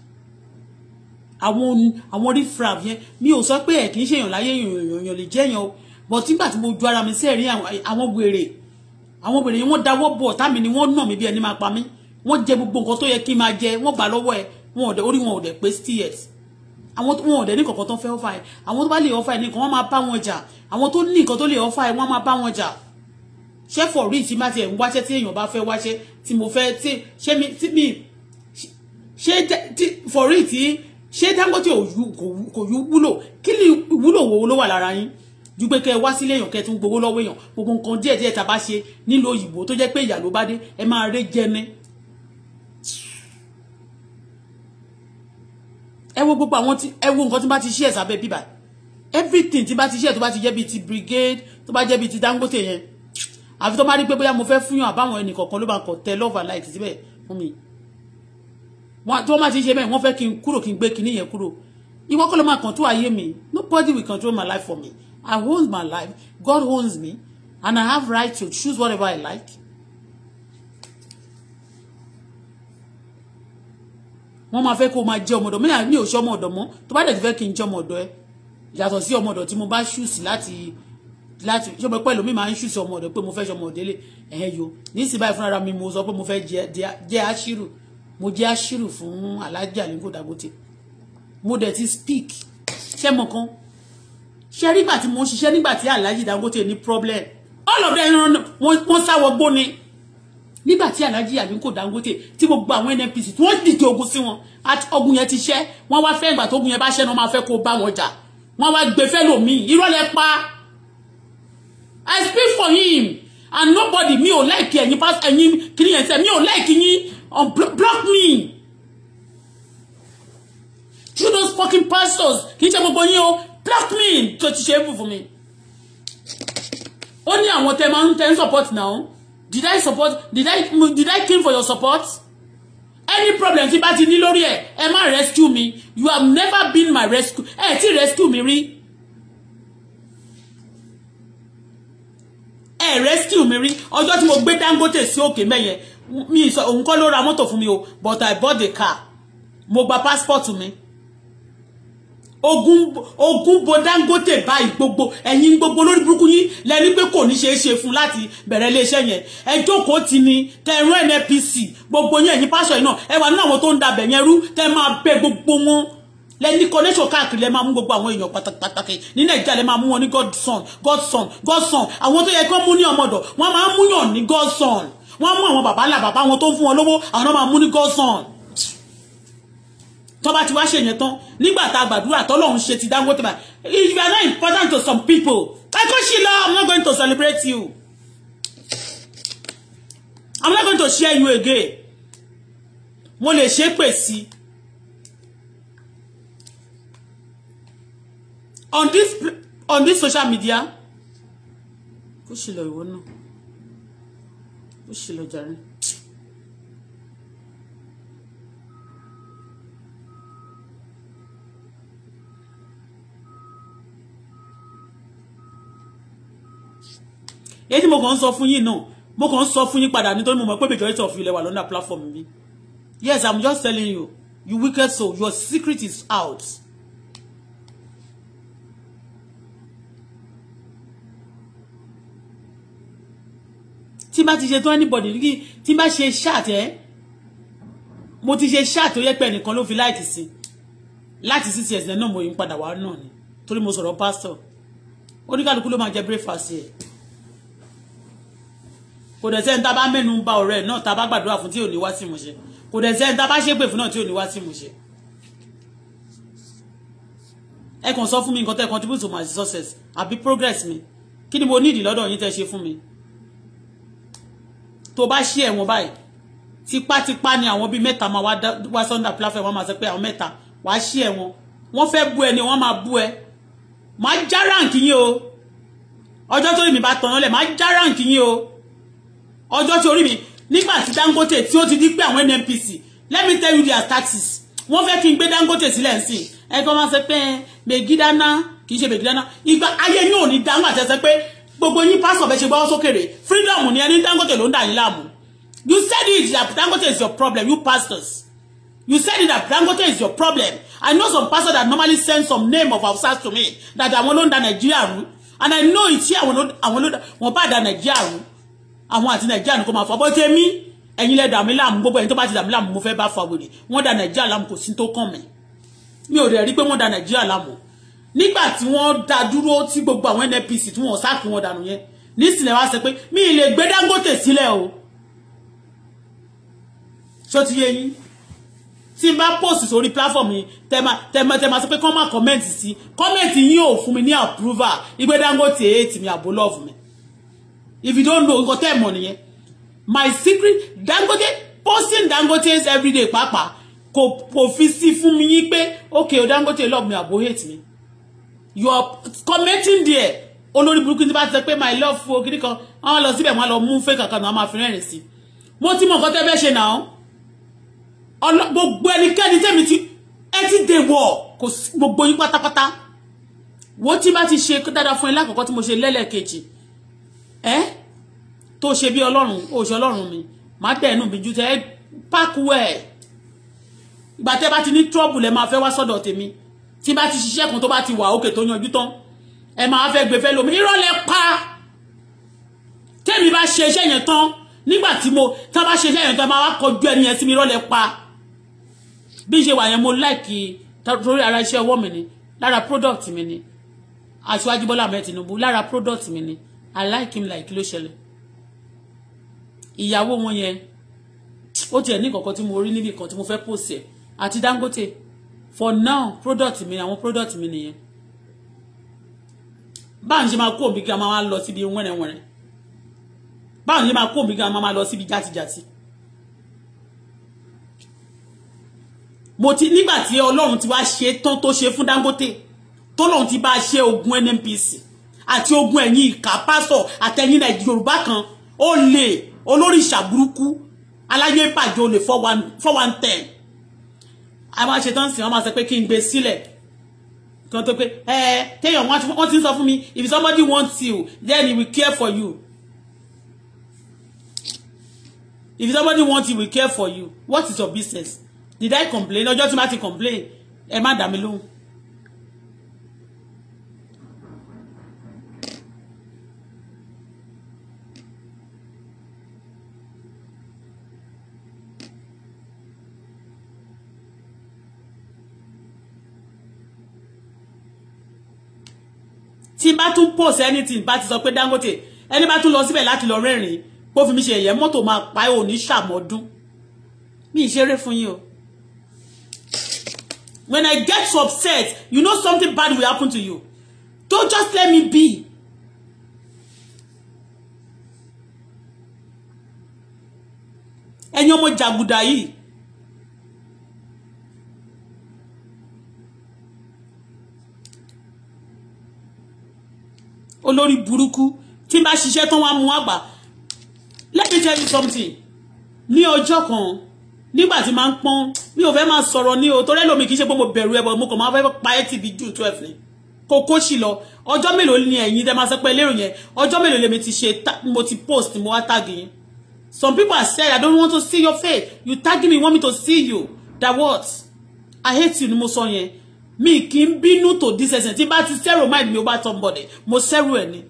àwọn àwọn rifraf yẹn mi ò sọ pé ẹ̀ kì í ṣèyàn láyé èèyàn èèyàn lè jẹ́yàn o but nígbà tí mo ju ara mi sí ẹ̀rí àwọn wèrè àwọn obìnrin wọ́n dáwọ́ bò ọ̀tá mi ni wọ́n nà mí bí ẹni máa pa mí wọ́n jẹ gbogbo nǹkan tó yẹ kí n máa jẹ wọ́n gbà lọ́wọ́ ẹ wọn ò dẹ orí wọn ò dẹ pé steers àwọn wọn ò dẹ ní kankan tó fẹ́ ọ́fà ẹ àwọn tó bá lè ọ́fà ẹ nìkan wọ́n máa bá wọn jà àwọn tó ní nǹkan tó lè ọ́fà ẹ wọ́n máa bá wọn jà ṣé for real tí má tiẹ̀ ń wáṣẹ́ tí èèyàn bá fẹ́ wáṣẹ́ tí mo fẹ́ tí ṣé mi tí mi ṣé for real tí ṣé Dangote kò wúlò kí ni ìwúlò wo ló wà lára yín ju pé kẹ́ ẹ wá sílé èèyàn kẹ́ ẹ tún gbowó lọ́wọ́ èèyàn gbogbo nǹkan díẹ̀ díẹ̀ tá a bá ṣe nílò òyìnbó tó jẹ́ pé ìyà ló bá dé ẹ máa ré jẹni. ẹ wo gbogbo àwọn tí ẹ wo nǹkan tí bá ti ṣí ẹ̀ sábẹ́ bíbà everything tí bá ti ṣí ẹ̀ tó bá ti jẹ́ bíi ti brigade tó bá jẹ́ bíi ti Dangote yẹn àfi tó bá rí pé bóyá mo fẹ́ fúnyàn àbáwọn ẹnìkọ̀ọ̀kan ló bá kọ̀ tẹ love and light síbẹ̀ fún mi wọn tí wọn máa ti ṣe bẹ́ẹ̀ wọ́n fẹ́ kí n kúrò kí n gbé kinní yẹn kúrò ìwọ kọ́ ló máa control ayé mi nobody will control my life for me I own my life. God owns me. And I have right to choose whatever I like. wọ́n máa fẹ́ kó máa jẹ́ ọmọdọ̀ mílíọ̀nù mi ò ṣe ọmọdọ̀ mọ́ tó bá dẹ̀ ti fẹ́ kí n jẹ́ ọmọdọ̀ ẹ yàtọ̀ sí ọmọdọ̀ tí mo bá ṣùsì láti láti ṣé mo pẹ́ lómi máa ń ṣùsì ọmọdọ̀ pé mo fẹ́ ṣe ọmọdọ̀ lé ẹ̀hẹ́ yo nísìnyí báyìí fúnra mi mo sọ pé mo fẹ́ jẹ́ àṣírù mo jẹ́ àṣírù fún Alhaji Aliko Dangote mo dẹ̀ ti speak ṣé mo kan ṣe rí gbà tí mo ń ṣiṣẹ́ nígbà tí Alhaji Dangote ní problem all of them wọ́n sáwọ́ gbó ni nígbà tí Alhaji Aliko Dangote tí gbogbo àwọn NNPC tí wọ́n dìde ogun sí wọn ogun yẹn ti ṣẹ́ wọ́n wá fẹ́ ìgbà tó ogun yẹn bá ṣẹ́ ni wọ́n máa fẹ́ kó bá wọn jà wọ́n wá gbé fẹ́lòmíì irọ́ lẹ pa I speak for him and nobody mi ò like ẹ̀yin pass ẹ̀yin kiri yẹn sẹ́ mi ò like yín um, on block me through those fucking pastors kì í ṣe gbogbo yín o block me tó ti ṣe é bù fún mi ó ní àwọn tẹ máa ń tẹ ń support now did I support did I did I came for your support any problem tí bá ti ní lórí ẹ ẹ má rescue me you have never been my rescue ẹ ti rescue mi rí ẹ rescue mi rí ọjọ́ tí mo gbé Dangote sí òkè mẹ́yẹn mi sọ òun kọ́ ló ra mọ́tò fún mi o but I bought the car mo gba passport mi ogun ogun bo Dangote báyìí gbogbo ẹ̀yin gbogbo lórí burúkú yín lẹni pé kò ní ṣeé ṣe fún láti bẹ̀rẹ̀ iléeṣẹ́ yẹn ẹ jókòó ti ni tẹ̀rán NNPC gbogbo yín ẹ̀yin pásọ̀ yìí náà ẹ wà nínú àwọn tó ń dabẹ̀ yẹn rú tẹ máa bẹ gbogbo wọn lẹni connection káàkiri lẹ máa mú gbogbo àwọn èèyàn pàtàkì ní Nàìjíríà lẹ máa mú wọn ní godson godson godson àwọn tó yẹ kí wọn mú ní ọmọdọ wọn máa mú yàn ní godson wọn mú àwọn bàbá ńlá bàbá wọn tó ń fún wọn lówó àwọn náà máa mú ní godson tó bá ti wá ṣe yẹn tán nígbà gbàdúrà tọ́lọ́run ṣe ti Dangote bá you are not important to some people akọ́ṣì lọ I'm not going to celebrate you I'm not going to share you again mo lè ṣe pè sí on this on this social media kó ṣe lọ ìwọ náà kó lọ jàre. èyí tí mo kàn ń sọ fún yín náà mo kàn ń sọ fún yín padà nítorí mo mọ̀ pé majority of you lẹ wà lọ́nà platform mi yes i'm just telling you you wicked soul your secret is out. tí bá ti ṣe tó anybody kí tí bá ṣe ṣáàt ẹ mo ti ṣe ṣáàt tó yẹ pé ẹnìkan ló fi láìkì sí láti six years náà mo yí padà wá náà ni torí mo sọ̀rọ̀ pásítọ̀ oníkàlùkù ló máa jẹ breakfast yẹn kò dẹ̀ sẹ́ni tá a bá mẹ́nu ba ọ̀rẹ́ náà tá gbàdúrà fún tí ò ní wá sí ìmúṣẹ kò dẹ̀ sẹ́ni tá a bá fún náà tí ò ní wá sí ìmúṣẹ. ẹ kàn sọ fún mi nǹkan tẹ́ contribute to my success àbí progress mi kí ni mo need lọ́dọ̀ yín tẹ́ ṣe fún mi. tó bá ṣí ẹ̀wọ̀n báyìí tipátipá ni àwọn bíi mẹ́ta máa wá sunday platform wọn máa sọ pé àwọn mẹ́ta wàá ṣí ẹ̀wọ̀n wọ́n fẹ́ bú ẹ ni wọ́n máa bú ẹ máa já ráǹkì yín o ọjọ́ tó lè mi bá tọ̀nà lẹ̀ máa já ráǹkì yín o ọjọ́ tí orí mi nígbà tí Dangote tí ó ti di pé àwọn NNPC let me tell you their taxes wọ́n fẹ́ kí n gbé Dangote sílẹ̀ sí ẹ kọ́ máa ṣe pé mègídáná kì í ṣe mègídáná ìgbà ayé yín ò ní dáhùn àtẹ̀sẹ̀ pé gbogbo yín pásọ̀ bẹ́ẹ̀ ṣe gbọ́ sókèrè freedom ni ẹni Dangote ló ń dà yín láàmú you said it that Dangote is your problem you pastors you said it that Dangote is your problem I know some pastors that normally send some name of outsiders to me that àwọn ló ń da Nàìjíríà rú and I know it here àwọn ló àwọn bá da Nàìjíríà rú àwọn àti nàìjíríà nìkan máa fọ bó ṣe mí ẹ̀yin lẹ dàmí láàmú gbogbo ẹ̀yin tó bá ti dàmí láàmú mo fẹ́ bá fa wèrè wọ́n da nàìjíríà láàmú kò sí tó kàn mí mi ò rẹ̀ rí pé wọ́n da nàìjíríà láàmú nígbà tí wọ́n da dúró tí gbogbo àwọn NNPC tí wọ́n sáàkì wọn dànù yẹn nísìnyẹ wá sọ pé mi ì lè gbé Dangote sílẹ̀ o ṣó ti yé yín tí n bá post sórí platform yìí tẹmọ tẹmọ sọ pé kọ́ máa comment sí comment yín ò fún mi ní approval ìgbé Dangote èyí tì mí àbólọ́ọ̀fù mi if you don't know you go tell money. nìyẹn my secret Dangote posting Dangote's everyday pàápàá kò kò fi sí fún mi yín pé okay o Dangote love me àbò hate me you are commenting there olórí burúkú tí bá ti sọ my love fún okiri kan wọn lọ síbẹ̀ wọn lọ mú fẹ́ kankan náà máa fi rẹ́rìn sí mo ti mọ̀ nǹkan tẹ́ fẹ́ ṣe náà gbogbo ẹnikẹ́ni tẹ́mi ti ẹ ti dèwọ̀ kò gbogbo yín pátápátá wọ́n ti bá ti ṣe dáadáa fún ẹ lákọ̀ọ́kọ́ tí mo ṣe lẹ́lẹ́kejì ẹ tó ṣe bí ọlọ́run ó ọlọ́run mi máa tẹ̀ ẹnu mi ju tẹ pákúwẹ̀ ìgbà tẹ́ bá ti ní trọ́bù lẹ́ máa fẹ́ wá sọ́dọ̀ tèmi tí bá ti ṣiṣẹ́ kan tó bá ti wà òkè tó yanjú tán ẹ máa fẹ́ gbé fẹ́ lómi irọ́ lẹ pa tẹ́mi bá ṣe iṣẹ́ yẹn tán nígbà tí mo tá bá ṣe iṣẹ́ yẹn tán máa wá kọjú ẹni yẹn sí mi irọ́ lẹ pa bí ṣe wà yẹn mo láìkì torí ara iṣẹ́ ọwọ́ mi ni lára product mi ni Aṣíwájú Bọ́lá Ahmed Tinubu lára product mi ni I like him like kí ló ṣẹlẹ̀ ìyàwó wọn yẹn ó tiẹ̀ ní kankan tí mo rí níbi kan tí mo fẹ́ post àti Dangote for now product mi àwọn product mi nìyẹn báwo ni ṣe máa kó òbí gan máa lọ síbi wẹ́rẹ̀wẹ́rẹ̀ báwo ni ṣe máa kó òbí gan máa lọ síbi játijàti mo ti nígbà tí Ọlọ́run ti wá ṣe tán tó ṣe fún Dangote tó lóun ti bá ṣe ogun NNPC àti ogun ẹ̀yin ìka pásọ̀ àtẹ̀yìn nàìjíríà yorùbá kan ó lè olórí ìṣàbùrúkú aláyé bàjẹ́ olè four one ten a máa ṣe wọn máa sọ pé kí n gbé sílẹ̀ kí wọ́n tó pé ẹ téèyàn wọ́n ti ń sọ fún mi if somebody wants you then he will care for you if somebody wants you he will care for you what is your business did I complain ọjọ́ tí má ti complain ẹ má dà mí lóhùn tí n bá post anything bá ti sọ pé Dangote ẹni bá tún lọ síbẹ̀ láti lọ rẹ́rìn kó fi mi ṣe ẹ̀yẹ mọ́tò máa pa ẹ̀ òní ṣàmọ́dún mi ì ṣeré fún o. When I get so upset you know something bad will happen to you don't just let me be. ẹ̀yin ọmọ jàgùdà yìí olórí burúkú tí bá ṣiṣẹ́ tó wọ́n mú wọn gbà let me tell you something ní ọjọ́ kan nígbà tí máa ń pọ́n mi ò fẹ́ máa sọ̀rọ̀ ní o torí ẹlòmíì kì í ṣe pé mo bẹ̀rù ẹbọ mo kàn máa fẹ́ pa ẹ́ tìbí jù twelve ni kò kó sì lọ ọjọ́ mélòó ni ẹ̀yin dẹ́ máa sọ pé lérò yẹn ọjọ́ mélòó lèmi ti ṣe mo ti post mo wá tagi. yín some people are said i don't want to see your face you tag me you want me to see you that what i hate you ni mo sọ yẹn mi kì í bínú to this extent tí bá ti zero mind mi over somebody mo zero ẹ̀ ni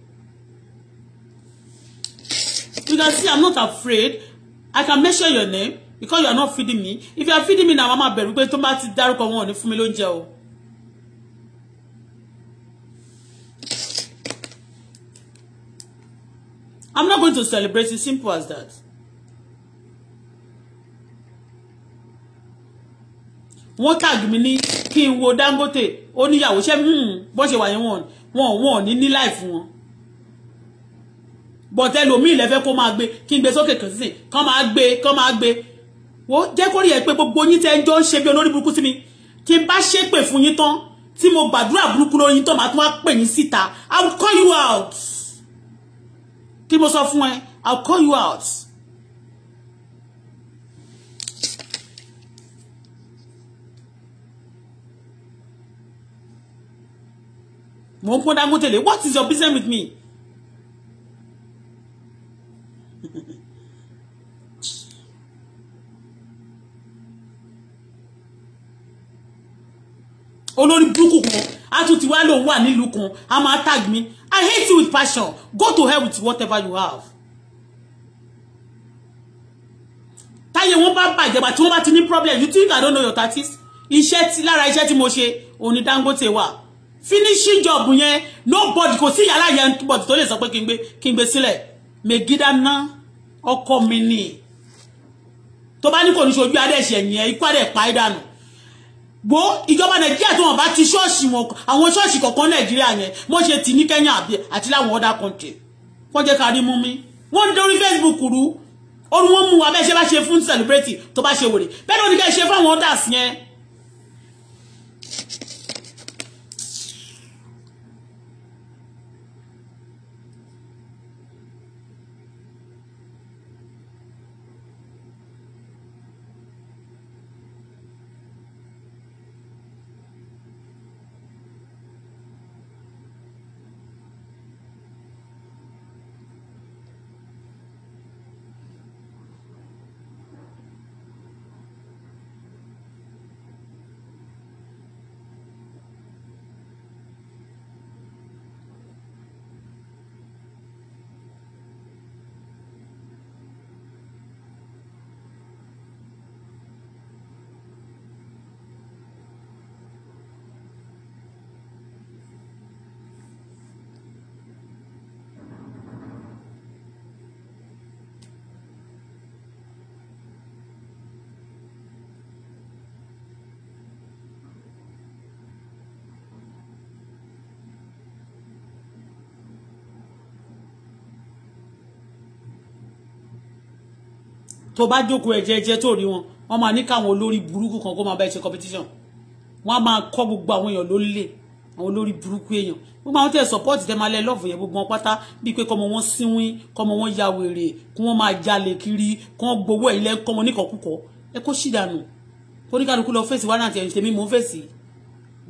you can see i'm not afraid i can measure your name because you are not feeding me if you are feeding me na mama bẹ̀rù pé tó bá ti dárúkọ wọn ò ní fún mi lóúnjẹ o. i'm not going to celebrate it's simple as that. wọ́n tag mi ní kí n wo Dangote ó níyàwó ṣẹ́ hmm, bọ́n ṣe wà yẹn wọ́n wọ́n wọ́n ní ní láìfún wọn bọ̀tẹ́ ẹlòmíì lẹ́fẹ́ kó máa gbé kí n gbé sókè kan sísìn kán máa gbé kán máa gbé wọ́n jẹ́ kórè ẹ̀ pé gbogbo yín tẹ́ ń jọ ń ṣe bí olórí burúkú sí mi tí n bá ṣépè fún yín tán tí mo gbàdúrà burúkú lórí yín tán màá tún wá pè yín síta I will call you out kí mo sọ fún ẹ I will call you out. mo ń pọ́n Dangote lé what is your business with me. olórí burúkú kan a tún ti wá lòun wà nílùú kan a máa tag me. I hate you with passion go to hell with whatever you have. táyé wọn bá bàjẹ́ bá tí wọ́n bá ti ní problem you think I don't know your tactics iṣẹ́ tí lára iṣẹ́ tí mo ṣe òun ni Dangote wà finishing job yẹn nobody kò sí yàrá yẹn nobody tó lè sọ pé kí n gbé kí n gbé sílẹ̀ megida ná ọkọ mi ni tó bá ní kò ní ṣojú adẹ́ṣẹ̀ yẹn ikú adẹ́ pa é dànù wo ìjọba nàìjíríà tó wọn bá ti ṣọ́ọ̀ṣì wọn àwọn ṣọ́ọ̀ṣì kọ̀ọ̀kan nàìjíríà yẹn mo ṣe tì ní kenya àti láwọn other country wọ́n jẹ́ ká rí mú mi wọ́n ń dorí facebook rú orun wọn mú wa bẹ́ẹ̀ ṣe bá ṣe fún celebrity tó bá ṣe wèrè bẹ́ẹ̀ ló ní kẹ́ ṣe fún àwọn others yẹn tó bá jókòó ẹ̀jẹ̀ ẹ̀jẹ̀ tó rí wọn wọ́n máa ní káwọn olórí burúkú kan kó máa bá ẹ ṣe competition wọ́n á máa kọ́ gbogbo àwọn èèyàn ló lè àwọn olórí burúkú èèyàn gbogbo àwọn tẹ̀ support tẹ̀ máa lẹ lọ́ọ̀fù yẹn gbogbo wọn pátá bíi pé kọ́mọ wọn sínwín kọ́mọ wọn ya wèrè kí wọ́n máa jalè kiri kí wọ́n gbowó ẹ̀yìn lẹ́ kọ́mọ níkọ̀ọ́kùkọ̀ ẹ kó ṣìdànù oníkàlùkù lọ fèsì wà láti ẹ̀yìn tèmi mò ń fèsì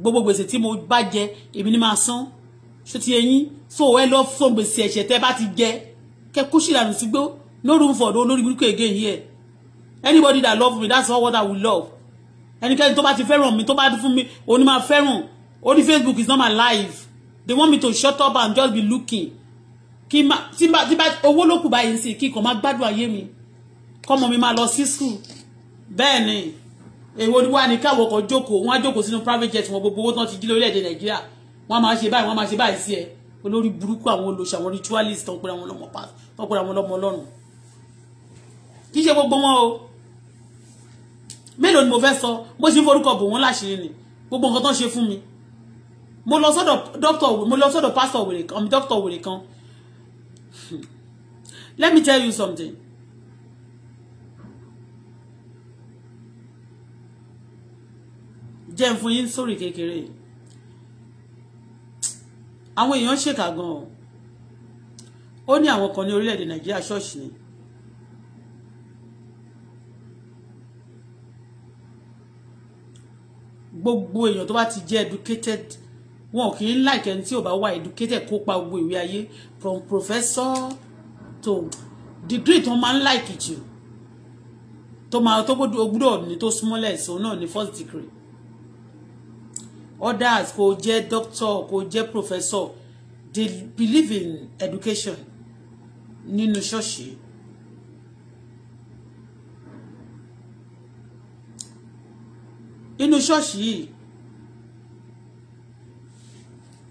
gbogbo gbèsè tí mo bá jẹ èmi ni máa san ṣé ti ẹ̀yin so ẹ lọ fún gbèsè ẹ̀ṣẹ̀ tẹ́ bá ti jẹ kẹ kó ṣìdànù sígbó no room for no room for again here anybody that love me that's all what i will love ẹnikẹ́ni tó bá ti fẹ́ràn mi tó bá fún mi òní máa fẹ́ràn only facebook is not my life they want me to shut up and just be looking kí ma tí ma tí ma owó ló kù báyìí sí kí kàn máa gbádùn ayé mi kọ́mọ mi máa lọ sí school bẹ́ẹ̀ ni èwo ni wá ní káwọ́ kan jókòó wọ́n á jókòó sínú private jet wọn gbogbo owó tán ti jí lórílẹ̀‐èdè nàìjíríà wọ́n á máa ṣe báyìí wọ́n á máa ṣe báyìí sí ẹ olórí burúkú àwọn olóṣèlú àwọn ritualist tó ń pera wọn pa tó ń pera wọn lọ́mọ kì ṣe gbogbo wọn o mélòó ni mo fẹ́ sọ bó ṣe ń forúkọ bò wọ́n láṣìírí ni gbogbo nǹkan tó ń ṣe fún mi mo lọ sọ́dọ̀ dókítà mo lọ sọ́dọ̀ pásítọ̀ wèrè kan dókítà wèrè kan <laughs> let me tell you something jẹ́ ń fún yín sórí kékeré àwọn èèyàn ṣèkà gan-an ó ní àwọn kan ní orílẹ̀-èdè nàìjíríà ṣọ́ọ̀ṣì ni gbogbo èèyàn tó bá ti jẹ́ educated wọn kì í like ẹni tí ò bá wà educated kó pa gbogbo ìwé ayé from professor to degree tó máa ń like jù tó máa tó gbọ́dọ̀ ní tó súnmọ́lẹ̀ ìṣòro náà ní first degree others kò jẹ́ doctor kò jẹ́ professor they believe in education nínú ṣọ́ọ̀ṣì. No inú ṣọ́ọ̀ṣì yìí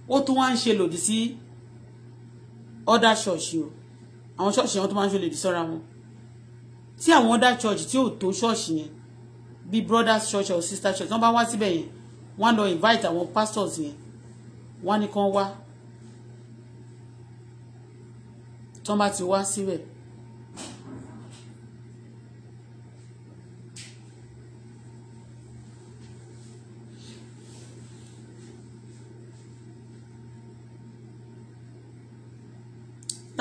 ó tún wá ń ṣe lòdì sí ọ̀dà ṣọ́ọ̀ṣì o àwọn ṣọ́ọ̀ṣì yẹn wọ́n tún máa ń ṣe lòdì sọ́ra wọn tí àwọn ọ̀dà ṣọ́ọ̀ṣì tí ò tó ṣọ́ọ̀ṣì yẹn bíi brothers church or sisters church wọ́n bá wá síbẹ̀ yẹn wọ́n lọ invite àwọn pastors yẹn wọ́n ní kán wá tán bá ti wá síbẹ̀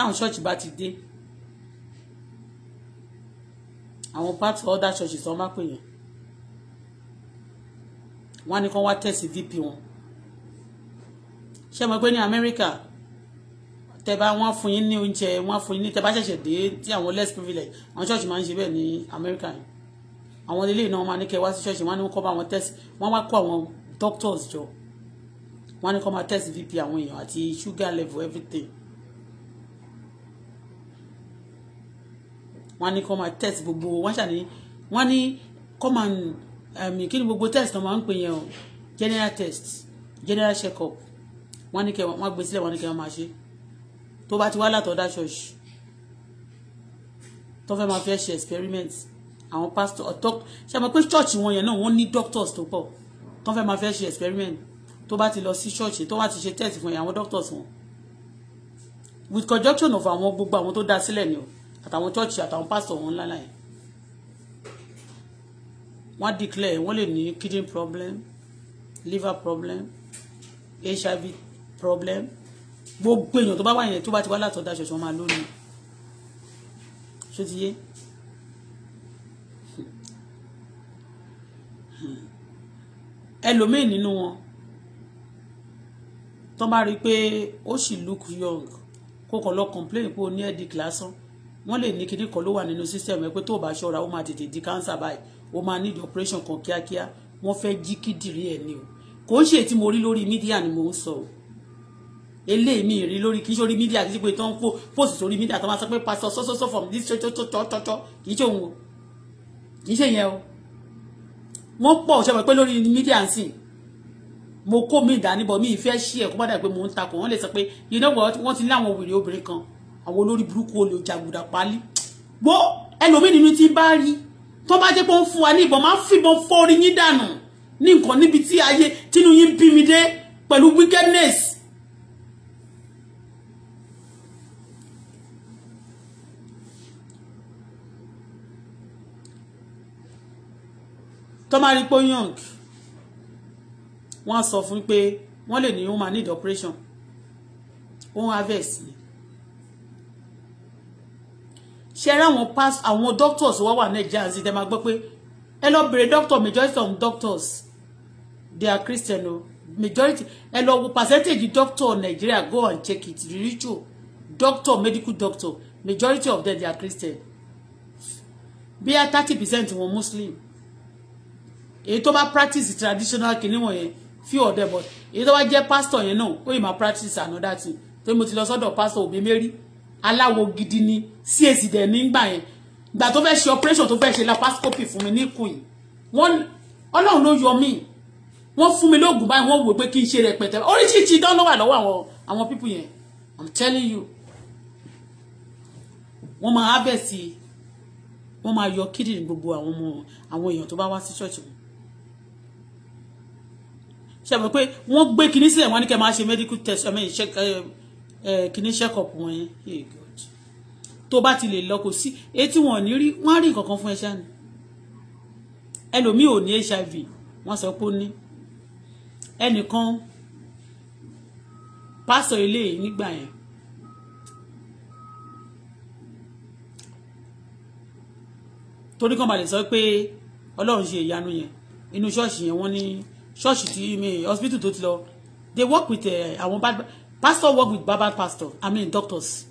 táwọn ṣọ́ọ̀ṣì bá ti dé àwọn pátì ọ̀dà ṣọ́ọ̀ṣì tó máa pè yẹn wọ́n á ní kán wá tẹ̀sí vp wọn ṣé mo pé ní Amẹ́ríkà tẹ bá wọ́n fún yín ní oúnjẹ wọ́n fún yín ní tẹ bá ṣẹ̀ṣẹ̀ dé tí àwọn less privilege àwọn ṣọ́ọ̀ṣì máa ń ṣe bẹ́ẹ̀ ní Amẹ́ríkà yìí àwọn ilé ìnáwó máa ní kẹ wá sí ṣọ́ọ̀ṣì wọ́n á ní kọ́ bá wọn tẹ̀sí wọ́n wá kó àwọn doctors jọ wọ́n á ní kọ́ máa tẹ̀sí vp àwọn èèyàn àti sugar level everything wọ́n ní kọ́ máa test gbogbo wọ́n ṣàní wọ́n ní kọ́ máa àmì um, kí ni gbogbo test náà máa ń pè yẹn o general test general check up wọ́n ní kẹ́ wọ́n gbé sílẹ̀ wọ́n ní kẹ́ wọ́n máa ṣe tó bá ti wá látọ̀dá ṣọ́ọ̀ṣì tó fẹ́ máa fẹ́ ṣe experiment àwọn pastor ọ̀tọ́ ṣe àmọ́ pé church wọn yẹn náà wọ́n ní doctors tó pọ̀ tó fẹ́ máa fẹ́ ṣe experiment tó bá ti lọ sí church tó bá ti ṣe test fún yẹn àwọn doctors wọn with conjunction of àwọn gbogbo àwọn tó dá sílẹ̀ ni o àtàwọn church àtàwọn pastor wọn ńlá láyé wọ́n declare wọ́n lè ní kidney problem liver problem hiv problem gbogbo èèyàn tó bá wà yẹn tó bá ti wá látọ̀dá ṣọ̀ṣọ̀ máa lónìí ṣó ti yé. ẹlòmíì nínú wọn tó bá rí i pé ó sì look young kó kàn lọ complain pé ó ní headache lásán wọ́n lè ní kinní kan ló wà nínú system ẹ pé tó bá ṣọ́ra ó máa tètè di cancer báyìí ó máa need operation kan kíákíá wọ́n fẹ́ jí kídìrí ẹ̀ ni o kò ń ṣe tí mo rí lórí mídíà ni mo ń sọ o eléyìí mi rí lórí kì í ṣe orí mídíà kì í ṣe pé tó ń post sórí mídíà tó máa sọ pé pastor sọ́sọ́sọ́ from this tọ́tọ́tọ́tọ́ kì í ṣe òun o kì í ṣe yẹn o wọ́n pọ̀ ṣe mọ̀ pé lórí mídíà ń sìn mo kó mi ìdánibọ̀ mi ìfẹ́ ṣí ẹ̀ kó má dà pé mò ń takò wọ́n lè sọ pé you know what wọ́n ti ní àwọn òwìrì obìnrin kan àwọn olórí burúkú olè jàgùdà pálí gbó ẹlòmíì nínú tí bá rí tó bá jẹ́ pé ń fún wa ní ìbọn máa ń fìbọn fọ́ọ̀rí yín dànù ní nǹkan níbi tí ayé tínú yín bí mi dé pẹ̀lú wickedness. tó máa wọ́n sọ fún pé wọ́n lè ní ó need operation ó ń harvest ni ṣe rá pass past àwọn doctors wọ́n wà nàìjíríà sí tẹ́ máa gbọ́ pé ẹ lọ bèrè doctor majority of doctors they are christian o majority ẹ lọ wo percentage doctor Nigeria. go and check it ritual doctor medical doctor majority of them they are christian bí a thirty percent wọn muslim èyí tó bá practice traditional kìíní wọn few of them but èyí tó bá jẹ́ pastor yẹn náà ó yìí máa practice another thing tó mo ti lọ sọ́dọ̀ pastor òbí mary aláwo gidi ni CAC dẹ̀ nígbà yẹn ìgbà tó fẹ́ ṣe operation tó fẹ́ ṣe laparoscopy fún mi níkùn yìí wọ́n ọlọ́run ló yọ mí wọ́n fún mi lóògùn báyìí wọ́n wò pé kí n ṣe rẹpẹtẹ oríṣiríṣi dán ló wà lọ́wọ́ àwọn àwọn pípù yẹn i'm telling you wọ́n máa harvest wọ́n máa yọ kídìrín gbogbo àwọn ọmọ àwọn èèyàn tó bá wá sí ṣọ́ọ̀ṣì wọn ṣe àbẹ̀ pé wọ́n gbé kinní sílẹ̀ wọ́n ní kẹ́ máa ṣe medical test ọmọ ìṣẹ́kẹ́ kìíní check up wọn yẹn tó bá ti lè lọ kò sí etí wọn ò ní rí wọn á rí nǹkan kan fún ẹṣẹ ni ẹlòmíì ò ní hiv wọn sọ pé ó ní ẹnìkan pásọ ilé yìí nígbà yẹn torí kan balẹ̀ sọ pé ọlọ́run ṣe ìyanu yẹn inú ṣọ́ọ̀ṣì yẹn wọ́n ní ṣọ́ọ̀ṣì tí hospital tó ti lọ they work with eh, àwọn bad pastor work with barber pastor i mean doctors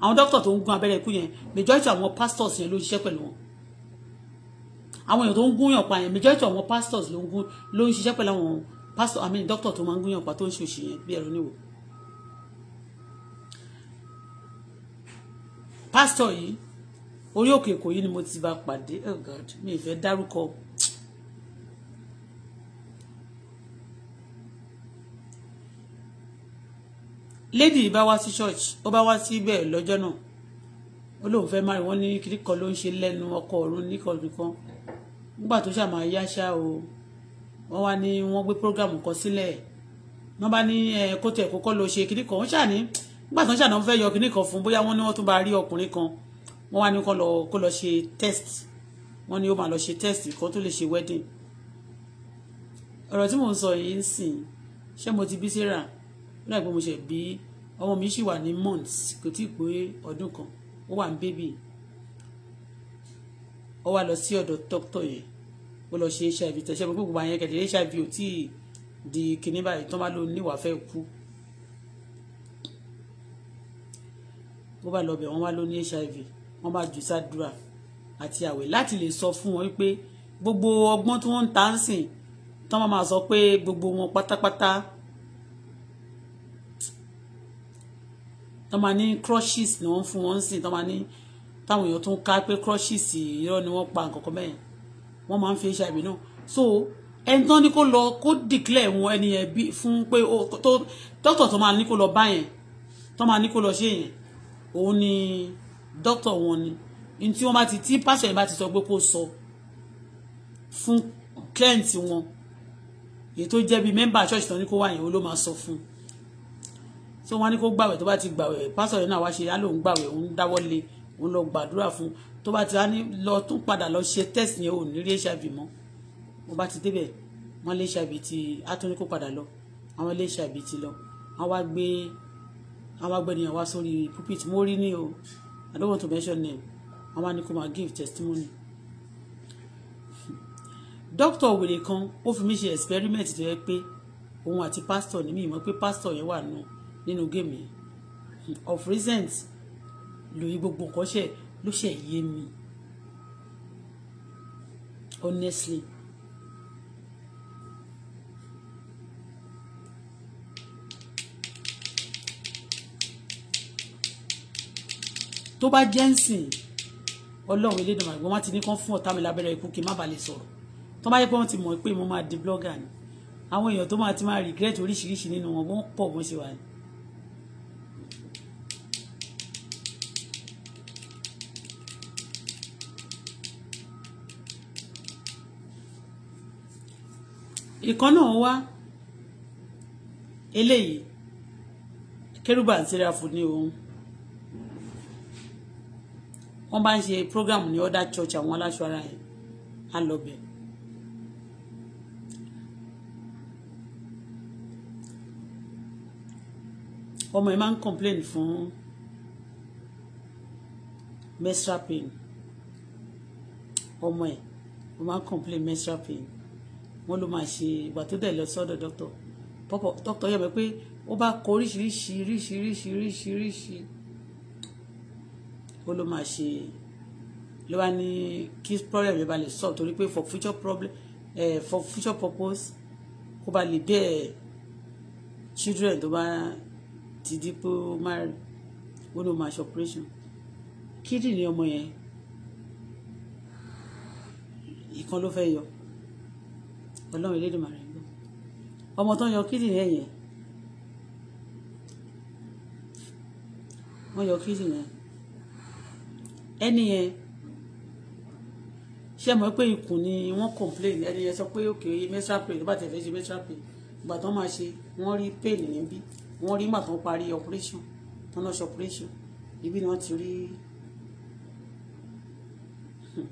àwọn doctor tó ń gún abẹ́rẹ́ ikú yẹn majority àwọn pastors yẹn ló ṣiṣẹ́ pẹ̀lú wọn àwọn èèyàn tó ń gún yàn pa yẹn majority àwọn pastors ló ń gún ló ń ṣiṣẹ́ pẹ̀lú àwọn pastor i mean doctor tó máa ń gún yàn pa tó ń ṣe òṣì yẹn bí ẹ̀rọ níwò. pastor yìí orí òkè èkó yìí ni mo ti bá pàdé oh god mi ì fẹ́ dárúkọ lady bá wá sí church ó bá wá síbẹ̀ lọ́jọ́ náà ó lóun fẹ́ márùn wọn ní kíríkọ ló ń ṣe lẹ́nu ọkọ ọ̀run níkọ̀ọ̀kan nígbà tó ṣàmà yáṣá o wọ́n wá ní wọ́n gbé program kan sílẹ̀ wọ́n bá ní kó tẹ̀ kó kọ́ lọ ṣe kíríkọ wọ́n ṣàní nígbà tó ń ṣàná fẹ́ yọ kíríkọ fún bóyá wọ́n ní wọ́n tún bá rí ọkùnrin kan wọ́n wá ní kó lọ ṣe test wọ́n ní ó máa lọ ṣe test kan tó lè ṣe wedding ọ̀rọ̀ tí mò ń sọ yìí ń sìn ṣé mo ti bí Sarah ó dàgbé mo ṣe bí ọmọ mi ṣì wà ní months kò tí ì pé ọdún kan ó wà ní bébì ó wá lọ sí ọ̀dọ̀ dókítà yẹn ó lọ ṣe hiv tẹ̀sẹ̀ pé gbogbo àyẹ̀kẹ̀ lè hiv ò tí ì di kinní báyìí tó máa lò níwàá fẹ́ kú ó bá lọ bẹ̀ wọ́n wá ló ní hiv wọ́n bá jù sádùúrà àti àwẹ̀ láti lè sọ fún wọn pé gbogbo ọgbọ́n tí wọ́n ń ta ń sìn tán máa sọ pé gbogbo wọn pátápátá tán máa ní crushes ni wọ́n fún wọn sìn tán máa ní táwọn èèyàn tó ká pé crushes irọ́ ni wọ́n pa nǹkankan mẹ́yìn wọ́n máa ń fi HIV náà so ẹni tán ní kó lọ kó declare wọn ẹni yẹn bí fún pé tó doctor tó máa ní kó lọ bá yẹn tó máa ní kó lọ ṣe yẹn òun ni doctor wọn ni ní tí wọ́n bá ti tí pásọ̀ yẹn bá ti sọ pé kó sọ fún client wọn èyí tó jẹ́ bíi member church tán ní kó wá yẹn ló máa sọ fún un so wọ́n á ní kó gbàwẹ̀ tó bá ti gbàwẹ̀ pásọ̀ yẹn náà wá ṣe á lóun gbàwẹ̀ òun dáwọ́ lé òun lọ gbàdúrà fún tó bá ti wá ní lọ tún padà lọ ṣe test yẹn ò ní rí hiv mọ́ mo bá ti débẹ̀ wọ́n lé hiv ti á tún ní kó padà lọ àwọn lé hiv ti lọ wọ́n wá gbé àwọn agbẹnìyàn wá sórí pulpit mo rí ní o I don't want to mention name wọ́n wá ní kó máa give testimony doctor wèrè kan ó fi mí ṣe experiment tó yẹ pé òun àti pastor ní mi ìmọ̀ pé pastor yẹn wà náà nínú géèmù yẹn of recent lóye gbogbo nǹkan ṣe ló ṣe yé mi honestly. tó bá jẹ́ ń sìn ọlọ́run ilé ìdánwò àgbọ̀n wọn ti ní kán fún ọ̀tá mi lábẹ́rẹ́ ikú kí n má bàa lè sọ̀rọ̀ tó bá yẹ pé wọ́n ti mọ̀ pé mo máa di blogger ni àwọn èèyàn tó máa ti máa regret oríṣiríṣi nínú wọn wọ́n pọ̀ bó ṣe wà ní ìkan náà wá eléyìí kérúbà ń tẹ́ra fún ní òun wọ́n bá ń ṣe program ní other church àwọn aláṣọ ara yẹn á lọ bẹ̀. ọmọ ẹ̀ máa ń complain fún menstrual pain ọmọ ẹ̀ ó máa ń complain menstrual pain wọ́n ló máa ṣe ìgbà tó dẹ̀ lọ sọ́dọ̀ dọ́kítọ̀ pọ́pọ̀ dọ́kítọ̀ yọ̀ mọ́ pé ó bá kọ oríṣiríṣi oríṣiríṣi oríṣiríṣi ó ló máa ṣe ló wá ní kí problem yẹn bá lè solve torí pé for future problem eh, for future purpose kó bá lè bẹ́ẹ̀ children tó bá ti di pé ó máa rí ó ló máa ṣe operation kídìní ọmọ yẹn ìkan ló fẹ́ yọ ọlọ́run Elédùmarè ń bọ̀ ọmọ tó ń yọ kídìnrín ẹ̀yẹ wọ́n yọ kídìnrín ẹni yẹn ṣé mọ̀ pé ikùn ni wọ́n complain ẹni yẹn sọ pé òkè menstrual pain bá tẹ̀lé ṣe menstrual pain ìgbà tó máa ṣe wọ́n rí pain níbí wọ́n rí màtó parí operation tó náà ṣe operation ibi ni wọ́n ti rí. Hmm.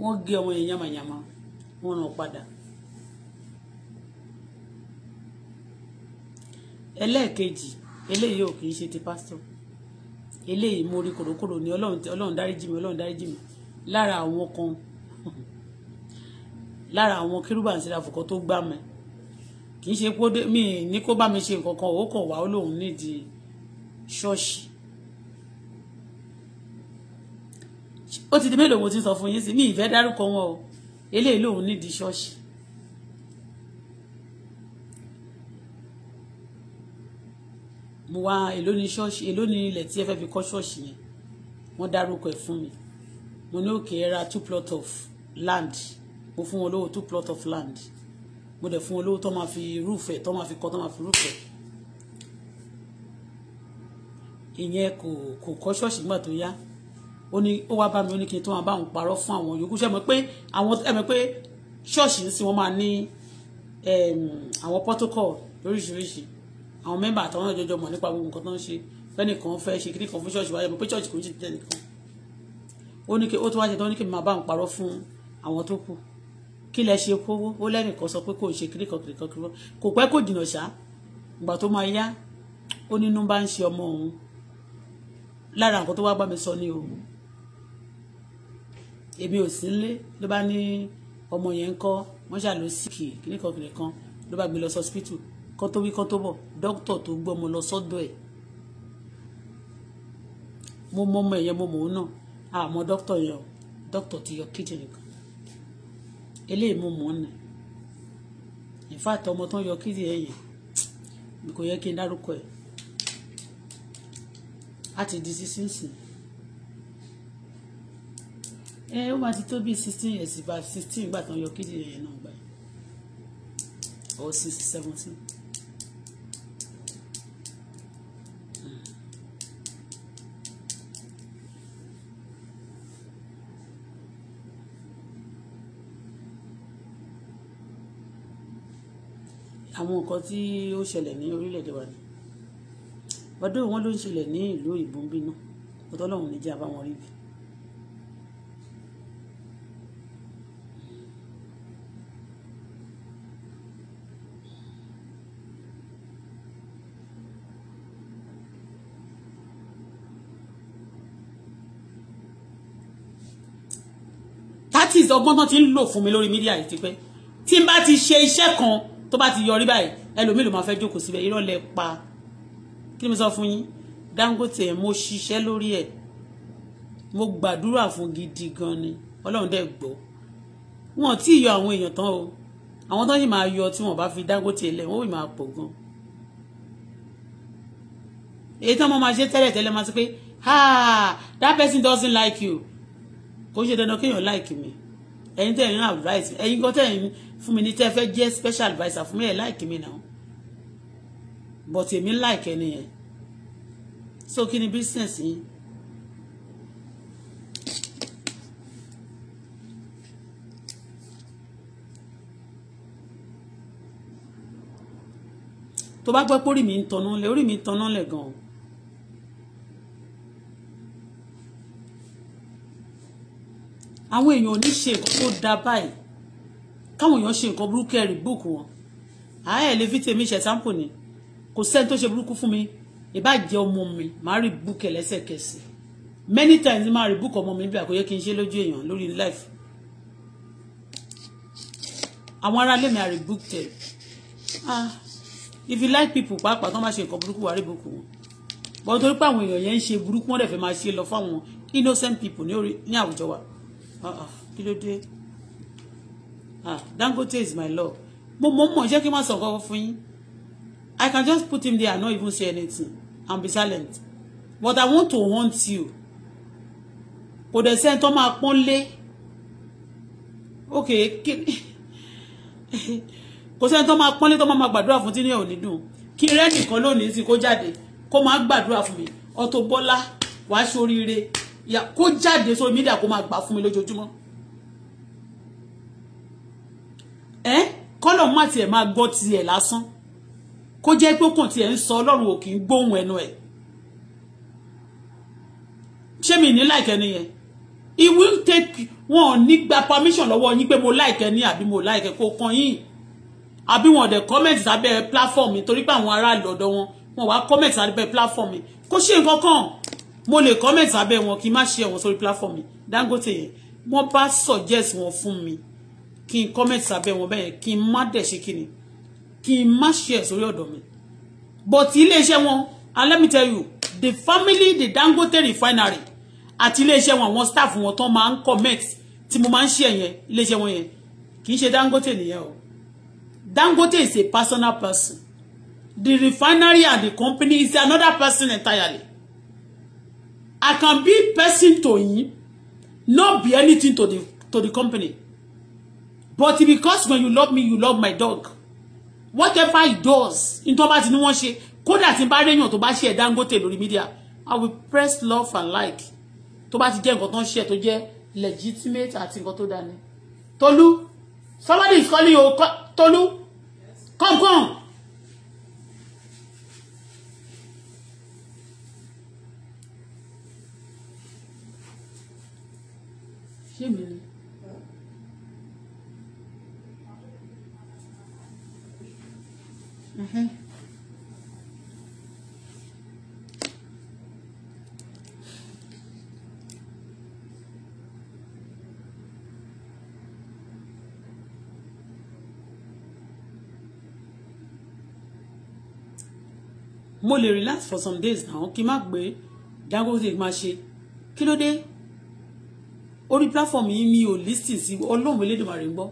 wọ́n gé ọmọ yẹn yamayama wọ́n ràn padà. ẹlẹ́ẹ̀kejì eléyìí ò kì í ṣe ti pásítọ̀ eléyìí mo rí kòrókòrò ní ọlọ́run dáríjì mi ọlọ́run dáríjì mi lára àwọn kan lára àwọn kérúbà ń sira fòkàn tó gbá mi kì í ṣe pé mi ní kó bá mi ṣe nǹkan kan ó kàn ó lóun nídìí ṣọ́ọ̀ṣì ó ti di mélòó mo ti sọ fún yín sí mi ìfẹ́ dárúkọ wọn o eléyìí lòun nídìí ṣọ́ọ̀ṣì mo wá èló ni ṣọ́ọ̀ṣì èló ni ilẹ̀ tí ẹ fẹ́ fi kọ́ ṣọ́ọ̀ṣì yẹn wọ́n dárúkọ ẹ̀ fún mi mo ní òkè ra two plot of land mo fún wọn lówó two plot of land mo dẹ̀ fún wọn lówó tó máa fi rúfẹ̀ tó máa fi kọ́ tó máa fi rúfẹ̀ ìyẹn kò kò kọ́ ṣọ́ọ̀ṣì nígbà tó yá ó ní ó wá bá mi ó ní kí n tó máa bá òun parọ́ fún àwọn yòókù ṣe mọ̀ pé àwọn ẹ mọ̀ pé ṣọ́ọ̀ṣì ń sin wọ́n máa ní àwọn protocol lóríṣiríṣi àwọn mẹ́mbà àtàwọn náà jọjọ mọ̀ nípa gbogbo nǹkan tó ń ṣe fẹ́nìkan fẹ́ ṣe kí nìkan fún ṣọ́ọ̀ṣì wáyé mọ̀ pé ṣọ́ọ̀ṣì kò ń ṣe jẹ́ nìkan ó ní kí ó tó wá ṣe tó ní kí n máa bá òun parọ́ fún àwọn tó kù kí lẹ ṣe kówó ó lẹ́nìkan sọ pé kò ń ṣe kíríkan kíríkan kíríkan kò lára nǹkan tó wá bá mi sọ ni o èmi ò sí nílé ló bá ní ọmọ yẹn ń kọ́ wọ́n ṣàlò síkì kíníkan kìnìkan ló bá gbé lọ sọ́sìpítù kọ́ tó wí kọ́ tó bọ̀ dókítà tó gbé ọmọ lọ sọ́dọ̀ ẹ̀ mo mọ ọmọ ẹ̀yẹ mo mọ̀ ọ́n náà àmọ́ dókítà yẹn o dókítà ti yọ kíndìnrín kan eléyìí mo mọ̀ ọ́n nà in fact ọmọ tó ń yọ kíndìnrín yẹn kò yẹ kí n dárúkọ ẹ̀ á ti di sísìnsìn ẹ ó máa ti tó bíi sixteen years ìgbà sixteen ìgbà tó ń yọ kíndìnrín yẹn náà gbà or six seventeen. àwọn nǹkan tí ó ṣẹlẹ̀ ní orílẹ̀-èdè wa ni bọ́dọ̀ wọn ló ń ṣẹlẹ̀ ní ìlú òyìnbó ń bí náà ọ̀tọ̀ ọlọ́run níjà bá wọn rí bí. that is ọgbọ́n tán ti ń lò fún mi lórí mídíà yìí ti pẹ́ tí n bá ti ṣe iṣẹ́ kan tó bá ti yọrí báyìí ẹlòmíì máa fẹ́ jókòó síbẹ̀ irọ́ lẹ pa kí ni mo sọ fún yín Dangote mo ṣiṣẹ́ lórí ẹ̀ mo gbàdúrà fún gidi gan ni ọlọ́run dẹ̀ gbọ́ wọn tí ì yọ àwọn èèyàn tán o àwọn tó yìí máa yọ tí wọn bá fi Dangote lẹ̀ wọn ò máa pọ̀ gan èyí tí wọn máa ṣe tẹ́lẹ̀ tẹ́lẹ̀ máa ti pé ha that person doesn't like you kò ṣe dandan kéèyàn like me ẹ̀yin tẹ̀ ń advice ẹ̀yin kan tẹ̀ ń fún mi ní tẹ́ fẹ́ jẹ́ special adviser fún mi ẹ̀ like mi náà but èmi like ẹni yẹn so kí ni business yín. tó bá gbọ́ pé orí mi ń tanná lẹ̀ orí mi ń tanná lẹ̀ gan-an àwọn èèyàn ò ní ṣe nǹkan tó da báyìí káwọn èèyàn ṣe nǹkan burúkú ẹ̀rì búùkù wọn àáyẹ̀ lè fi tèmi ṣe sáǹpù ni kò sẹ́ni tó ṣe burúkú fún mi ìbá jẹ́ ọmọ mi màá rí búùkù ẹ̀ many times ni màá rí búùkù ọmọ mi bí àkóyè kí n ṣe lójú èèyàn lórí life àwọn ará lèmi àrí búùkù tẹ̀ ah if you like people pàápàá tó máa ṣe nǹkan burúkú wàá rí búùkù wọn bọ́n torí pé àwọn èèyàn yẹn ń ṣe burúkú wọn dẹ̀ fẹ́ máa ṣe lọ fáwọn innocent people ní àwùjọ wa. Ah, ah, kí ló dé ah, Dangote is my love mo mọ̀ mọ̀ jẹ́ kí n má sọ nǹkan fún yín I can just put him there and not even say anything and be silent but I want to haunt you kò dẹ̀ sẹ́ni tó máa pọ́n lé ok kò sẹ́ni tó máa pọ́n lé tó máa gbàdúrà fún tí ní ẹ̀ ò ní dùn kí rẹ́ nìkan lónìí sí kó jáde kó máa gbàdúrà fún mi Auto Bola wàá ṣoríire kó jáde sórí mídíà kó máa gbà fún mi lójoojúmọ́ ẹ kọ́lọ̀ má tiẹ̀ máa gbọ́ tiẹ̀ lásán kó jẹ́ pé kàn tiẹ̀ ń sọ ọlọ́run ò kì í gbóhùn ẹnu ẹ̀ ṣé mi ní láìkẹ́ ni yẹn it will take wọn ní gba permission lọ́wọ́ yín pé mo like ní àbí mo láìkẹ́ kó kan yín àbí wọn dẹ̀ comment sábẹ́ platform mi torí pé àwọn ará lọ́dọ̀ wọn wọn wá comment sábẹ́ platform mi kó ṣe nǹkan kan mo lè comment abẹ́ wọn kí n má share wọn sórí platform mi Dangote yẹn wọ́n bá suggest wọn fún mi kí n comment abẹ́ wọn bẹ́ẹ̀ kí n má dẹ̀ ṣe kí kí n má share sórí ọ̀dọ̀ mi but iléeṣẹ́ wọn and let me tell you the family the Dangote refinery àti iléeṣẹ́ wọn àwọn staff wọn tán máa ń comment tí mo máa ń share yẹn iléeṣẹ́ wọn yẹn kì í ṣe Dangote nìyẹn o Dangote is a personal person the refinery and the company is another person entirely I can be person to him, not be anything to the to the company. But because when you love me, you love my dog. Whatever he does, in tó bá ti ní wọ́n ṣe, in tí n bá réyàn tó bá ṣe ẹ̀ media, I will press love and like. Tó bá ti jẹ́ nǹkan tó ń ṣe tó legitimate at nǹkan tó dání. Tolu, somebody is calling you. Tolu, come come. ṣé mi ni. mo lè relax for some days now kí n má gbé Dangote má ṣe kí ló dé orí platform yìí mi ò listing sí ọlọ́run elédùnmarè ń gbọ́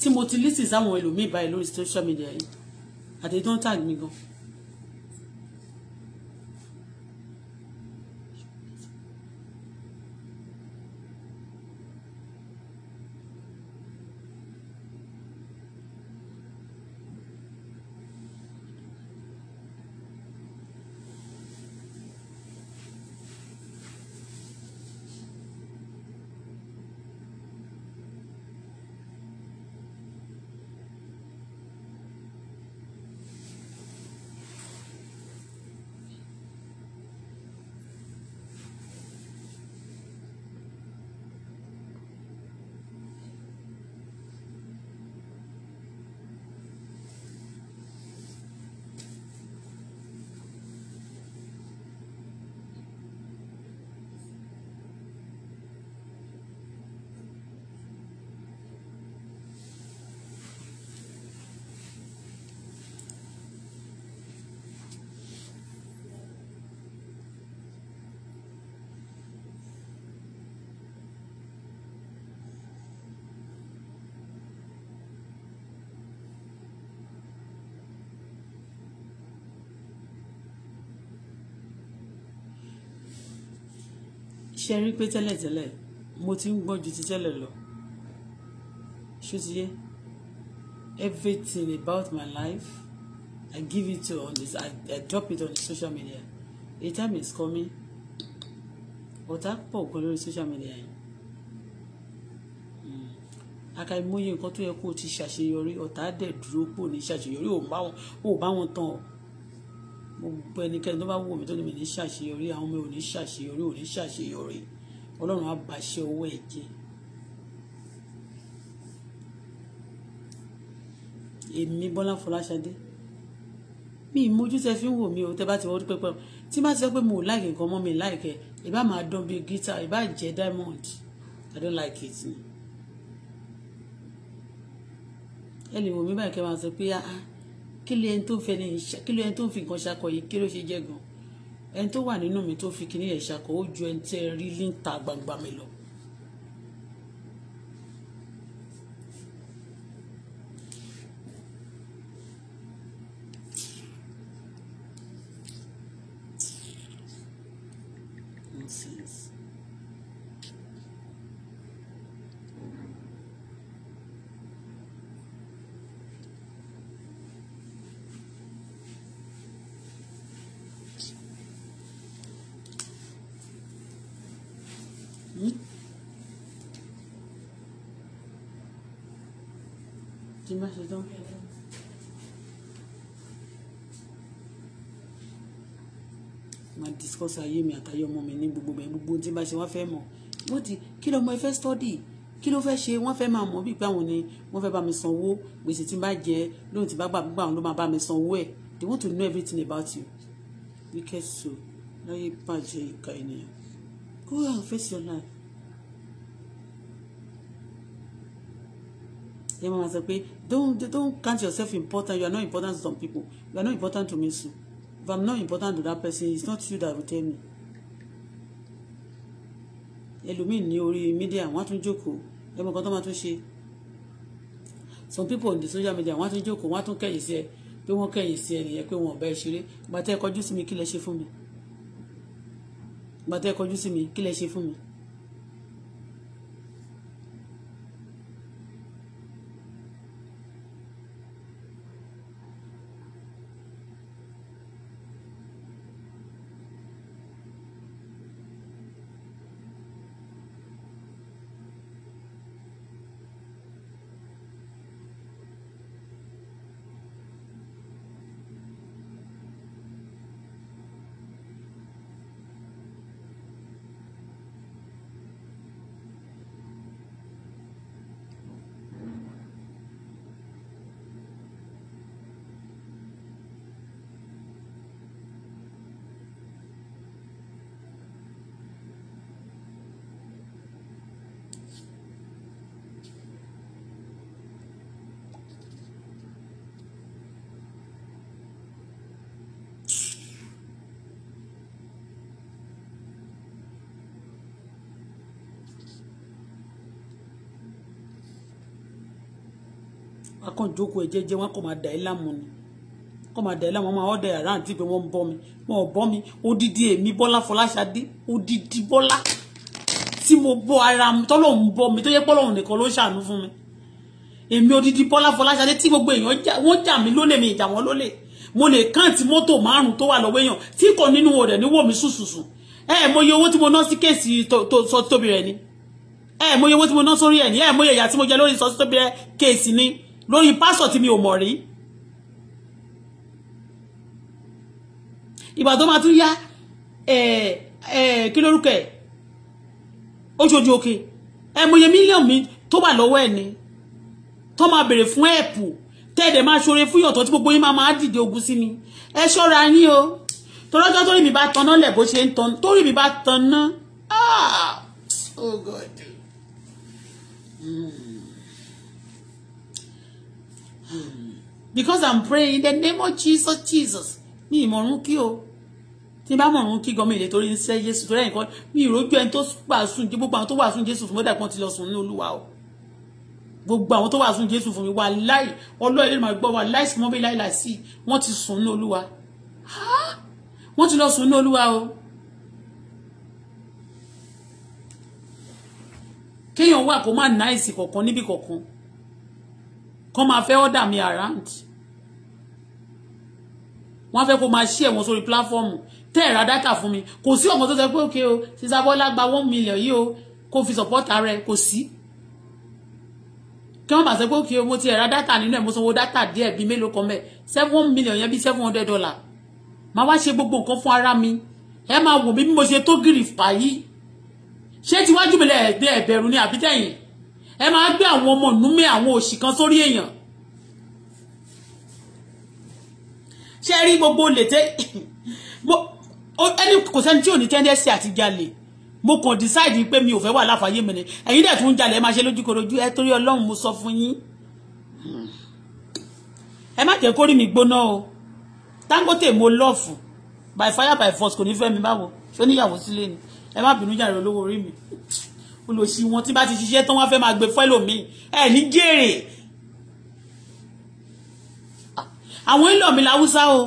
tí mo ti listing sáwọn ẹlòmíì báyìí lórí social media yìí àtẹ̀tọ́ ń tag mi gan-an ṣe rí pé tẹ́lẹ̀tẹ́lẹ̀ mo ti ń gbọ́n ju ti tẹ́lẹ̀ lọ ṣó ti yé everything about my life I give it to on this I, I drop it on the social media a time is coming ọ̀tá pọ̀ gan lórí social media yìí àkàìmọye hmm. nǹkan tó yẹ kó o ti ṣàṣeyọrí ọ̀tá dẹ̀ dúró pò ní ṣàṣeyọrí ò bá wọn tán o gbogbo ẹnikẹ́ni tó bá wò mí tó ní mi ní ṣàṣeyọrí àwọn mi ò ní ṣàṣeyọrí ò ní ṣàṣeyọrí ọlọ́run á bàṣẹ owó ẹ̀ jẹ́ èmi bọ́lá fọláṣadé mi ìmójú tẹ fi ń wò mí o tẹ bá ti wọ́n pẹ́pẹ́ tí bá ti sọ pé mo ò láìkè nǹkan mọ́ mi láìkè ìbá máa dán bíi guitar ìbá jẹ́ diamond i don't like it ni ẹ lè wò mí báyìí kẹ́ máa sọ pé ah ah kí ló ẹni tó fẹ́ ní kí ló ẹni tó fi nǹkan ṣakọ yìí kí ló ṣe jẹ́ gan ẹni tó wà nínú mi tó fi kíní yẹn ṣakọ ó ju ẹni tẹ́ rí líǹta gbangba mi lọ dedans. ma discuss ayé mi àtayé ọmọ mi ní gbogbo bẹ́ẹ̀ gbogbo tí n bá ṣe wọ́n fẹ́ mọ̀ wọ́n ti kí study kí ló fẹ́ ṣe wọ́n fẹ́ máa mọ̀ bí gbàwọn ni wọ́n fẹ́ bá mi sanwó gbèsè tí n bá jẹ lóhùn tí n bá gbà gbogbo àwọn ló máa bá they want to know everything about you wicked soul láyé bàjẹ́ ìka ènìyàn go out face your life. ṣe máa sọ pé don't don't count yourself important you are not important to some people you are not important to me so if i'm not important to that person it's not you that will tell me ẹlòmíì ní orí mídíà wọn á tún jókòó ẹmọ kan tó máa tún ṣe some people on the social media wọn á tún jókòó wọn á tún kẹ̀yìn sí ẹ pé wọn kẹ̀yìn sí ẹ nìyẹn pé wọn ò ẹ ṣeré gbàtẹ kọjú sí mi kí lẹ ṣe fún mi gbàtẹ kọjú sí mi kí lẹ ṣe fún mi. wọ́n á kàn jókòó ẹ̀ jẹ́jẹ́ wọ́n á kàn máa dà ẹ́ láàmú ni kàn máa dà ẹ́ láàmú wọ́n máa ọ̀dà ẹ̀ àrántí pé wọ́n ń mi wọ́n ò bọ́ mi odidi èmi Bọ́lá Fọláṣadé odidi Bọ́lá tí mo bọ́ ara mi tọ́lọ̀ ń bọ́ mi tó yẹ pọ́lọ̀ nìkan ló ṣàánú fún mi èmi odidi Bọ́lá Fọláṣadé tí gbogbo èèyàn wọ́n jà mí lólè mi ìjà wọn lólè mo lè káǹtì mọ́tò márùn tó wà lọ́wọ́ èèyàn tí kò nínú rẹ̀ níwò mi sùsùsù ẹ ẹ mọye owó tí mo ná sí kéèsì tóbi rẹ ni ẹ ẹ mọye owó tí mo ná sórí ẹ ni ẹ ẹ mọye ìyà tí mo jẹ lórí sọ rẹ kéèsì ni lórí pásọ̀ tí mi ò mọ̀ rí ìgbà tó máa tún yá kí lórúkọ ẹ̀ oṣooju òkè ẹ̀mọye mílíọ̀nù mi tó wà lọ́wọ́ ẹ̀ ni tó máa bèrè fún ẹ̀pù tẹ́ẹ̀dẹ̀ máa ṣoore fún ìyọ̀tọ̀ tí gbogbo yín máa máa dìde ogun sí ni ẹ ṣọ́ra yín o tọ́lọ́jọ́ tó rí mi bá tanná lẹ̀ bó ṣe ń tan tó rí mi bá tanná ah oh god. Mm because i'm praying in the name of jesus jesus mi ìmọ̀rún kí o tí n bá mọ̀rún kí gan mi lè torí ń sẹ́ jésù torí ẹ̀yìn kan mi ìrójú ẹni tó wàásù gbogbo àwọn tó wàásù jésù fún mọ́tà kan ti lọ sùn ní olúwa o gbogbo àwọn tó wàásù jésù fún mi wà láì ọlọ́ọ̀ ilé màá gbọ́ wà láì sí mọ́bí láì láì sí wọ́n ti sùn ní olúwa wọ́n ti lọ sùn ní olúwa o. kéèyàn wà kó má náìsì kọ̀ọ̀kan níbi kọ̀ọ̀kan kọ́ máa fẹ́ ọ́dà mi around wọ́n fẹ́ kó máa ṣí ẹ̀wọ̀n sórí pílàfọ́ọ̀mù tẹ́ ẹ̀rá dátà fún mi kò sí ọ̀gbọ́n tó sọ pé òkè o sísá gba one million yìí o kó fi support rẹ kò sí kí wọ́n bá sọ pé òkè o mo ti ẹ̀rá dátà nínú ẹ̀ mo sanwó dátà díẹ̀ bíi mélòó kan mẹ́ seven million yẹn bíi seven hundred dollar màá wá ṣe gbogbo nǹkan fún ara mi ẹ máa wò mí bí mo ṣe tó gírì fà yìí ṣé tiwájú mi lẹ́ẹ̀bẹ̀rù ni àbí ẹ máa gbé àwọn ọmọ númẹ àwọn òṣì kan sórí èèyàn ṣe rí gbogbo lè tẹ <coughs> ẹni kò sẹ́ni tí ò ní tẹ́ndẹ́sì àti jalè mo kàn decide pé mi ò fẹ́ wà láfààyè mi ni ẹ̀yin dẹ̀ tún ń jalè ẹ máa ṣe lójúkorojú ẹ torí ọlọ́run mo sọ fún yín ẹ má jẹ́ kórìí mi gbóná o Dangote mo lọ́ọ̀fù by fire by force kò ní fẹ́ mi báwo ṣó níyàwó sílé ni ẹ má bínú jàre olówó orí mi olùsí wọn tí bá ti ṣiṣẹ́ tán wọ́n fẹ́ máa gbé fẹ́lòmíì ẹ̀ ní jèrè àwọn ìlò mi láwúsá o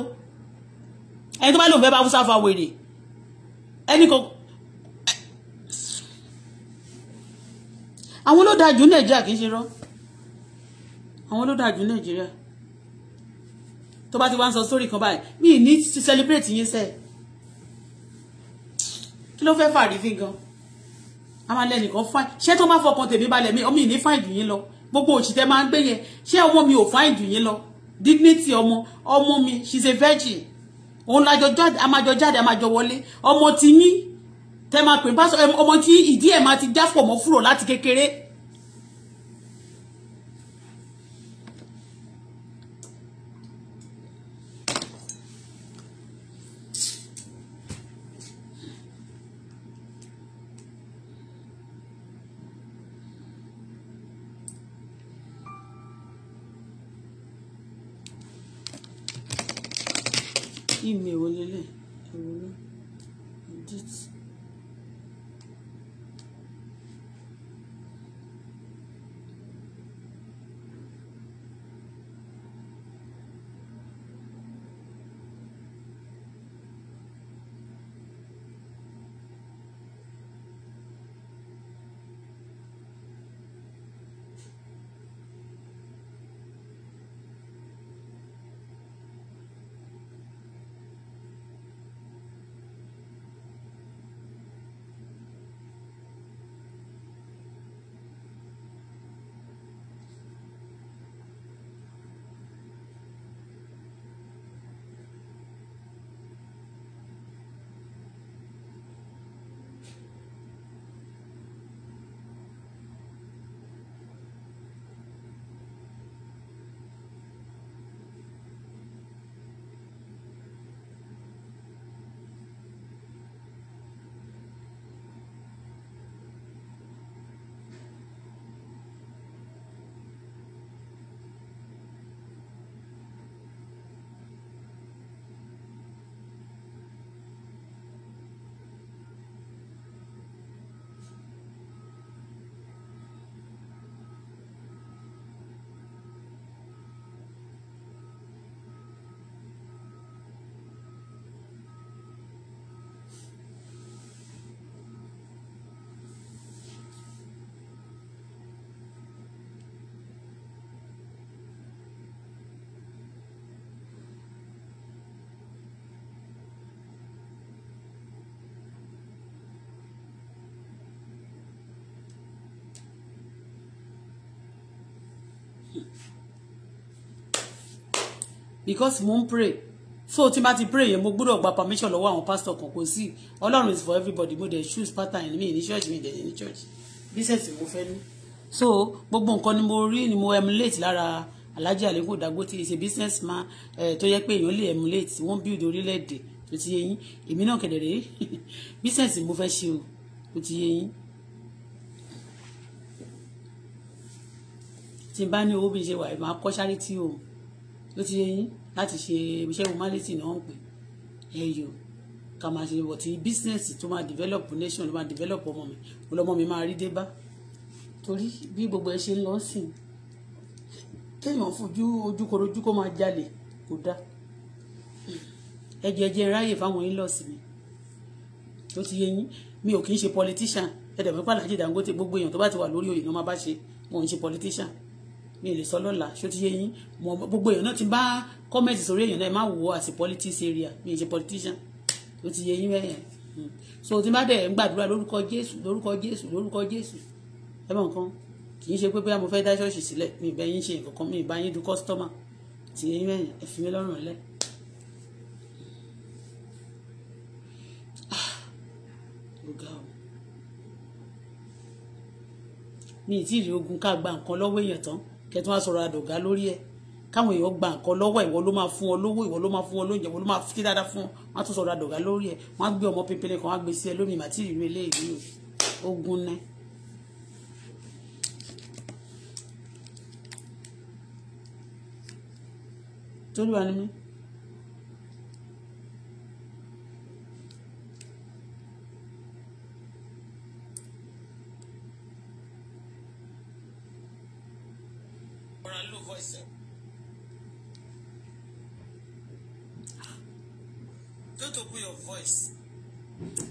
ẹni tó bá lòun fẹ́ bá wúsá fa wèrè ẹni kan àwọn ló dájú nàìjíríà kì í ṣe rọ àwọn ló dájú nàìjíríà tó bá ti wá ń sọ sórí kan báyìí mi ní ti celebrate yín sẹ kí ló fẹ́ fàrífín gan a máa lẹ nìkan fáìn ṣé tó máa fọkàn tèmi balẹ̀ mi ọmọ ìní fáìn yín lọ gbogbo òṣìṣẹ́ máa ń gbé yẹn ṣé ọmọ mi ò fáìn yín lọ dignity ọmọ ọmọ mi she is a virgin òun lájọ jáde a máa jọ jáde a máa jọ wọlé ọmọ ti yín tẹ máa pè pásọ ọmọ tí ìdí ẹ̀ máa ti jáfọ̀ mọ́ fúrò láti kékeré lélẹ̀ because mo ń pray so tí n ti pray yẹn mo gbọ́dọ̀ gba permission lọ́wọ́ àwọn pastor kan kò sí ọlọ́run is for everybody mo dẹ̀ choose pattern mi ní church mi dẹ̀ ní church business mo fẹ́ ní so gbogbo nǹkan ni mo rí ni mo emulate lára Alhaji Aliko Dangote is a business man eh, tó yẹ pé èèyàn lè emulate wọ́n build orílẹ̀-èdè tó ti yẹ yín èmi náà kẹ̀dẹ̀ rèé <laughs> business mo fẹ́ ṣe o tó ti yẹ yín tí n bá ní owó bí n ṣe wà máa kọ́ charity o ló ti yẹ yín láti ṣe iṣẹ́ humanity náà ń pè ẹyọ ká máa ṣe wọ̀tí business tó máa develop nation ló máa develop ọmọ mi ọlọ́mọ mi máa rí dé bá torí bí gbogbo ẹ ṣe ń lọ sí i kéèyàn fojú ojúkorojú kó máa jalè kò dáa ẹjọ ẹjẹ ráàyè fáwọn yín lọ sí mi ló ti yẹ yín mi ò kì í ṣe politician ẹ̀dẹ̀ mẹ́pàlá jìdá ń gbé gbogbo èèyàn tó bá ti wà lórí oyè ni máa bá ṣe wọn ò ń ṣe politician mi lè sọ lọ́la ṣó ti yé yín mo gbogbo èèyàn náà ti bá kọ́mẹ̀tì sórí èèyàn náà ẹ má wò as a politics area mi ì ṣe politician ó ti yé yín mẹ́yẹn hmm. so tí má dẹ̀ ń gbàdúrà lórúkọ Jésù lórúkọ Jésù lórúkọ Jésù ẹ mọ̀ nǹkan kì í ṣe pé bóyá mo fẹ́ dá ṣọ́ọ̀ṣì sílẹ̀ mi ì bá yín ṣe nǹkan kan mi ì bá yín du kọ́sítọ́mà ti yé yín mẹ́yẹn ẹ fi mí lọ́rùn lẹ́ẹ̀. Ah, mi ì tí ì rí ogun ká gba nǹkan lọ́wọ́ èèyàn tán kẹtùn wá sọ̀rọ̀ àdọ̀gá lórí ẹ̀ káwọn èèyàn gba nǹkan lọ́wọ́ ìwọ ló máa fún ọ lówó ìwọ ló máa fún ọ lóúnjẹ ìwọ ló máa fi dáadáa fún ọ wọn á tún sọ̀rọ̀ àdọ̀gá lórí ẹ̀ wọn á gbé ọmọ pépélé kan wọn á gbé sí ẹ lómi màtí ìlú eléyìí ogun náà. torí wa ni mí. ẹsẹ̀. Don't open your voice.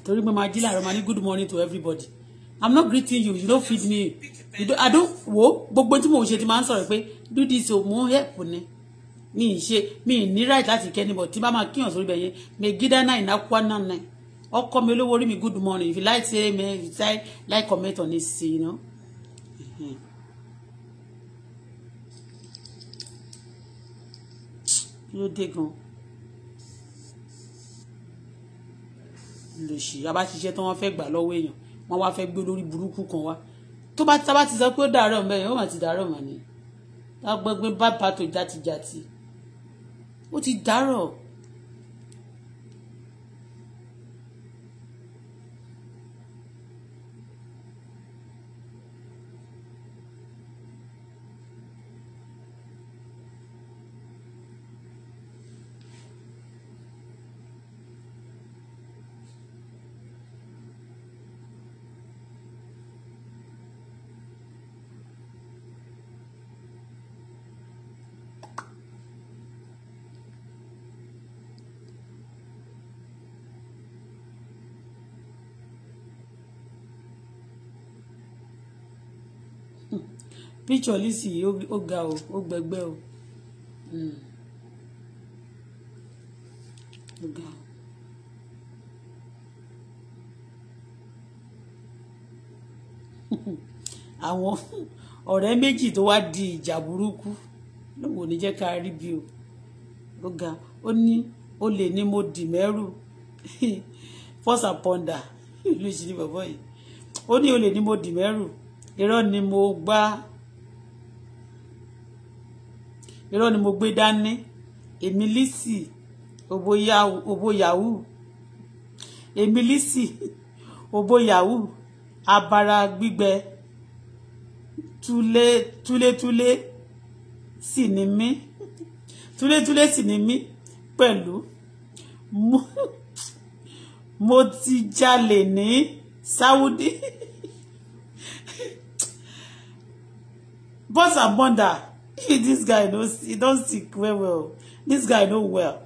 Torí pé màá jí láàárọ̀ good morning to everybody. I'm not greeting you, you don't feed me. You don't, I don't wo But when you ṣe ti máa do this o mo help Me, Mi ì ṣe right that's kẹ́ níbọ̀ tí my máa kíyàn sórí bẹ̀yẹn mi gídá náà iná kwá náà come Ọkọ mi me. good morning if you like say me. if you like comment on this you know. Mm-hmm. kí ló dé gan lòṣì abáṣiṣẹ́ tí wọ́n fẹ́ gbà lọ́wọ́ èèyàn wọ́n wá fẹ́ gbé lórí burúkú kan wá tó bá tá bá ti sọ pé ó dàárọ̀ mẹ́rin ó mà ti dàárọ̀ mà ní lágbègbè bá bàtò játijáti ó ti dàárọ̀. picture Lizzy ó ga o ó gbẹgbẹ o hmm. ó ga o. <laughs> àwọn ọ̀rẹ́ méjì tó wá di ìjà burúkú lóun ò ní jẹ́ ká rí bí o ó ga ó ní ó lè ní mo dì mẹ́rù <laughs> force aponder ìlú <laughs> ìṣìní bàbá yìí ó ní ó lè ní mo dì mẹ́rù irọ́ ni mo gbá irọ́ ni mo gbé dání èmi Lizzy òbó yahoo èmi Lizzy òbó yahoo abara gbígbẹ túlétúlé sì ni mí túlétúlé sì ni mí pẹ̀lú mo ti jalè ní Saudi boss and <laughs> this guy no he don't sick well well this guy no well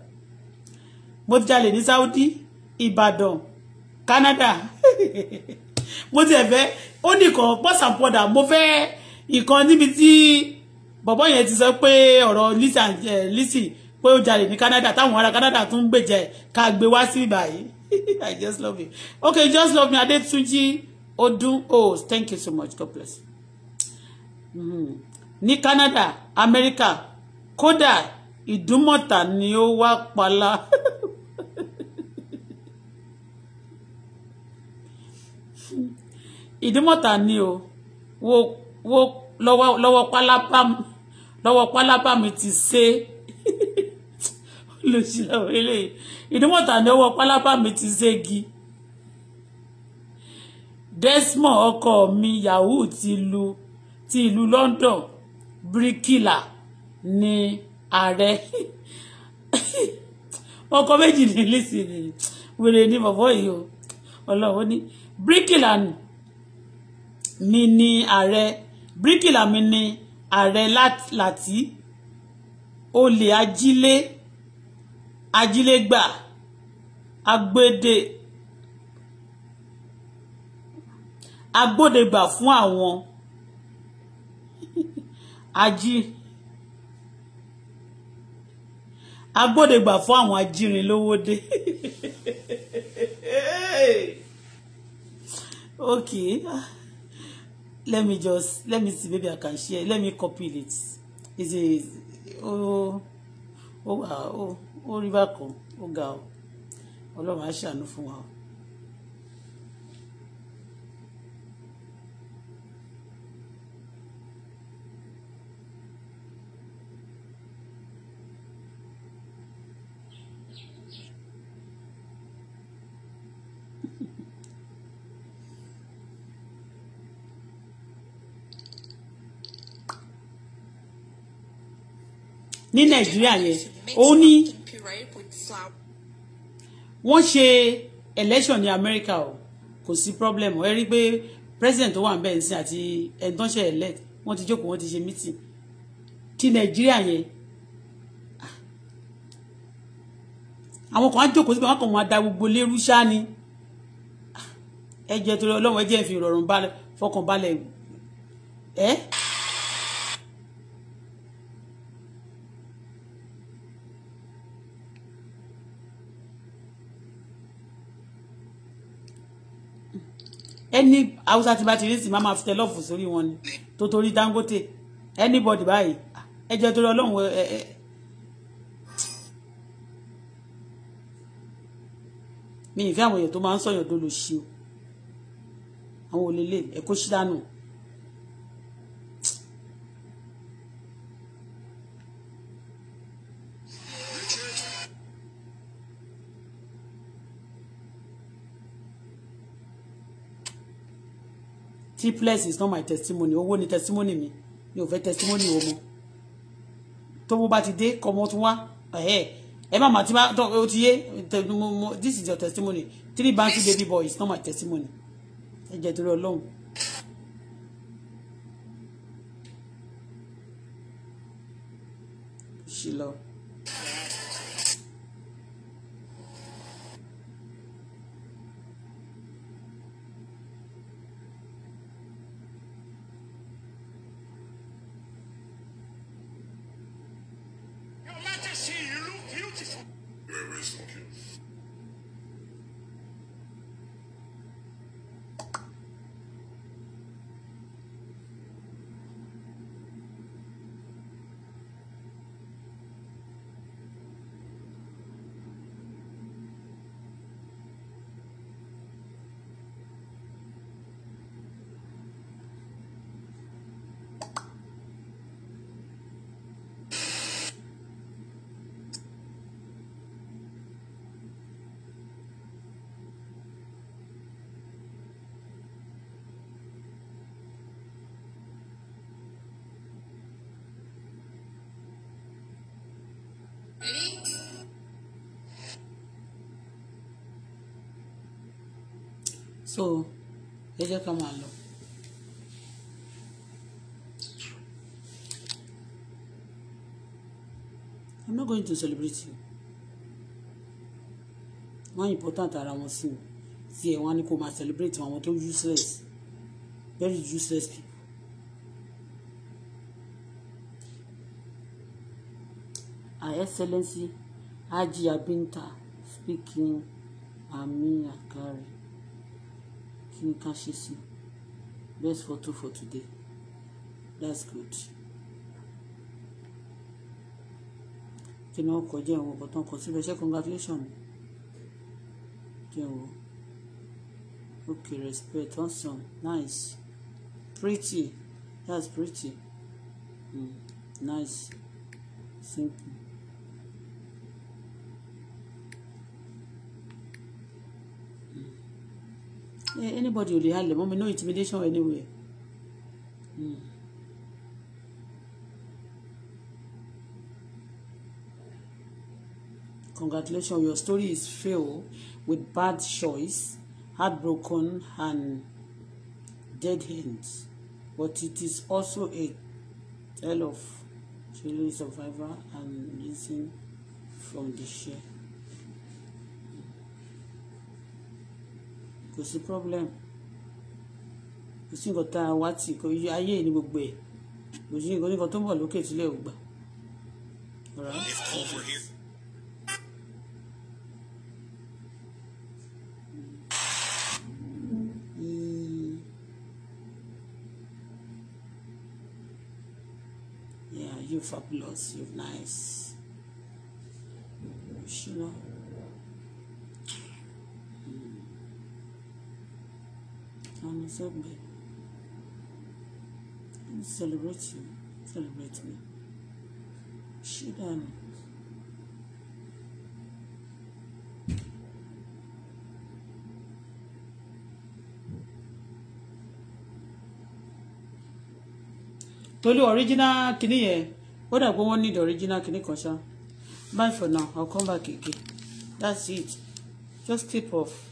mo ti jalè Saudi Ìbàdàn Canada <laughs> mo ti ẹ̀fẹ́ ó nìkan some and powder Move fẹ́ ìkan níbi tí bọ̀bọ́ yẹn ti sọ pé ọ̀rọ̀ Lizzy pé ó jalè ní Canada táwọn ará Canada tún ń gbèjẹ ká gbé wá sí ìbàyí <laughs> I just love you okay just love me Adetunji Odun oh thank you so much God bless Mm-hmm ní Canada America kódà ìdúmọ̀tà ni ó wá pala. <laughs> ìdúmọ̀tà ni o wo wo lọ́wọ́ lọ́wọ́ pálábá lọ́wọ́ pálábá mi ti ṣe olùsílẹ̀ <laughs> eléyìí ìdúmọ̀tà ni ọwọ́ pálábá mi ti ṣégi Desmond ọkọ mi yahoo ti lu ti ìlú London bíríkìlà ni ààrẹ ọkọ méjì ní lísì ní wèrè ní bọ̀bọ̀ yìí o ọlọ́wọ́ ní bíríkìlà mi ni ààrẹ bíríkìlà mi ni ààrẹ láti olè ajílé ajílégbà agbédè agbódegbà fún àwọn ají agbódegbà fún àwọn ajínrìnlówódé <laughs> okay let me just let me see maybe i can share let me copy it is it o o wa o o rí bákan ó ga ọ Ọlọ́run á fún wa o. ní nàìjíríà yẹn ó ní wọ́n ṣe election ní America, o kò sí problem ẹ rí i pé president tó wà ń bẹ̀ ń sìn àti ẹni tó elect wọ́n ti jókòó wọ́n ti ṣe meeting ti nàìjíríà yẹn àwọn kan á jókòó síbi àwọn kan máa da gbogbo lérú ṣáá ni ẹ jẹ́ torí ọlọ́run ẹ jẹ́ ìfi ìrọ̀rùn fọkàn balẹ̀ ẹ́. Eh? ẹni haúsá tí bá ti rí sí máa máa fi tẹlọ́ọ̀fù sórí wọn ni tó torí Dangote anybody báyìí ẹ jẹ́ torí ọlọ́run ẹ ẹ. mi ìfẹ́ àwọn èèyàn tó máa ń sọ̀yàn tó lò ṣe o àwọn olè lè ẹ̀kọ́ ṣídánù. Tipless is not my testimony owó ni testimony mi mi ò fẹ́ testimony o mo tó mo bá ti dé kọmọ tún wá ẹ má má ti má tọ o ti yé this is your testimony three bouncy baby boy is not my testimony ẹ jẹ́ torí Ọlọ́run. she loved. So, ẹ jẹ́ ká máa lọ. I'm not going to celebrate you. Wọ́n important ara wọn sí o. Tí ẹ̀ wọ́n á ní kó máa celebrate àwọn tó useless very useless people. Excellency Haji Abinta speaking Ami Akari King Kashisi best photo for today that's good kí ni wọ́n kọ jẹ́ ìwọ̀n ọ̀gbọ̀n tán kọ síbẹ̀ okay respect awesome nice pretty that's pretty mm, nice simple. Eh, anybody will lè them. mọ́ mi no intimidation anywhere. Mm. Congratulations, your story is filled with bad choice, heartbroken, and dead ends. But it is also a tale of children survivor and missing from the share. kò sí problem kò sí nǹkan tá a wá tì kò yí ayé ní gbogbo ẹ̀ kò sí nǹkan nǹkan tó ń bọ̀ lókè tílẹ̀ ò gbà. Mm. Yeah, you fabulous, you nice. You know. hands me and celebrate you celebrate me ṣé dànù. tolu original kini yẹn What I want need original kini kan ṣá bye for now I'll come back again that's it just keep off.